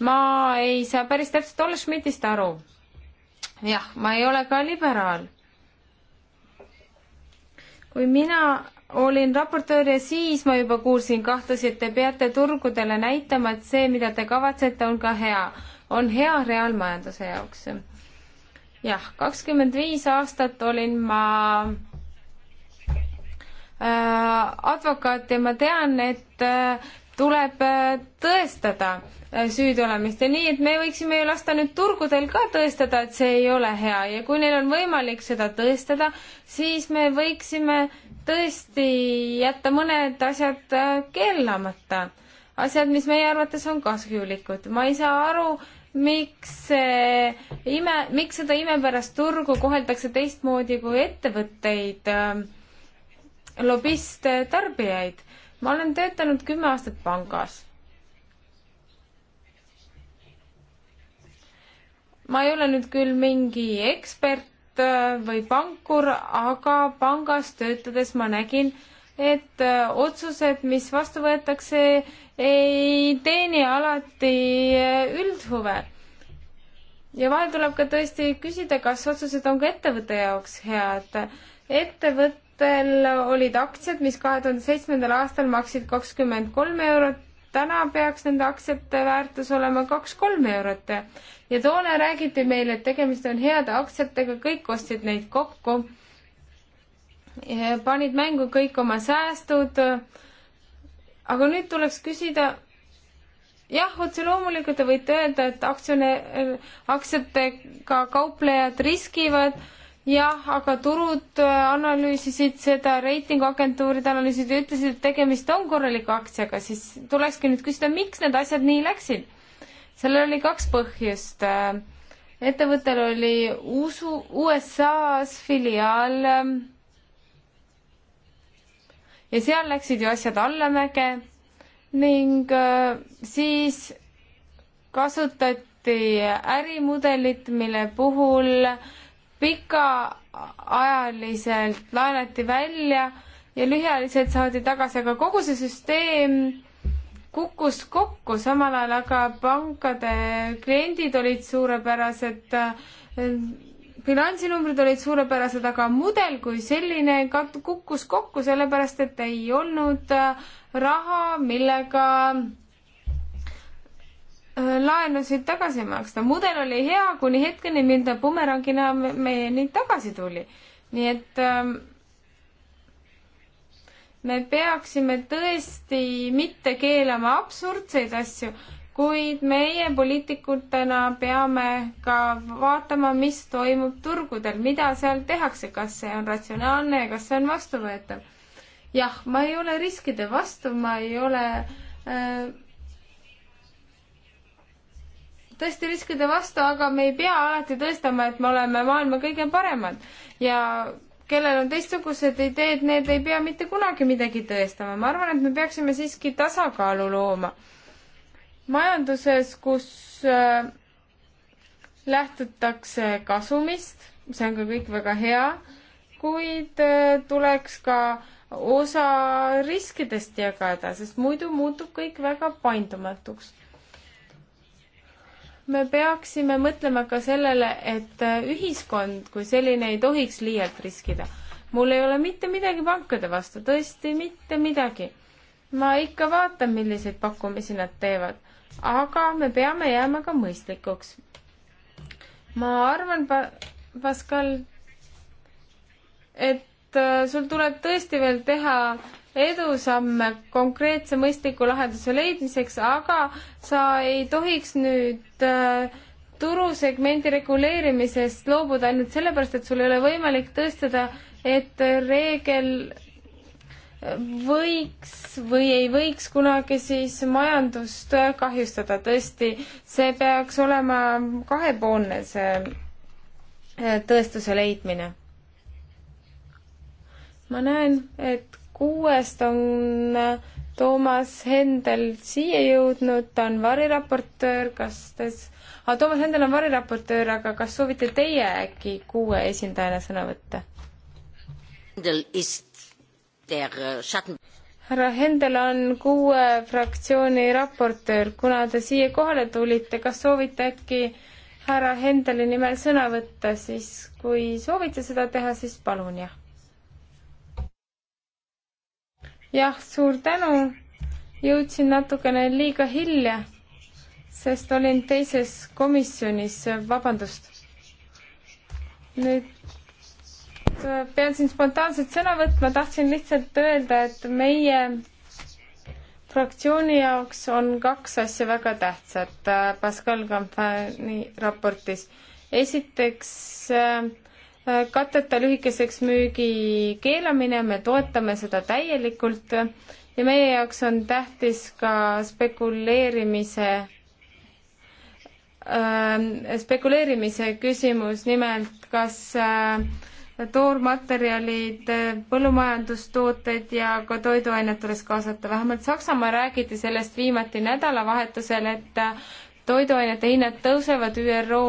ma ei saa päris täpselt Olle Schmidtist aru. jah, ma ei ole ka liberaal kui mina olin raportöör ja siis ma juba kuulsin kahtlusi, et te peate turgudele näitama, et see, mida te kavatsete, on ka hea, on hea reaalmajanduse jaoks. jah, kakskümmend viis aastat olin ma äh, advokaat ja ma tean, et äh, tuleb äh, tõestada, Äh, süüdi olemist ja nii, et me võiksime ju lasta nüüd turgudel ka tõestada, et see ei ole hea ja kui neil on võimalik seda tõestada, siis me võiksime tõesti jätta mõned asjad äh, keelamata. asjad, mis meie arvates on kasulikud. ma ei saa aru, miks see ime, miks seda imepärast turgu koheldakse teistmoodi kui ettevõtteid, äh, lobiste, tarbijaid. ma olen töötanud kümme aastat pangas ma ei ole nüüd küll mingi ekspert äh, või pankur, aga pangas töötades ma nägin, et äh, otsused, mis vastu võetakse, ei teeni alati äh, üldhuve. ja vahel tuleb ka tõesti küsida, kas otsused on ka ettevõtte jaoks head. ettevõttel olid aktsiad, mis kahe tuhande seitsmendal aastal maksid kakskümmend kolm eurot, täna peaks nende aktsiate väärtus olema kaks-kolm eurot ja toona räägiti meile, et tegemist on heade aktsiatega, kõik ostsid neid kokku, panid mängu kõik oma säästud, aga nüüd tuleks küsida, jah, otse loomulikult te võite öelda, et aktsione, aktsiatega kauplejad riskivad, jah, aga turud äh, analüüsisid seda, reitinguagentuurid analüüsisid ja ütlesid, et tegemist on korraliku aktsiaga, siis tulekski nüüd küsida, miks need asjad nii läksid sellel oli kaks põhjust. ettevõttel oli usu, USA-s filiaal ähm, ja seal läksid ju asjad allamäge ning äh, siis kasutati ärimudelit, mille puhul pikaajaliselt laenati välja ja lühiajaliselt saadi tagasi, aga kogu see süsteem kukkus kokku, samal ajal aga pankade kliendid olid suurepärased, bilansinumbrid äh, olid suurepärased, aga mudel kui selline kat-, kukkus kokku, sellepärast et ei olnud äh, raha, millega äh, laenusid tagasi maksta. mudel oli hea kuni hetkeni, mil ta bumerangina meieni tagasi tuli. nii et ähm, me peaksime tõesti mitte keelama absurdseid asju, kuid meie poliitikutena peame ka vaatama, mis toimub turgudel, mida seal tehakse, kas see on ratsionaalne ja kas see on vastuvõetav. jah, ma ei ole riskide vastu, ma ei ole äh, tõesti riskide vastu, aga me ei pea alati tõestama, et me oleme maailma kõige paremad ja kellel on teistsugused ideed, need ei pea mitte kunagi midagi tõestama. ma arvan, et me peaksime siiski tasakaalu looma. majanduses, kus äh, lähtutakse kasumist, see on ka kõik väga hea, kuid äh, tuleks ka osa riskidest jagada, sest muidu muutub kõik väga paindumatuks me peaksime mõtlema ka sellele, et äh, ühiskond kui selline ei tohiks liialt riskida. mul ei ole mitte midagi pankade vastu, tõesti mitte midagi. ma ikka vaatan, milliseid pakkumisi nad teevad, aga me peame jääma ka mõistlikuks. ma arvan, Pascal, et äh, sul tuleb tõesti veel teha edusamme konkreetse mõistliku lahenduse leidmiseks, aga sa ei tohiks nüüd äh, turusegmendi reguleerimisest loobuda ainult sellepärast, et sul ei ole võimalik tõestada, et reegel võiks või ei võiks kunagi siis majandust kahjustada, tõesti, see peaks olema kahepoolne, see äh, tõestuse leidmine. ma näen, et kuuest on äh, Toomas Hendel siia jõudnud, ta on variraportöör, kas te ah,, Toomas Hendel on variraportöör, aga kas soovite teie äkki kuue esindajana sõna võtta? Äh, härra Hendel on kuue fraktsiooni raportöör, kuna te siia kohale tulite, kas soovite äkki härra Hendeli nimel sõna võtta, siis kui soovite seda teha, siis palun jah jah, suur tänu. jõudsin natukene liiga hilja, sest olin teises komisjonis, vabandust. nüüd äh, pean siin spontaanselt sõna võtma, tahtsin lihtsalt öelda, et meie fraktsiooni jaoks on kaks asja väga tähtsat äh, Pascal Campani raportis. esiteks äh, katteta lühikeseks müügi keelamine, me toetame seda täielikult ja meie jaoks on tähtis ka spekuleerimise ähm, spekuleerimise küsimus, nimelt kas äh, toormaterjalid, põllumajandustooted ja ka toiduained tuleks kaasata, vähemalt Saksamaa räägiti sellest viimati nädalavahetusel, et toiduainete hinnad tõusevad, ÜRO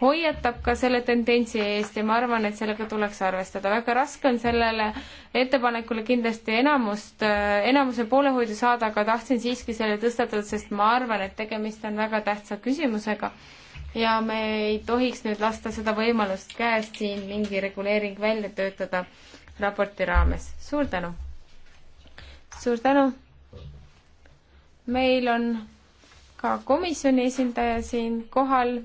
hoiatab ka selle tendentsi eest ja ma arvan, et sellega tuleks arvestada. väga raske on sellele ettepanekule kindlasti enamust, äh, enamuse poolehoidu saada, aga tahtsin siiski selle tõstatada, sest ma arvan, et tegemist on väga tähtsa küsimusega ja me ei tohiks nüüd lasta seda võimalust käest siin mingi reguleering välja töötada raporti raames. suur tänu! suur tänu! meil on ka komisjoni esindaja siin kohal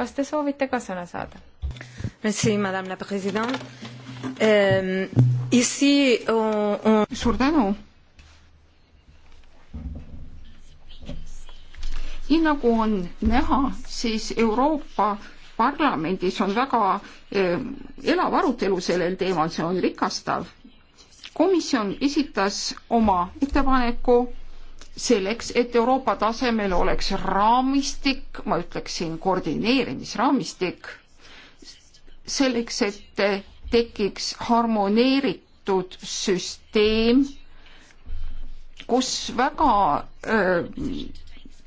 kas te soovite ka sõna saada? Euh, suur tänu. nii nagu on näha, siis Euroopa Parlamendis on väga eh, elav arutelu sellel teemal, see on rikastav. komisjon esitas oma ettepaneku selleks, et Euroopa tasemel oleks raamistik, ma ütleksin koordineerimisraamistik, selleks, et tekiks harmoneeritud süsteem, kus väga öö,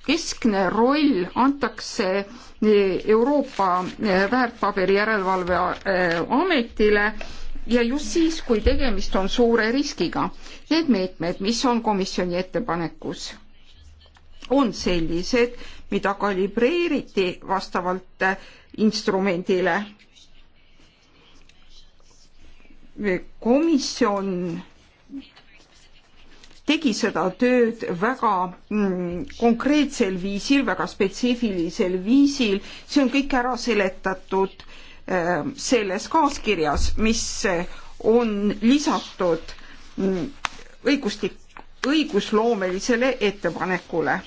keskne roll antakse Euroopa väärtpaberi järelevalve ametile ja just siis, kui tegemist on suure riskiga. Need meetmed, mis on komisjoni ettepanekus, on sellised, mida kalibreeriti vastavalt eh, instrumendile. komisjon tegi seda tööd väga mm, konkreetsel viisil, väga spetsiifilisel viisil, see on kõik ära seletatud äh, Ähm, selles kaaskirjas, mis on lisatud mm, õigustik, õigusloomelisele ettepanekule.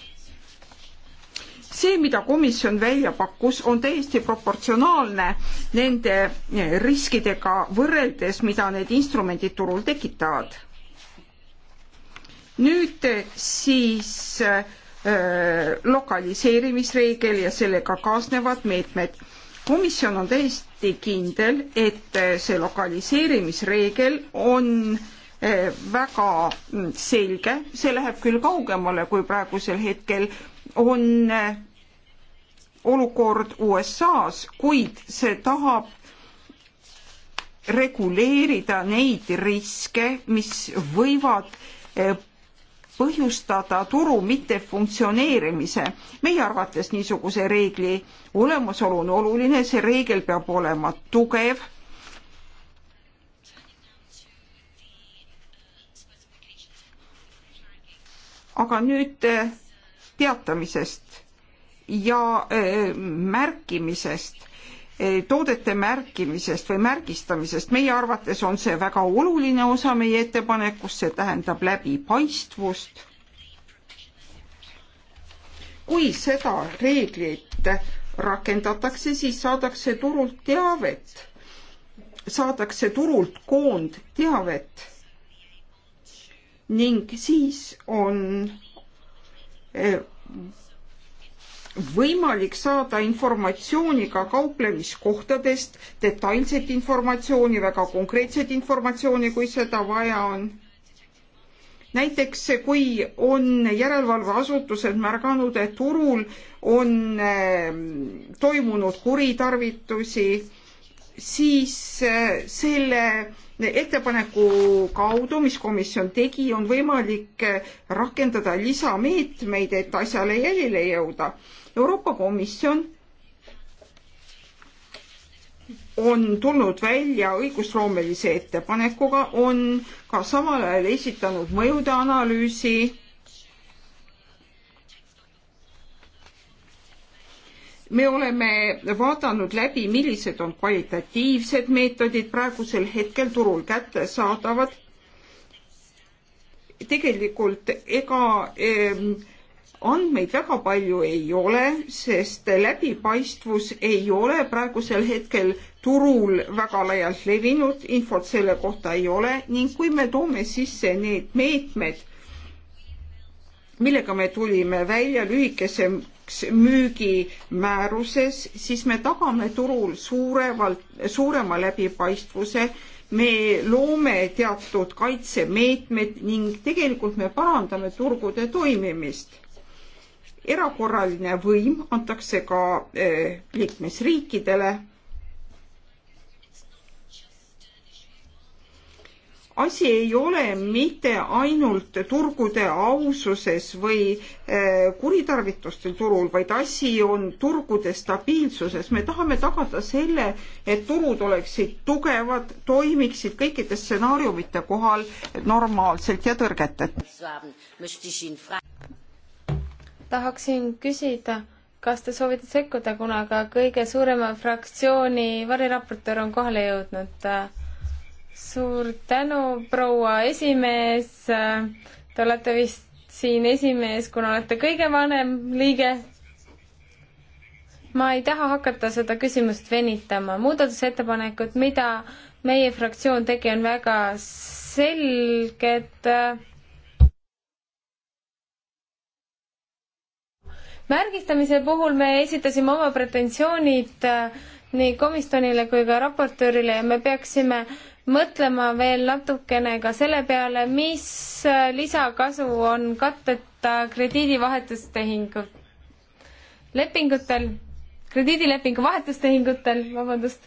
see, mida komisjon välja pakkus, on täiesti proportsionaalne nende eh, riskidega võrreldes, mida need instrumendid turul tekitavad. nüüd eh, siis äh, lokaliseerimisreegel ja sellega kaasnevad meetmed. komisjon on täiesti igati kindel, et äh, see lokaliseerimisreegel on äh, väga mm, selge, see läheb küll kaugemale, kui praegusel hetkel on äh, olukord USA-s, kuid see tahab reguleerida neid riske, mis võivad põhjustada turu mittefunktsioneerimise. meie arvates niisuguse reegli olemasolu on oluline, see reegel peab olema tugev. aga nüüd eh, teatamisest ja öö, eh, märkimisest Eh, toodete märkimisest või märgistamisest. meie arvates on see väga oluline osa meie ettepanekust, see tähendab läbipaistvust. kui seda reeglit rakendatakse, siis saadakse turult teavet, saadakse turult koondteavet ning siis on eh, võimalik saada informatsiooni ka kauplemiskohtadest, detailset informatsiooni, väga konkreetset informatsiooni, kui seda vaja on. näiteks kui on järelevalveasutused märganud, et turul on ehm, toimunud kuritarvitusi, siis eh, selle ettepaneku kaudu, mis komisjon tegi, on võimalik eh, rakendada lisameetmeid, et asjale jälile jõuda. Euroopa Komisjon on tulnud välja õigusloomelise ettepanekuga, on ka samal ajal esitanud mõjude analüüsi. me oleme vaadanud läbi, millised on kvalitatiivsed meetodid praegusel hetkel turul kättesaadavad. tegelikult ega ähm, andmeid väga palju ei ole, sest läbipaistvus ei ole praegusel hetkel turul väga laialt levinud, infot selle kohta ei ole ning kui me toome sisse need meetmed, millega me tulime välja lühikese müügimääruses, siis me tagame turul suurevalt, suurema läbipaistvuse me loome teatud kaitsemeetmed ning tegelikult me parandame turgude toimimist erakorraline võim antakse ka eh, liikmesriikidele. asi ei ole mitte ainult turgude aususes või eh, kuritarvitustel turul, vaid asi on turgude stabiilsuses. me tahame tagada selle, et turud oleksid tugevad, toimiksid kõikide stsenaariumite kohal normaalselt ja tõrgeteta tahaksin küsida, kas te soovite sekkuda, kuna ka kõige suurema fraktsiooni variraportöör on kohale jõudnud. suur tänu, proua esimees. Te olete vist siin esimees, kuna olete kõige vanem liige. ma ei taha hakata seda küsimust venitama. muudatusettepanekud, mida meie fraktsioon tegi, on väga selged märgistamise puhul me esitasime oma pretensioonid äh, nii komisjonile kui ka raportöörile ja me peaksime mõtlema veel natukene ka selle peale, mis äh, lisakasu on katteta krediidivahetustehingu lepingutel, krediidilepingu vahetustehingutel, vabandust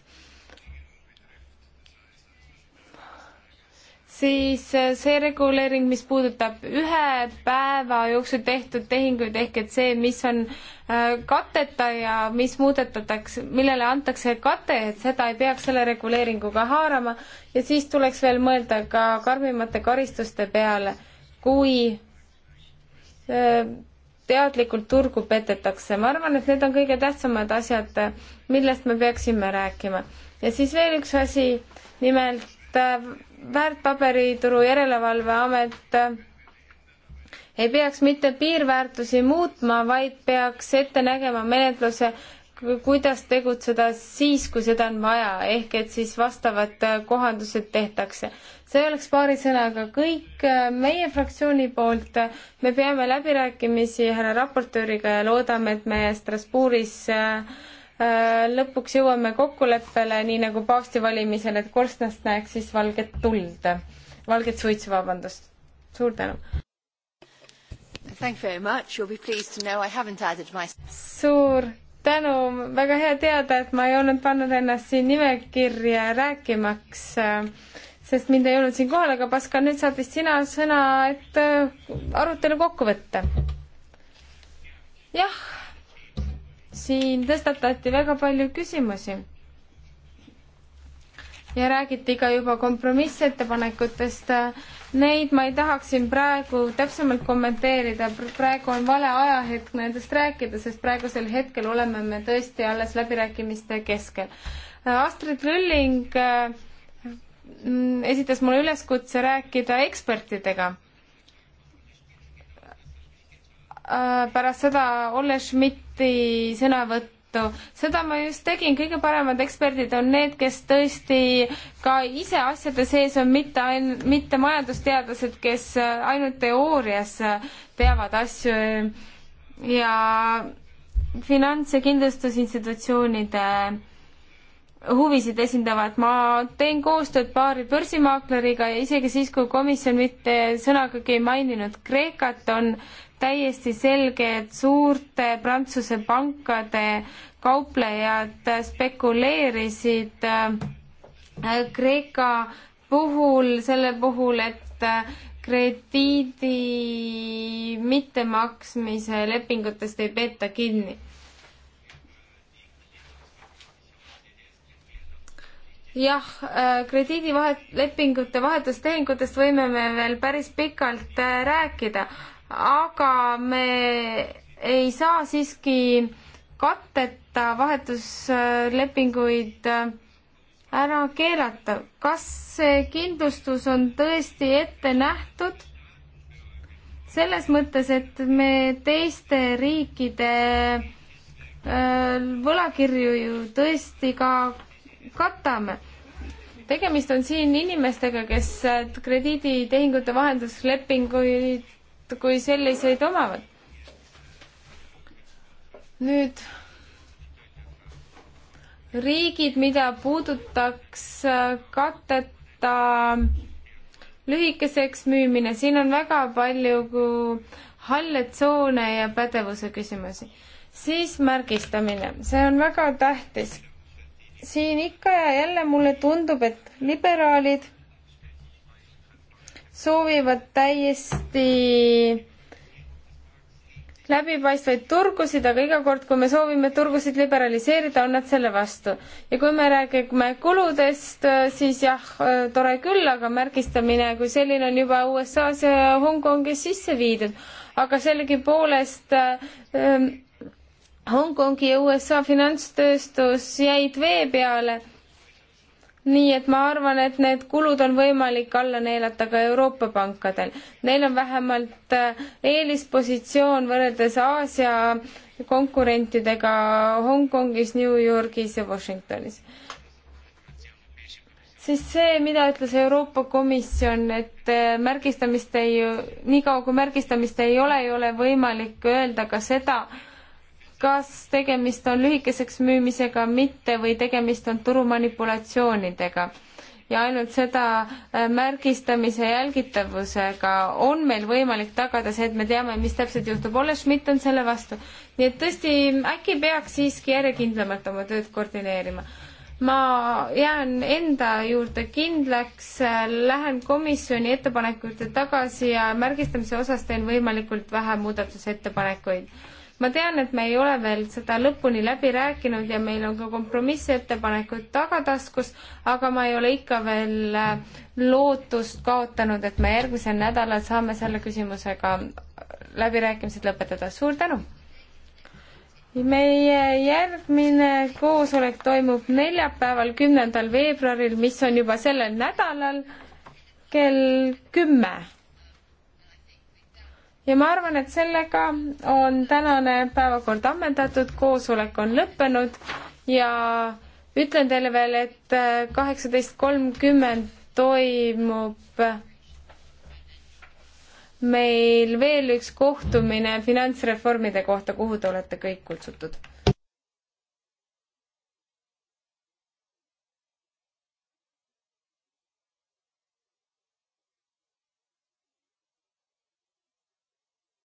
siis äh, see reguleering, mis puudutab ühe päeva jooksul tehtud tehinguid ehk et see, mis on äh, katteta ja mis muudetatakse, millele antakse kate, et seda ei peaks selle reguleeringuga haarama ja siis tuleks veel mõelda ka karmimate karistuste peale, kui äh, teadlikult turgu petetakse. ma arvan, et need on kõige tähtsamad asjad, millest me peaksime rääkima. ja siis veel üks asi, nimelt väärtpaberituru järelevalveamet äh, ei peaks mitte piirväärtusi muutma, vaid peaks ette nägema menetluse, kuidas tegutseda siis, kui seda on vaja, ehk et siis vastavad äh, kohandused tehtakse. see oleks paari sõnaga kõik äh, meie fraktsiooni poolt. me peame läbirääkimisi härra raportööriga ja loodame, et me Strasbourgis äh, Äh, lõpuks jõuame kokkuleppele, nii nagu paavsti valimisel, et korstnast näeks siis valget tuld, valget suitsu, vabandust. suur tänu! suur tänu, väga hea teada, et ma ei olnud pannud ennast siin nimekirja rääkimaks, äh, sest mind ei olnud siin kohal, aga Pascal, nüüd saad vist sina sõna, et äh, arutelu kokku võtta. jah siin tõstatati väga palju küsimusi ja räägiti ka juba kompromissettepanekutest. Neid ma ei tahaks siin praegu täpsemalt kommenteerida, praegu on vale ajahetk nendest rääkida, sest praegusel hetkel oleme me tõesti alles läbirääkimiste keskel. Astrid Lülling äh, mm, esitas mulle üleskutse rääkida ekspertidega Äh, pärast seda Olle Schmidti sõnavõttu juttu. seda ma just tegin, kõige paremad eksperdid on need, kes tõesti ka ise asjade sees on, mitte ain-, mitte majandusteadlased, kes äh, ainult teoorias äh, teavad asju ja finants- ja kindlustusinstitutsioonide huvisid esindavad, ma teen koostööd paari börsimaakleriga ja isegi siis, kui komisjon mitte sõnagagi ei maininud Kreekat, on täiesti selge, et suurte Prantsuse pankade kauplejad spekuleerisid äh, Kreeka puhul selle puhul, et äh, krediidi mittemaksmise lepingutest ei peeta kinni. jah, äh, krediidivahet, lepingute vahetustehingutest võime me veel päris pikalt rääkida, aga me ei saa siiski katteta vahetuslepinguid äh, ära keelata. kas see kindlustus on tõesti ette nähtud? selles mõttes, et me teiste riikide äh, võlakirju ju tõesti ka katame. tegemist on siin inimestega, kes äh, krediiditehingute vahenduslepinguid kui selliseid omavad. nüüd riigid, mida puudutaks katteta lühikeseks müümine, siin on väga palju halle tsoone ja pädevuse küsimusi. siis märgistamine, see on väga tähtis. siin ikka ja jälle mulle tundub, et liberaalid soovivad täiesti läbipaistvaid turgusid, aga iga kord, kui me soovime turgusid liberaliseerida, on nad selle vastu. ja kui me räägime kuludest, siis jah, tore küll, aga märgistamine kui selline on juba USA-s ja Hongkongis sisse viidud, aga sellegipoolest ähm, Hongkongi ja USA finantstööstus jäid vee peale nii et ma arvan, et need kulud on võimalik alla neelata ka Euroopa pankadel. Neil on vähemalt äh, eelispositsioon võrreldes Aasia konkurentidega Hongkongis, New Yorgis ja Washingtonis. siis see, mida ütles Euroopa Komisjon, et äh, märgistamist ei, niikaua kui märgistamist ei ole, ei ole võimalik öelda ka seda, kas tegemist on lühikeseks müümisega, mitte või tegemist on turumanipulatsioonidega. ja ainult seda äh, märgistamise jälgitavusega on meil võimalik tagada see, et me teame, mis täpselt juhtub. Olle Schmidt on selle vastu. nii et tõesti, äkki peaks siiski järjekindlamalt oma tööd koordineerima. ma jään enda juurde kindlaks, äh, lähen komisjoni ettepanekute tagasi ja märgistamise osas teen võimalikult vähe muudatusettepanekuid ma tean, et me ei ole veel seda lõpuni läbi rääkinud ja meil on ka kompromissettepanekud tagataskus, aga ma ei ole ikka veel äh, lootust kaotanud, et me järgmisel nädalal saame selle küsimusega läbirääkimised lõpetada. suur tänu! meie järgmine koosolek toimub neljapäeval, kümnendal veebruaril, mis on juba sellel nädalal kell kümme ja ma arvan, et sellega on tänane päevakord ammendatud, koosolek on lõppenud ja ütlen teile veel, et äh, kaheksateist kolmkümmend toimub meil veel üks kohtumine finantsreformide kohta, kuhu te olete kõik kutsutud